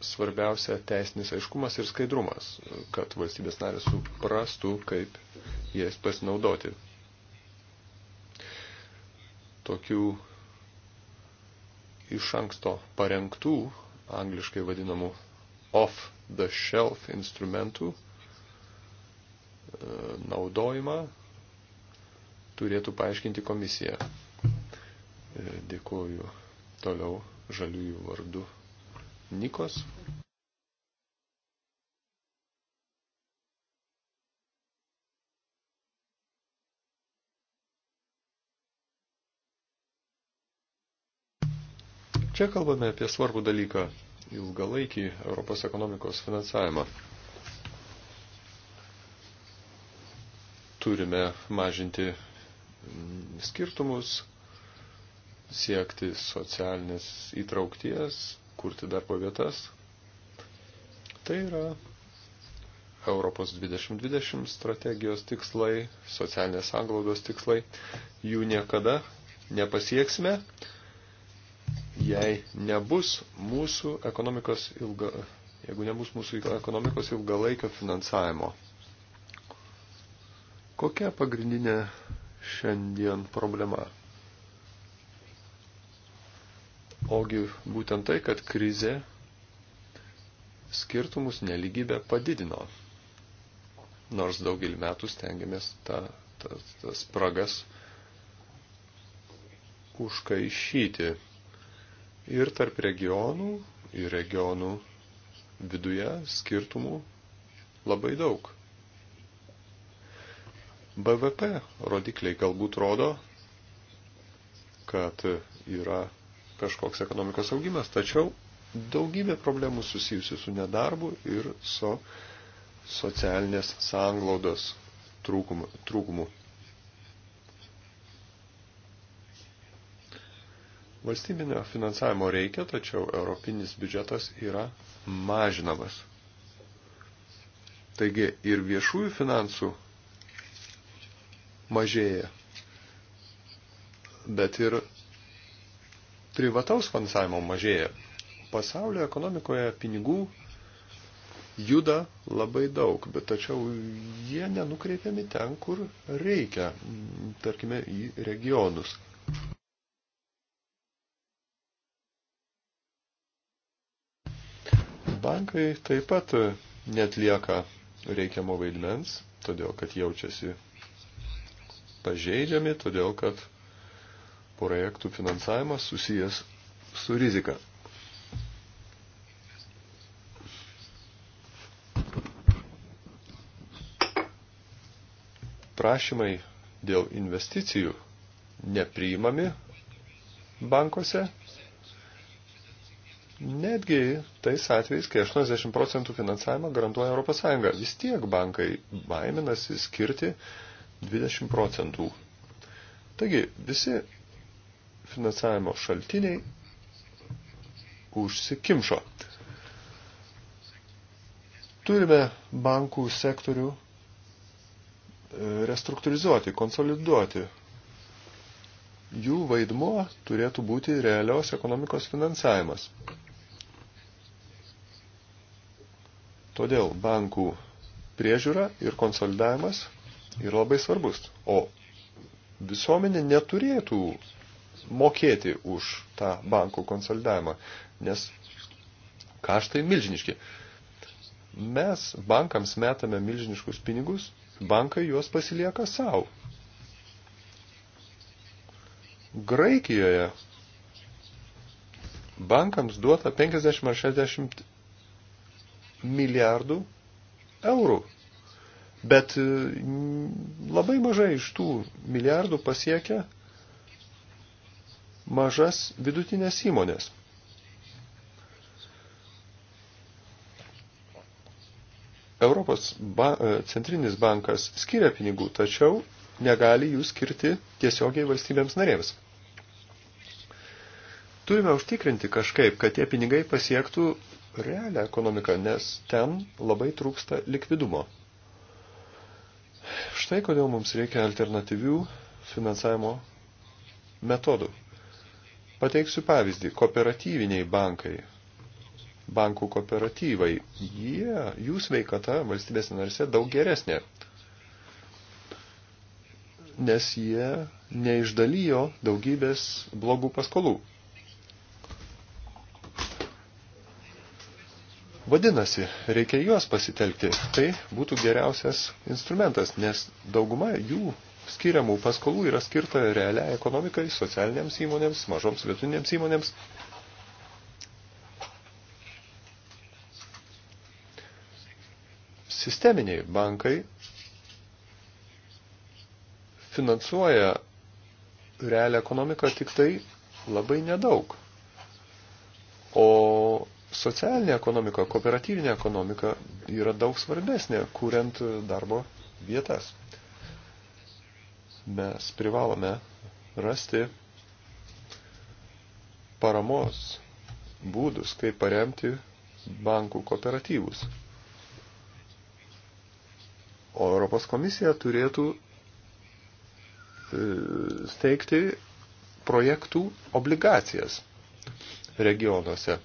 svarbiausia teisinis aiškumas ir skaidrumas, kad valstybės narės suprastų, kaip jais pasinaudoti. Tokių iš anksto parengtų, angliškai vadinamų off-the-shelf instrumentų e, naudojimą turėtų paaiškinti komisija. E, dėkuoju toliau žaliųjų vardu Nikos. Čia kalbame apie svarbų dalyką ilgalaikį Europos ekonomikos finansavimą. Turime mažinti skirtumus, siekti socialinės įtraukties, kurti darbo vietas. Tai yra Europos 2020 strategijos tikslai, socialinės anglaudos tikslai. Jų niekada nepasieksime, jei nebus mūsų ekonomikos ilga, jeigu nebus mūsų ekonomikos ilgalaikio finansavimo. Kokia pagrindinė šiandien problema? Ogi būtent tai, kad krizė skirtumus neligybę padidino. Nors daugelį metų stengiamės tą, tą, tą spragas užkaišyti ir tarp regionų, ir regionų viduje skirtumų labai daug. BVP rodikliai galbūt rodo, kad yra kažkoks ekonomikos augimas, tačiau daugybė problemų susijusių su nedarbu ir su so socialinės sanglaudos trūkumu. trūkumu. Valstybinio finansavimo reikia, tačiau europinis biudžetas yra mažinamas. Taigi ir viešųjų finansų mažėja, bet ir privataus finansavimo mažėja. Pasaulio ekonomikoje pinigų juda labai daug, bet tačiau jie nenukreipiami ten, kur reikia, tarkime, į regionus. bankai taip pat e, netlieka reikiamo vaidmens, todėl kad jaučiasi pažeidžiami, todėl kad projektų finansavimas susijęs su rizika. Prašymai dėl investicijų nepriimami bankuose Netgi tais atvejais, kai 80 procentų finansavimą garantuoja ES, vis tiek bankai baiminasi skirti 20 procentų. Taigi visi finansavimo šaltiniai užsikimšo. Turime bankų sektorių e, restruktūrizuoti, konsoliduoti. Jų vaidmuo turėtų būti realios ekonomikos finansavimas. Todėl bankų priežiūra ir konsolidavimas yra labai svarbus. O visuomenė neturėtų mokėti už tą bankų konsolidavimą, nes kaštai milžiniški. Mes bankams metame milžiniškus pinigus, bankai juos pasilieka savo. Graikijoje bankams duota 50 ar 60 milijardų eurų. Bet e, labai mažai iš tų milijardų pasiekia mažas vidutinės įmonės. Europos ba e, centrinis bankas skiria pinigų, tačiau negali jų skirti tiesiogiai valstybėms narėms. Turime užtikrinti kažkaip, kad tie pinigai pasiektų realią ekonomiką, nes ten labai trūksta likvidumo. Štai kodėl mums reikia alternatyvių finansavimo metodų. Pateiksiu pavyzdį. Kooperatyviniai bankai, bankų kooperatyvai, jie, jų sveikata valstybės narse daug geresnė, nes jie neišdalyjo daugybės blogų paskolų. Vadinasi, reikia juos pasitelkti. Tai būtų geriausias instrumentas, nes dauguma jų skiriamų paskolų yra skirta realiai ekonomikai, socialiniams įmonėms, mažoms vietinėms įmonėms. Sisteminiai bankai finansuoja realią ekonomiką tik tai labai nedaug. O socialinė ekonomika, kooperatyvinė ekonomika yra daug svarbesnė, kuriant darbo vietas. Mes privalome rasti paramos būdus, kaip paremti bankų kooperatyvus. O Europos komisija turėtų e, steigti projektų obligacijas regionuose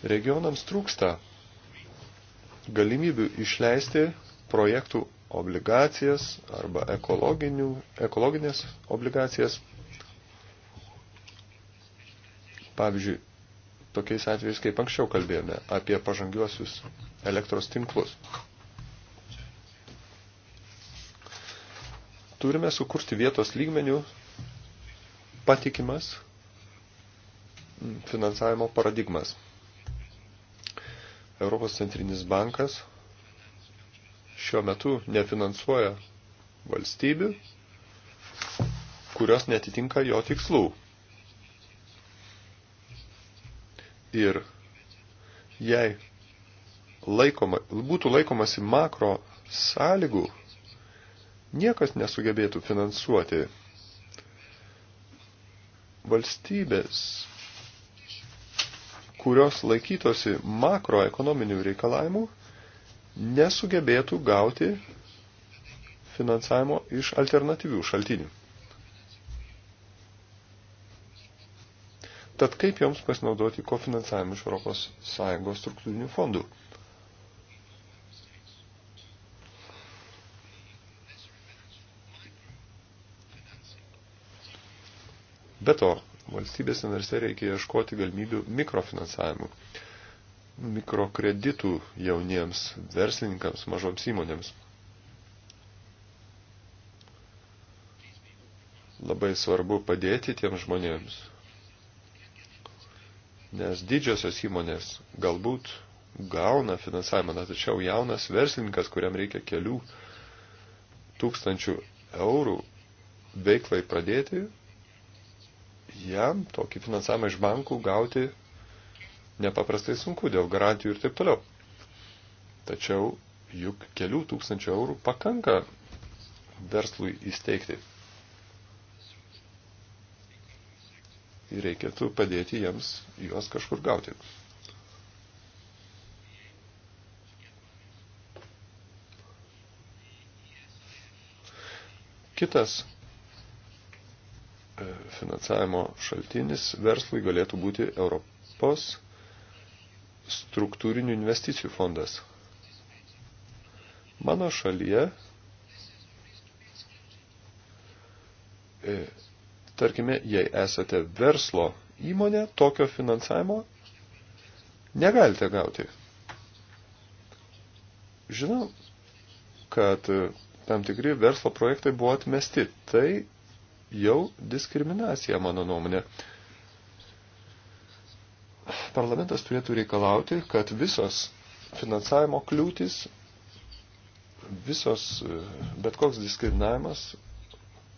Regionams trūksta galimybių išleisti projektų obligacijas arba ekologinės obligacijas. Pavyzdžiui, tokiais atvejais, kaip anksčiau kalbėjome apie pažangiuosius elektros tinklus. Turime sukurti vietos lygmenių patikimas finansavimo paradigmas. Europos centrinis bankas šiuo metu nefinansuoja valstybių, kurios netitinka jo tikslų. Ir jei laikoma, būtų laikomasi makro sąlygų, niekas nesugebėtų finansuoti valstybės kurios laikytosi makroekonominių reikalavimų, nesugebėtų gauti finansavimo iš alternatyvių šaltinių. Tad kaip joms pasinaudoti kofinansavimu iš Europos Sąjungos struktūrinių fondų? Be to, valstybės narse reikia ieškoti galimybių mikrofinansavimų, mikrokreditų jauniems verslininkams, mažoms įmonėms. Labai svarbu padėti tiems žmonėms, nes didžiosios įmonės galbūt gauna finansavimą, na, tačiau jaunas verslininkas, kuriam reikia kelių tūkstančių eurų veiklai pradėti, jam tokį finansavimą iš bankų gauti nepaprastai sunku dėl garantijų ir taip toliau. Tačiau juk kelių tūkstančių eurų pakanka verslui įsteigti. Ir reikėtų padėti jiems juos kažkur gauti. Kitas finansavimo šaltinis verslui galėtų būti Europos struktūrinių investicijų fondas. Mano šalyje, e, tarkime, jei esate verslo įmonė, tokio finansavimo negalite gauti. Žinau, kad e, tam tikri verslo projektai buvo atmesti. Tai jau diskriminacija, mano nuomonė. Parlamentas turėtų reikalauti, kad visos finansavimo kliūtis, visos, e, bet koks diskriminavimas,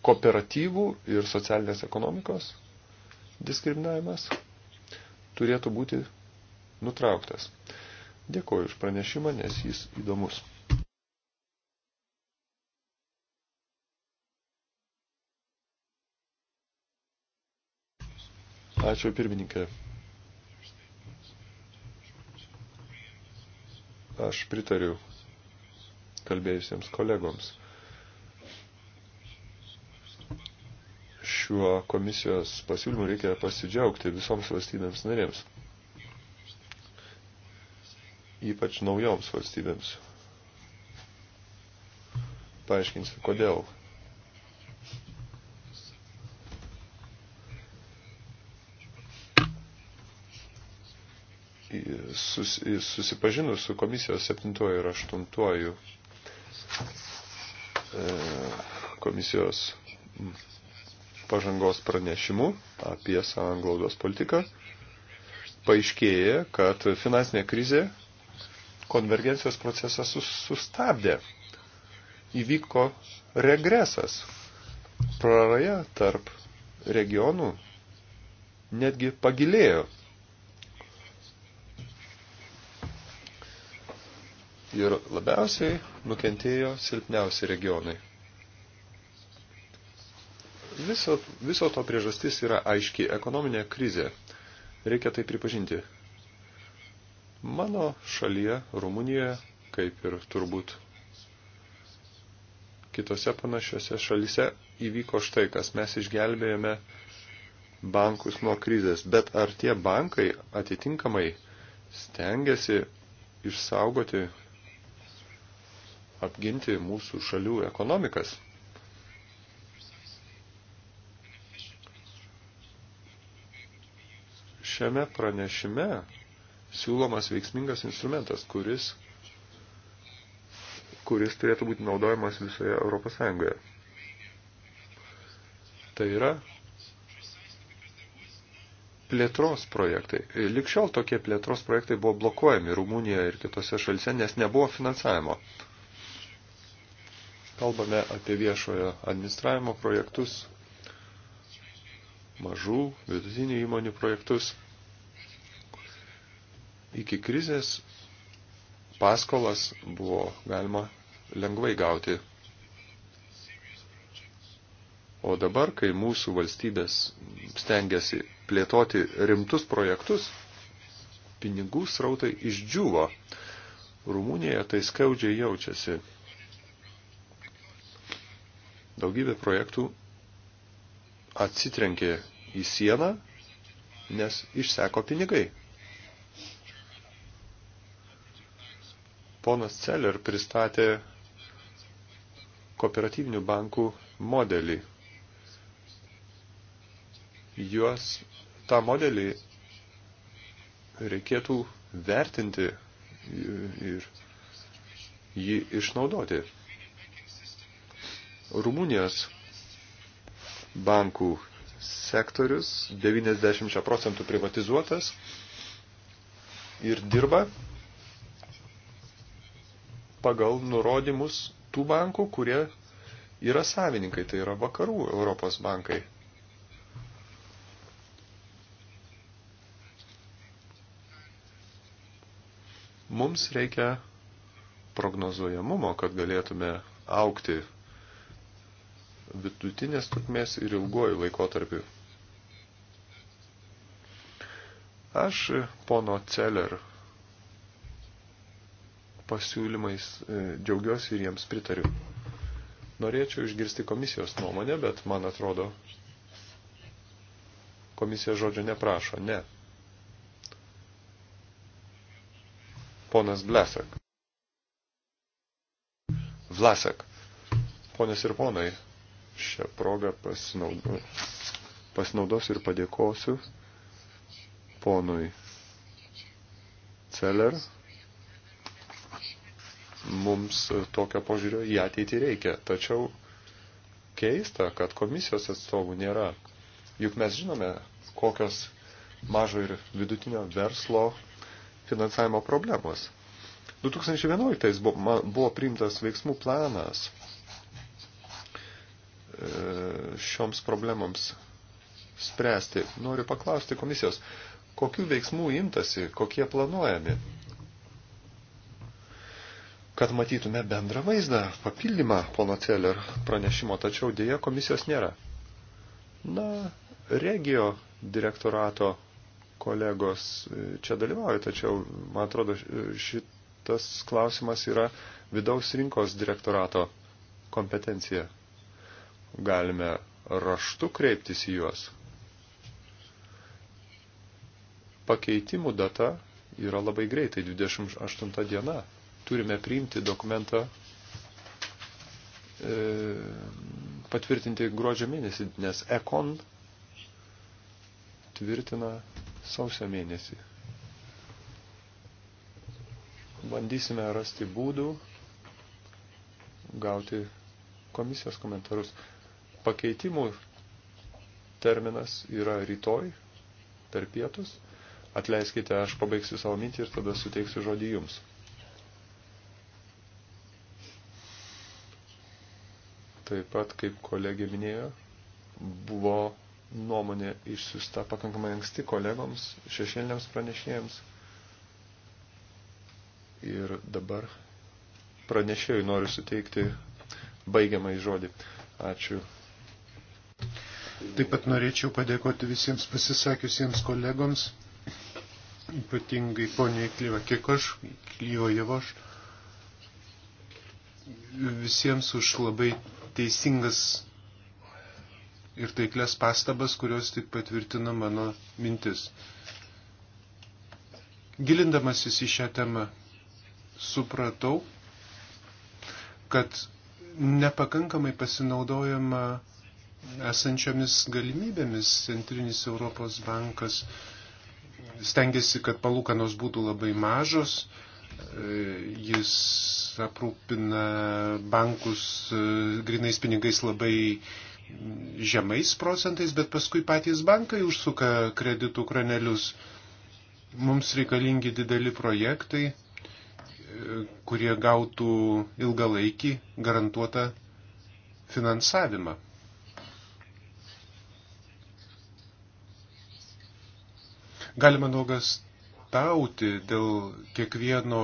kooperatyvų ir socialinės ekonomikos diskriminavimas turėtų būti nutrauktas. Dėkoju už pranešimą, nes jis įdomus. Ačiū pirmininkė. Aš pritariu kalbėjusiems kolegoms. Šiuo komisijos pasiūlymu reikia pasidžiaugti visoms valstybėms narėms, ypač naujoms valstybėms. Paaiškinsiu, kodėl. sus, susipažinus su komisijos 7 ir 8 e, komisijos pažangos pranešimu apie sąanglaudos politiką, paaiškėja, kad finansinė krizė konvergencijos procesą sustabdė. Įvyko regresas. Praraja tarp regionų netgi pagilėjo. ir labiausiai nukentėjo silpniausi regionai. Viso, viso to priežastis yra aiški ekonominė krizė. Reikia tai pripažinti. Mano šalyje, Rumunijoje, kaip ir turbūt kitose panašiose šalise, įvyko štai, kas mes išgelbėjome bankus nuo krizės. Bet ar tie bankai atitinkamai stengiasi išsaugoti apginti mūsų šalių ekonomikas. Šiame pranešime siūlomas veiksmingas instrumentas, kuris, kuris turėtų būti naudojamas visoje Europos Sąjungoje. Tai yra plėtros projektai. Likščiol tokie plėtros projektai buvo blokuojami Rumunijoje ir kitose šalise, nes nebuvo finansavimo. Kalbame apie viešojo administravimo projektus, mažų, vidutinių įmonių projektus. Iki krizės paskolas buvo galima lengvai gauti. O dabar, kai mūsų valstybės stengiasi plėtoti rimtus projektus, pinigų srautai išdžiuvo. Rumunijoje tai skaudžiai jaučiasi. Daugybė projektų atsitrenkė į sieną, nes išseko pinigai. Ponas Celler pristatė kooperatyvinių bankų modelį. Juos tą modelį reikėtų vertinti ir jį išnaudoti. Rumunijos bankų sektorius 90 procentų privatizuotas ir dirba pagal nurodymus tų bankų, kurie yra savininkai, tai yra vakarų Europos bankai. Mums reikia prognozuojamumo, kad galėtume aukti vidutinės trukmės ir ilguoju laikotarpiu. Aš pono Celler pasiūlymais e, džiaugiuosi ir jiems pritariu. Norėčiau išgirsti komisijos nuomonę, bet man atrodo, komisija žodžio neprašo, ne. Ponas Blesak. Vlasak. Ponės ir ponai, šią progą pasinaudo, pasinaudosiu ir padėkosiu ponui Celer. Mums tokio požiūrio į ateitį reikia, tačiau keista, kad komisijos atstovų nėra. Juk mes žinome, kokios mažo ir vidutinio verslo finansavimo problemos. 2011 buvo priimtas veiksmų planas šioms problemams spręsti. Noriu paklausti komisijos, kokių veiksmų imtasi, kokie planuojami, kad matytume bendrą vaizdą, papildymą pono Celler pranešimo, tačiau dėja komisijos nėra. Na, regio direktorato kolegos čia dalyvauja, tačiau, man atrodo, šitas klausimas yra vidaus rinkos direktorato kompetencija. Galime raštu kreiptis į juos. Pakeitimų data yra labai greitai, 28 diena. Turime priimti dokumentą, e, patvirtinti gruodžio mėnesį, nes ekon tvirtina sausio mėnesį. Bandysime rasti būdų gauti komisijos komentarus. Pakeitimų terminas yra rytoj per pietus. Atleiskite, aš pabaigsiu savo mintį ir tada suteiksiu žodį jums. Taip pat, kaip kolegė minėjo, buvo nuomonė išsiusta pakankamai anksti kolegoms, šešėliniams pranešėjams. Ir dabar pranešėjui noriu suteikti baigiamąjį žodį. Ačiū Taip pat norėčiau padėkoti visiems pasisakiusiems kolegoms, ypatingai poniai Klyva Kikoš, Klyvo Jevoš, visiems už labai teisingas ir taiklės pastabas, kurios tik patvirtina mano mintis. Gilindamasis į šią temą, supratau, kad nepakankamai pasinaudojama esančiomis galimybėmis Centrinis Europos bankas stengiasi, kad palūkanos būtų labai mažos. Jis aprūpina bankus e, grinais pinigais labai žemais procentais, bet paskui patys bankai užsuka kreditų kranelius. Mums reikalingi dideli projektai, e, kurie gautų ilgalaikį garantuotą finansavimą. Galima nuogastauti dėl kiekvieno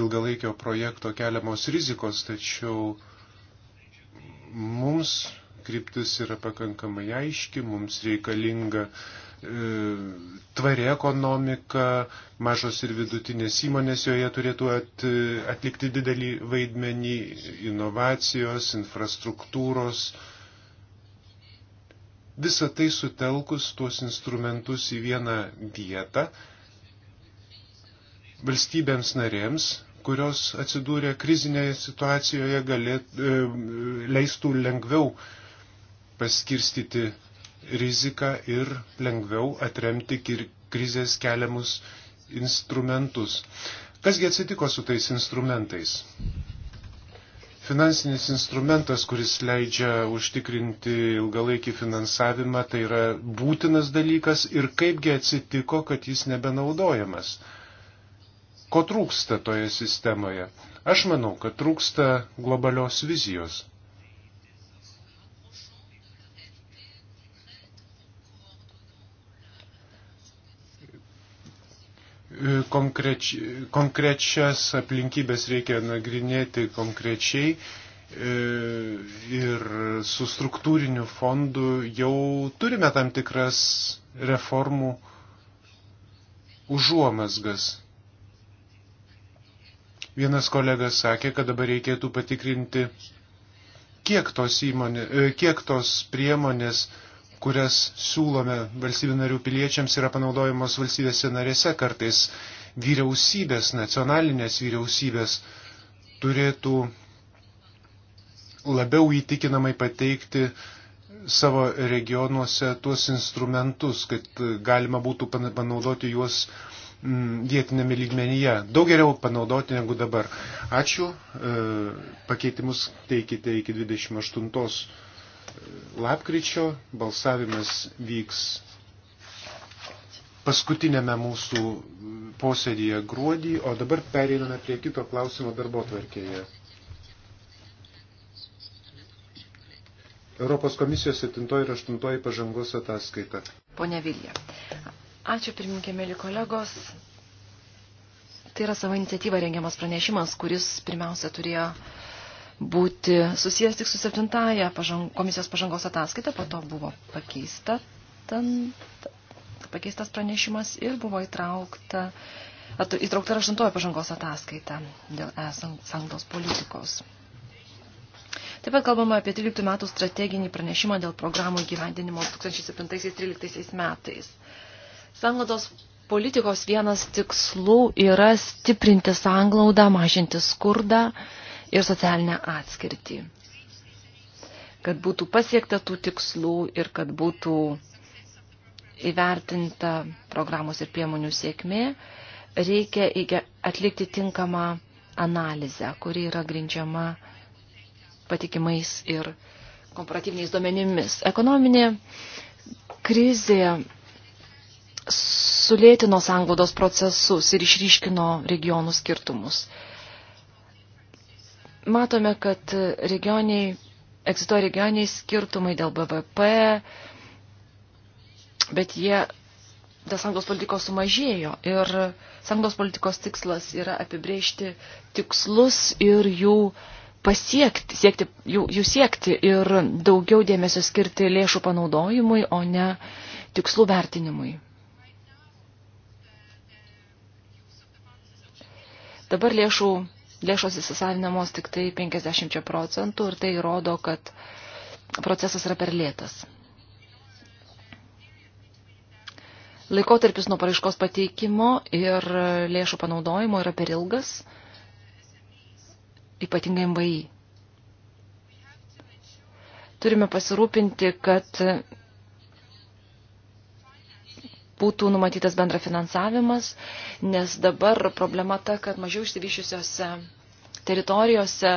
ilgalaikio projekto keliamos rizikos, tačiau mums kryptis yra pakankamai aiški, mums reikalinga e, tvari ekonomika, mažos ir vidutinės įmonės joje turėtų at, atlikti didelį vaidmenį, inovacijos, infrastruktūros, e, Visą tai sutelkus tuos instrumentus į vieną vietą valstybėms narėms, kurios atsidūrė krizinėje situacijoje, galėt, e, leistų lengviau paskirstyti riziką ir lengviau atremti krizės keliamus instrumentus. Kasgi atsitiko su tais instrumentais? Finansinis instrumentas, kuris leidžia užtikrinti ilgalaikį finansavimą, tai yra būtinas dalykas ir kaipgi atsitiko, kad jis nebenaudojamas. Ko trūksta toje sistemoje? Aš manau, kad trūksta globalios vizijos. konkreč, konkrečias aplinkybės reikia nagrinėti konkrečiai e, ir su struktūriniu fondu jau turime tam tikras reformų užuomasgas. Vienas kolega sakė, kad dabar reikėtų patikrinti, kiek tos, įmonė, e, kiek tos priemonės kurias siūlome valstybių narių piliečiams, yra panaudojamos valstybėse narėse kartais vyriausybės, nacionalinės vyriausybės turėtų labiau įtikinamai pateikti savo regionuose tuos instrumentus, kad galima būtų panaudoti juos mm, vietinėme lygmenyje. Daug geriau panaudoti negu dabar. Ačiū. E, pakeitimus teikite iki 28 lapkričio, balsavimas vyks paskutinėme mūsų posėdėje gruodį, o dabar pereiname prie kito klausimo darbo tvarkėje. Europos komisijos 7 ir 8 pažangos ataskaita. Pone Vilija, ačiū pirminkė, mėly kolegos. Tai yra savo iniciatyva rengiamas pranešimas, kuris pirmiausia turėjo uh, būti susijęs tik su septintaja pažang, komisijos pažangos ataskaita, po to buvo pakeista ten, pakeistas pranešimas ir buvo įtraukta, at, įtraukta ir aštuntojo pažangos ataskaita dėl esangdos politikos. Taip pat kalbama apie 13 metų strateginį pranešimą dėl programų įgyvendinimo 2007-2013 metais. Sanglados politikos vienas tikslų yra stiprinti sanglaudą, mažinti skurdą ir socialinę atskirtį. Kad būtų pasiekta tų tikslų ir kad būtų įvertinta programos ir priemonių sėkmė, reikia atlikti tinkamą analizę, kuri yra grindžiama patikimais ir komparatyviniais duomenimis. Ekonominė krizė sulėtino sanglaudos procesus ir išryškino regionų skirtumus matome, kad regioniai, egzistuoja regioniai skirtumai dėl BVP, bet jie dėl sanglos politikos sumažėjo ir sanglos politikos tikslas yra apibrėžti tikslus ir jų pasiekti, siekti, jų, jų siekti ir daugiau dėmesio skirti lėšų panaudojimui, o ne tikslų vertinimui. Dabar lėšų lėšos įsisavinamos tik tai 50 procentų ir tai rodo, kad procesas yra per lėtas. Laikotarpis nuo paraiškos pateikimo ir lėšų panaudojimo yra per ilgas, ypatingai MVI. Turime pasirūpinti, kad būtų numatytas bendra finansavimas, nes dabar problema ta, kad mažiau išsivyšiusiose teritorijose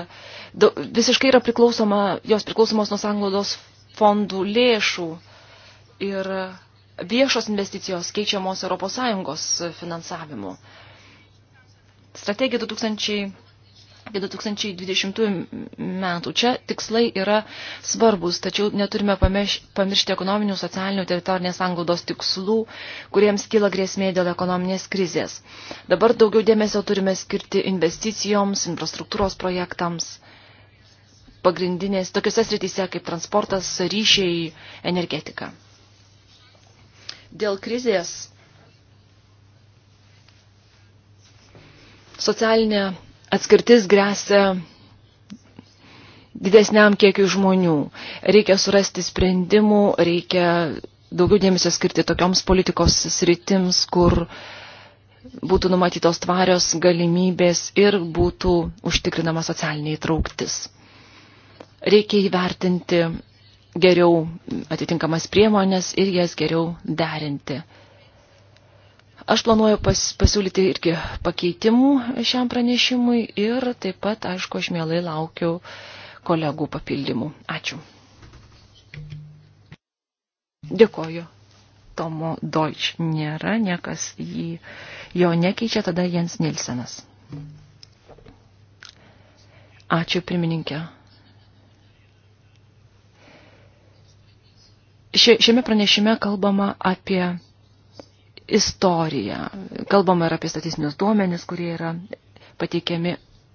da, visiškai yra priklausoma, jos priklausomos nuo sanglaudos fondų lėšų ir viešos investicijos keičiamos ES finansavimu. Strategija 2000 iki 2020 metų. Čia tikslai yra svarbus, tačiau neturime pamiršti ekonominių, socialinių, teritorinės anglodos tikslų, kuriems kyla grėsmė dėl ekonominės krizės. Dabar daugiau dėmesio turime skirti investicijoms, infrastruktūros projektams, pagrindinės tokiuose srityse kaip transportas, ryšiai, energetika. Dėl krizės socialinė atskirtis grėsia didesniam kiekiu žmonių. Reikia surasti sprendimų, reikia daugiau dėmesio skirti tokioms politikos sritims, kur būtų numatytos tvarios galimybės ir būtų užtikrinama socialinė įtrauktis. Reikia įvertinti geriau atitinkamas priemonės ir jas geriau derinti. Aš planuoju pas, pasiūlyti irgi pakeitimų šiam pranešimui ir taip pat, aišku, aš mielai laukiu kolegų papildymų. Ačiū. Dėkoju. Tomo Deutsch nėra, niekas jį, jo nekeičia, tada Jens Nilsenas. Ačiū, pirmininkė. Ši, šiame pranešime kalbama apie istoriją. Kalbama ir apie statistinius duomenis, kurie yra pateikiami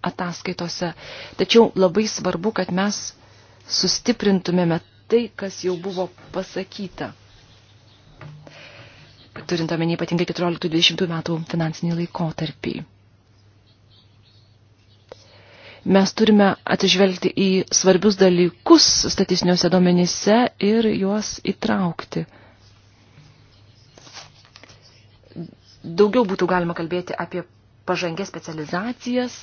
ataskaitose. Tačiau labai svarbu, kad mes sustiprintumėme tai, kas jau buvo pasakyta. Turint omeny ypatingai 14-20 metų finansinį laikotarpį. Mes turime atsižvelgti į svarbius dalykus statistiniuose duomenyse ir juos įtraukti. daugiau būtų galima kalbėti apie pažangę specializacijas,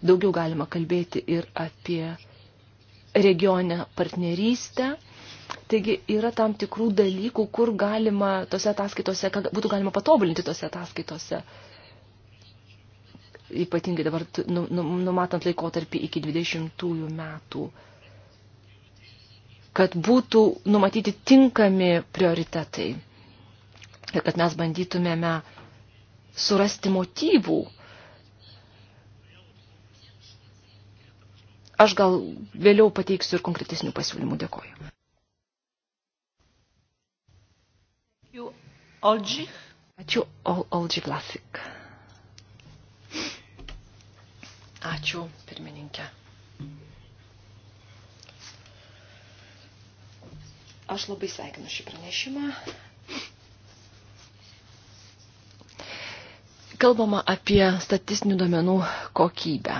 daugiau galima kalbėti ir apie regionę partnerystę. Taigi yra tam tikrų dalykų, kur galima tose ataskaitose, ką būtų galima patobulinti tose ataskaitose. Ypatingai dabar nu, nu, numatant laikotarpį iki 20 metų, kad būtų numatyti tinkami prioritetai ir kad mes bandytumėme uh, surasti motyvų. Aš gal vėliau pateiksiu ir konkretesnių pasiūlymų. Dėkoju. Ačiū, Olgi. Ačiū, Olgi Vlasik. Ačiū, pirmininkė. Aš labai sveikinu šį pranešimą. kalbama apie statistinių duomenų kokybę.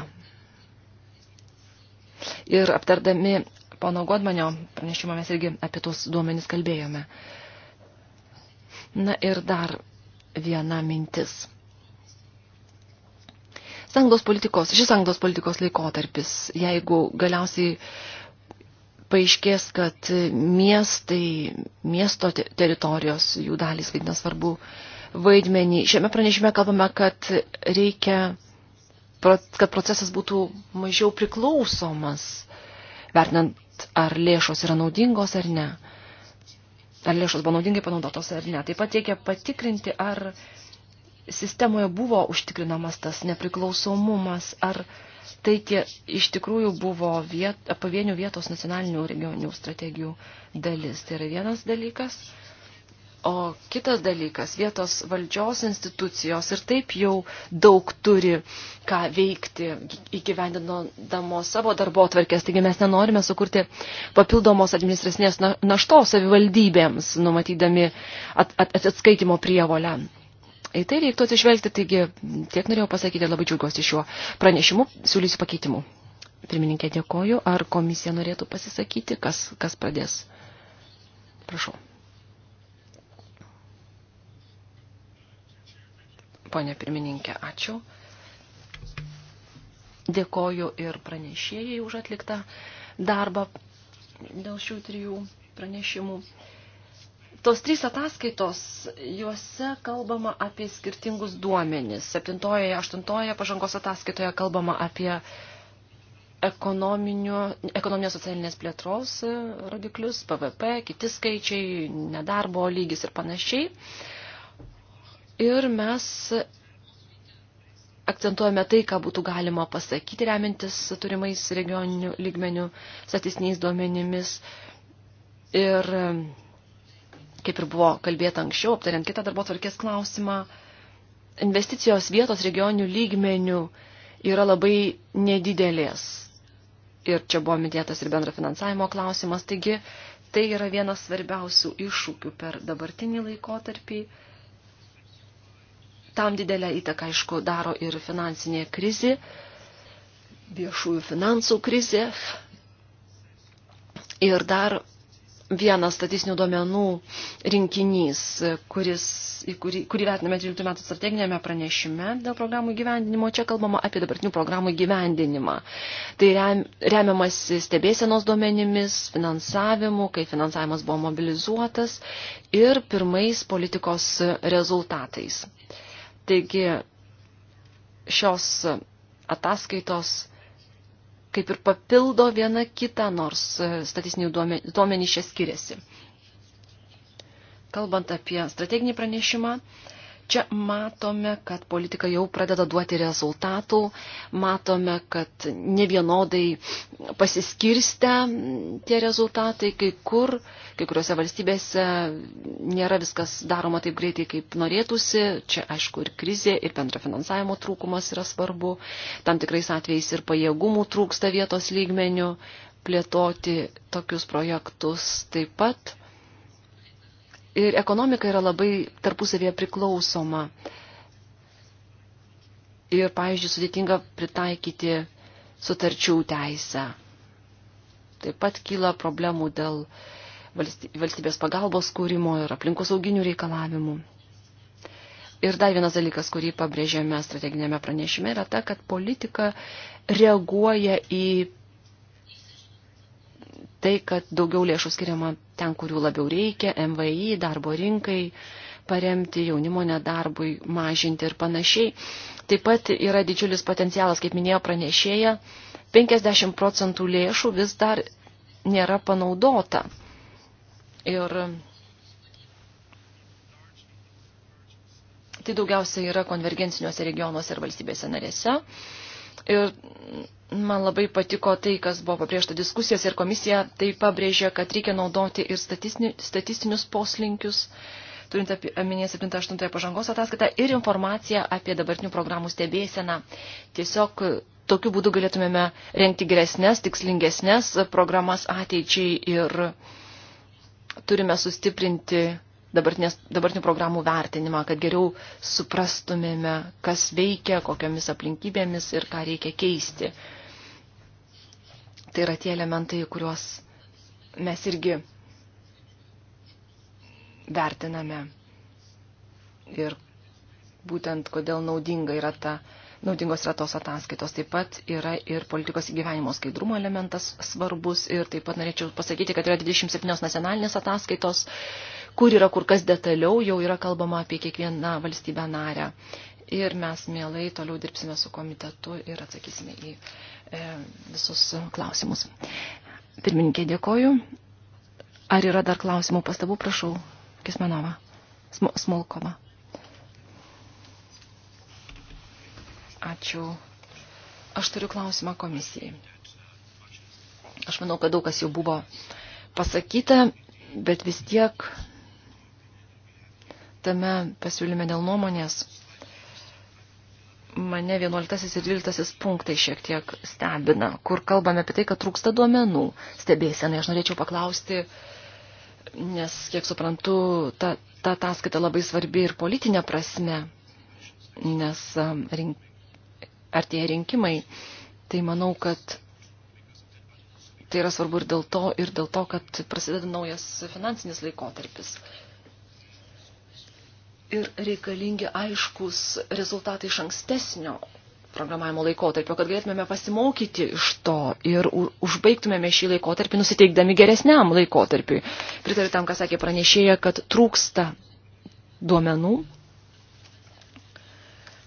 Ir aptardami pono Godmanio pranešimą mes irgi apie tuos duomenys kalbėjome. Na ir dar viena mintis. Sanglos politikos, šis anglos politikos laikotarpis, jeigu galiausiai paaiškės, kad miestai, miesto teritorijos, jų dalys vaidina svarbu uh, vaidmenį. Šiame pranešime kalbame, kad reikia, kad procesas būtų mažiau priklausomas, vertinant, ar lėšos yra naudingos ar ne. Ar lėšos buvo naudingai panaudotos ar ne. Taip pat reikia patikrinti, ar sistemoje buvo užtikrinamas tas nepriklausomumas, ar tai tie iš tikrųjų buvo viet, pavienių vietos nacionalinių regioninių strategijų dalis. Tai yra vienas dalykas. O kitas dalykas, vietos valdžios institucijos ir taip jau daug turi ką veikti įgyvendinamos savo darbo atvarkės, taigi mes nenorime sukurti papildomos administracinės naštos savivaldybėms, numatydami at, at, atskaitimo prievolę. Į tai reiktų atsižvelgti, taigi tiek norėjau pasakyti, labai džiaugiuosi šiuo pranešimu, siūlysiu pakeitimu. Pirmininkė, dėkoju. Ar komisija norėtų pasisakyti, kas, kas pradės? Prašau. ponė pirmininkė. Ačiū. Dėkoju ir pranešėjai už atliktą darbą dėl šių trijų pranešimų. Tos trys ataskaitos, juose kalbama apie skirtingus duomenis. Septintoje, aštuntoje pažangos ataskaitoje kalbama apie ekonominės socialinės plėtros rodiklius, PVP, kiti skaičiai, nedarbo lygis ir panašiai. Ir mes akcentuojame tai, ką būtų galima pasakyti, remintis turimais regioninių lygmenių statistiniais duomenimis. Ir kaip ir buvo kalbėta anksčiau, aptariant kitą darbo tvarkės klausimą, investicijos vietos regioninių lygmenių yra labai nedidelės. Ir čia buvo minėtas ir bendro finansavimo klausimas, taigi tai yra vienas svarbiausių iššūkių per dabartinį laikotarpį. Tam didelę įtaką, aišku, daro ir finansinė krizė, viešųjų finansų krizė. Ir dar vienas statistinių duomenų rinkinys, kuris, kurį, kurį vertiname 13 metų strateginėme pranešime dėl programų gyvendinimo. Čia kalbama apie dabartinių programų gyvendinimą. Tai rem, remiamas stebėsenos duomenimis, finansavimu, kai finansavimas buvo mobilizuotas ir pirmais politikos rezultatais. Taigi šios ataskaitos kaip ir papildo viena kitą, nors e, statistinių duomenys čia skiriasi. Kalbant apie strateginį pranešimą, Čia matome, kad politika jau pradeda duoti rezultatų, matome, kad ne vienodai pasiskirstę tie rezultatai, kai kur, kai kuriuose valstybėse nėra viskas daroma taip greitai, kaip norėtųsi. Čia, aišku, ir krizė, ir bendrafinansavimo trūkumas yra svarbu, tam tikrais atvejais ir pajėgumų trūksta vietos lygmenių plėtoti tokius projektus taip pat ir ekonomika yra labai tarpusavėje priklausoma. Ir, pavyzdžiui, sudėtinga pritaikyti sutarčių teisę. Taip pat kyla problemų dėl valstybės pagalbos kūrimo ir aplinkos auginių reikalavimų. Ir dar vienas dalykas, kurį pabrėžėme strateginėme pranešime, yra ta, kad politika reaguoja į tai, kad daugiau lėšų skiriama ten, kurių labiau reikia, MVI, darbo rinkai, paremti jaunimo nedarbui, mažinti ir panašiai. Taip pat yra didžiulis potencialas, kaip minėjo pranešėja, 50 procentų lėšų vis dar nėra panaudota. Ir tai daugiausia yra konvergenciniuose regionuose ir valstybėse narėse. Ir Man labai patiko tai, kas buvo pabrėžta diskusijas ir komisija tai pabrėžė, kad reikia naudoti ir statistinius poslinkius, turint omenyje 7-8 pažangos ataskaitą ir informaciją apie dabartinių programų stebėseną. Tiesiog tokiu būdu galėtumėme renkti geresnės, tikslingesnės programas ateičiai ir turime sustiprinti dabartinių programų vertinimą, kad geriau suprastumėme, kas veikia, kokiamis aplinkybėmis ir ką reikia keisti Tai yra tie elementai, kuriuos mes irgi vertiname. Ir būtent kodėl naudinga yra ta, naudingos yra tos ataskaitos. Taip pat yra ir politikos įgyvenimo skaidrumo elementas svarbus. Ir taip pat norėčiau pasakyti, kad yra 27 nacionalinės ataskaitos, kur yra kur kas detaliau, jau yra kalbama apie kiekvieną valstybę narę. Ir mes mielai toliau dirbsime su komitetu ir atsakysime į E, visus klausimus. Pirmininkė, dėkoju. Ar yra dar klausimų pastabų, prašau, Kismenova, Smolkova. Ačiū. Aš turiu klausimą komisijai. Aš manau, kad daug kas jau buvo pasakyta, bet vis tiek tame pasiūlyme dėl nuomonės mane 11 ir 12 punktai šiek tiek stebina, kur kalbame apie tai, kad trūksta duomenų stebėsenai. Aš norėčiau paklausti, nes, kiek suprantu, ta, ta ataskaita labai svarbi ir politinė prasme, nes um, rink, artėja rinkimai. Tai manau, kad tai yra svarbu ir dėl to, ir dėl to, kad prasideda naujas finansinis laikotarpis ir reikalingi aiškus rezultatai iš ankstesnio programavimo laikotarpio, kad galėtumėme pasimokyti iš to ir užbaigtumėme šį laikotarpį nusiteikdami geresniam laikotarpiui. Pritariu tam, ką sakė pranešėja, kad trūksta duomenų.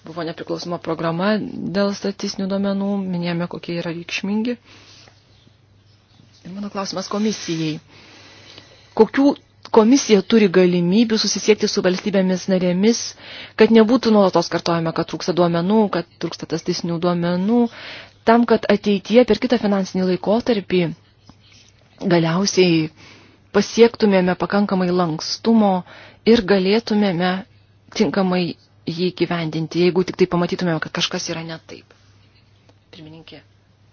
Buvo nepriklausoma programa dėl statistinių duomenų, minėjome, kokie yra reikšmingi. Ir mano klausimas komisijai. Kokių komisija turi galimybių susisiekti su valstybėmis narėmis, kad nebūtų nuolatos kartojama, kad trūksta duomenų, kad trūksta statistinių duomenų, tam, kad ateitie per kitą finansinį laikotarpį galiausiai pasiektumėme pakankamai lankstumo ir galėtumėme tinkamai jį gyvendinti, jeigu tik tai pamatytumėme, kad kažkas yra ne taip. Pirmininkė,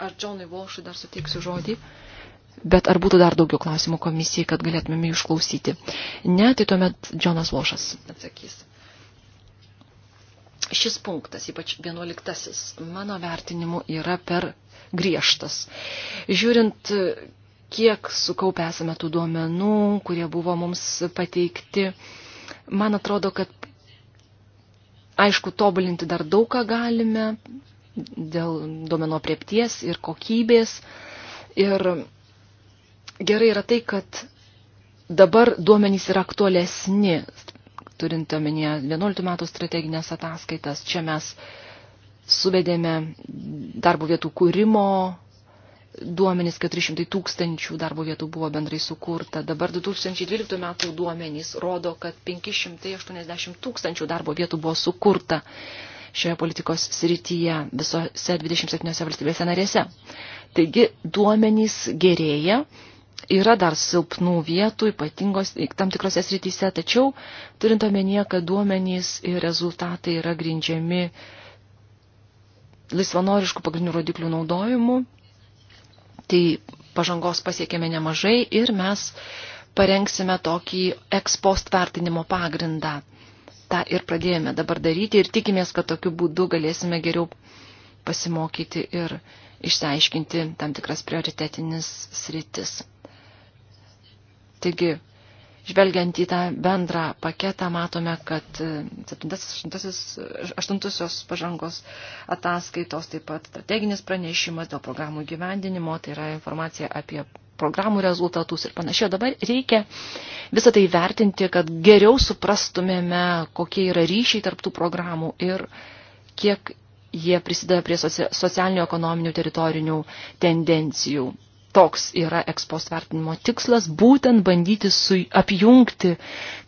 ar Džonui Volšui dar suteiksiu žodį? Uh, Bet ar būtų dar daugiau klausimų komisijai, kad galėtumėme jų išklausyti? Ne, tai tuomet Džonas Lošas atsakys. Šis punktas, ypač vienuoliktasis, mano vertinimu yra per griežtas. Žiūrint, kiek sukaupę esame tų duomenų, kurie buvo mums pateikti, man atrodo, kad aišku, tobulinti dar daug ką galime dėl duomeno priepties ir kokybės. Ir gerai yra tai, kad dabar duomenys yra aktualesni, turint omenyje 11 metų strateginės ataskaitas. Čia mes suvedėme darbo vietų kūrimo duomenys, 400 tūkstančių darbo vietų buvo bendrai sukurta. Dabar 2012 metų duomenys rodo, kad 580 tūkstančių darbo vietų buvo sukurta šioje politikos srityje visose 27 valstybėse narėse. Taigi duomenys gerėja Yra dar silpnų vietų, ypatingos tam tikrose srityse, tačiau turint omenyje, kad duomenys ir rezultatai yra grindžiami laisvanoriškų pagrindinių rodiklių naudojimu, tai pažangos pasiekėme nemažai ir mes parengsime tokį ekspost vertinimo pagrindą. Ta ir pradėjome dabar daryti ir tikimės, kad tokiu būdu galėsime geriau pasimokyti ir išsiaiškinti tam tikras prioritetinis sritis. Taigi, žvelgiant į tą bendrą paketą, matome, kad 8-osios e, e, pažangos ataskaitos, taip pat strateginis pranešimas dėl programų gyvendinimo, tai yra informacija apie programų rezultatus ir panašiai. Dabar reikia visą tai vertinti, kad geriau suprastumėme, kokie yra ryšiai tarptų programų ir kiek jie prisideda prie socialinio, ekonominių, teritorinių tendencijų toks yra ekspost vertinimo tikslas - būtent bandyti su, apjungti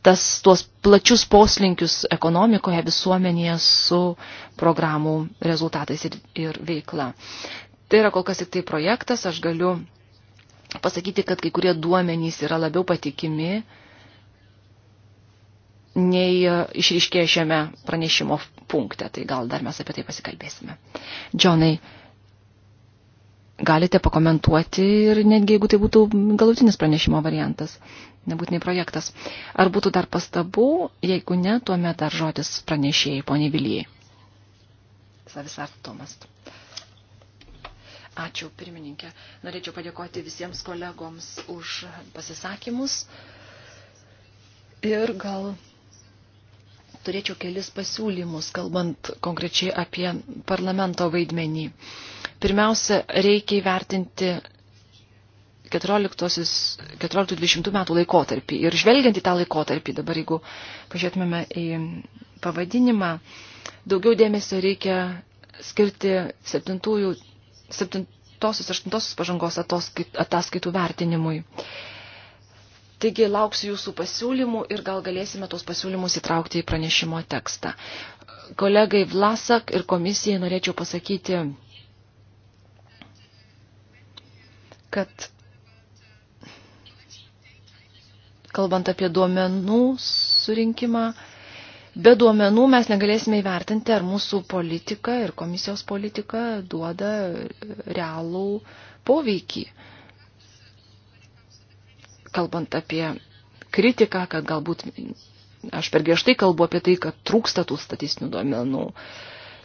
tas, tuos plačius poslinkius ekonomikoje, visuomenėje su programų rezultatais ir, ir veikla. Tai yra kol kas tik tai projektas, aš galiu pasakyti, kad kai kurie duomenys yra labiau patikimi nei išriškė šiame pranešimo punkte. Tai gal dar mes apie tai pasikalbėsime. Džonai, galite pakomentuoti ir netgi jeigu tai būtų galutinis pranešimo variantas, nebūtinai projektas. Ar būtų dar pastabų, jeigu ne, tuomet dar žodis pranešėjai, poniai Vilijai. Savisar Tomas. Ačiū, pirmininkė. Norėčiau padėkoti visiems kolegoms už pasisakymus. Ir gal turėčiau kelis pasiūlymus, kalbant konkrečiai apie parlamento vaidmenį. Uh, Pirmiausia, reikia įvertinti 14-20 metų laikotarpį. Ir žvelgiant į tą laikotarpį, dabar jeigu pažiūrėtumėme į pavadinimą, daugiau dėmesio reikia skirti 7-8 pažangos ataskaitų vertinimui. Taigi lauksiu jūsų pasiūlymų ir gal galėsime tos pasiūlymus įtraukti į pranešimo tekstą. Kolegai Vlasak ir komisijai norėčiau pasakyti, kad kalbant apie duomenų surinkimą, be duomenų mes negalėsime įvertinti, ar mūsų politika ir komisijos politika duoda realų poveikį. Kalbant apie kritiką, kad galbūt aš per griežtai kalbu apie tai, kad trūksta tų statistinių duomenų.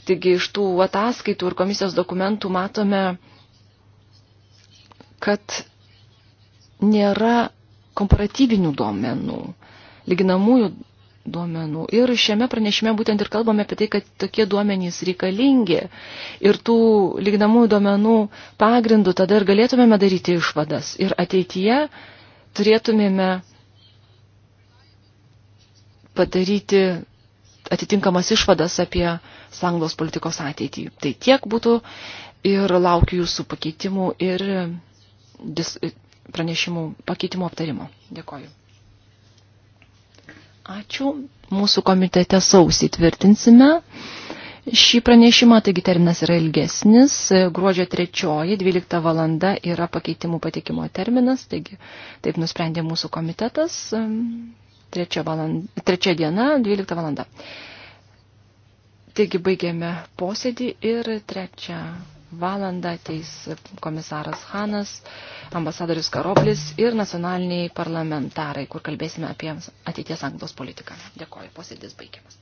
Taigi iš tų ataskaitų ir komisijos dokumentų matome, kad nėra komparatyvinių duomenų, lyginamųjų duomenų. Ir šiame pranešime būtent ir kalbame apie tai, kad tokie duomenys reikalingi ir tų lyginamųjų duomenų pagrindų tada ir galėtumėme daryti išvadas. Ir ateityje turėtumėme padaryti atitinkamas išvadas apie sanglos politikos ateitį. Tai tiek būtų ir laukiu jūsų pakeitimų ir dis, pranešimų pakeitimų aptarimo. Dėkoju. Ačiū. Mūsų komitete sausį tvirtinsime. Šį pranešimą, taigi terminas yra ilgesnis. Gruodžio 3, 12 valanda yra pakeitimų patikimo terminas, taigi taip nusprendė mūsų komitetas. 3, valanda, 3 diena, 12 valanda. Taigi baigėme posėdį ir trečią valandą ateis komisaras Hanas, ambasadorius Karoblis ir nacionaliniai parlamentarai, kur kalbėsime apie ateities anglos politiką. Dėkoju, posėdis baigiamas.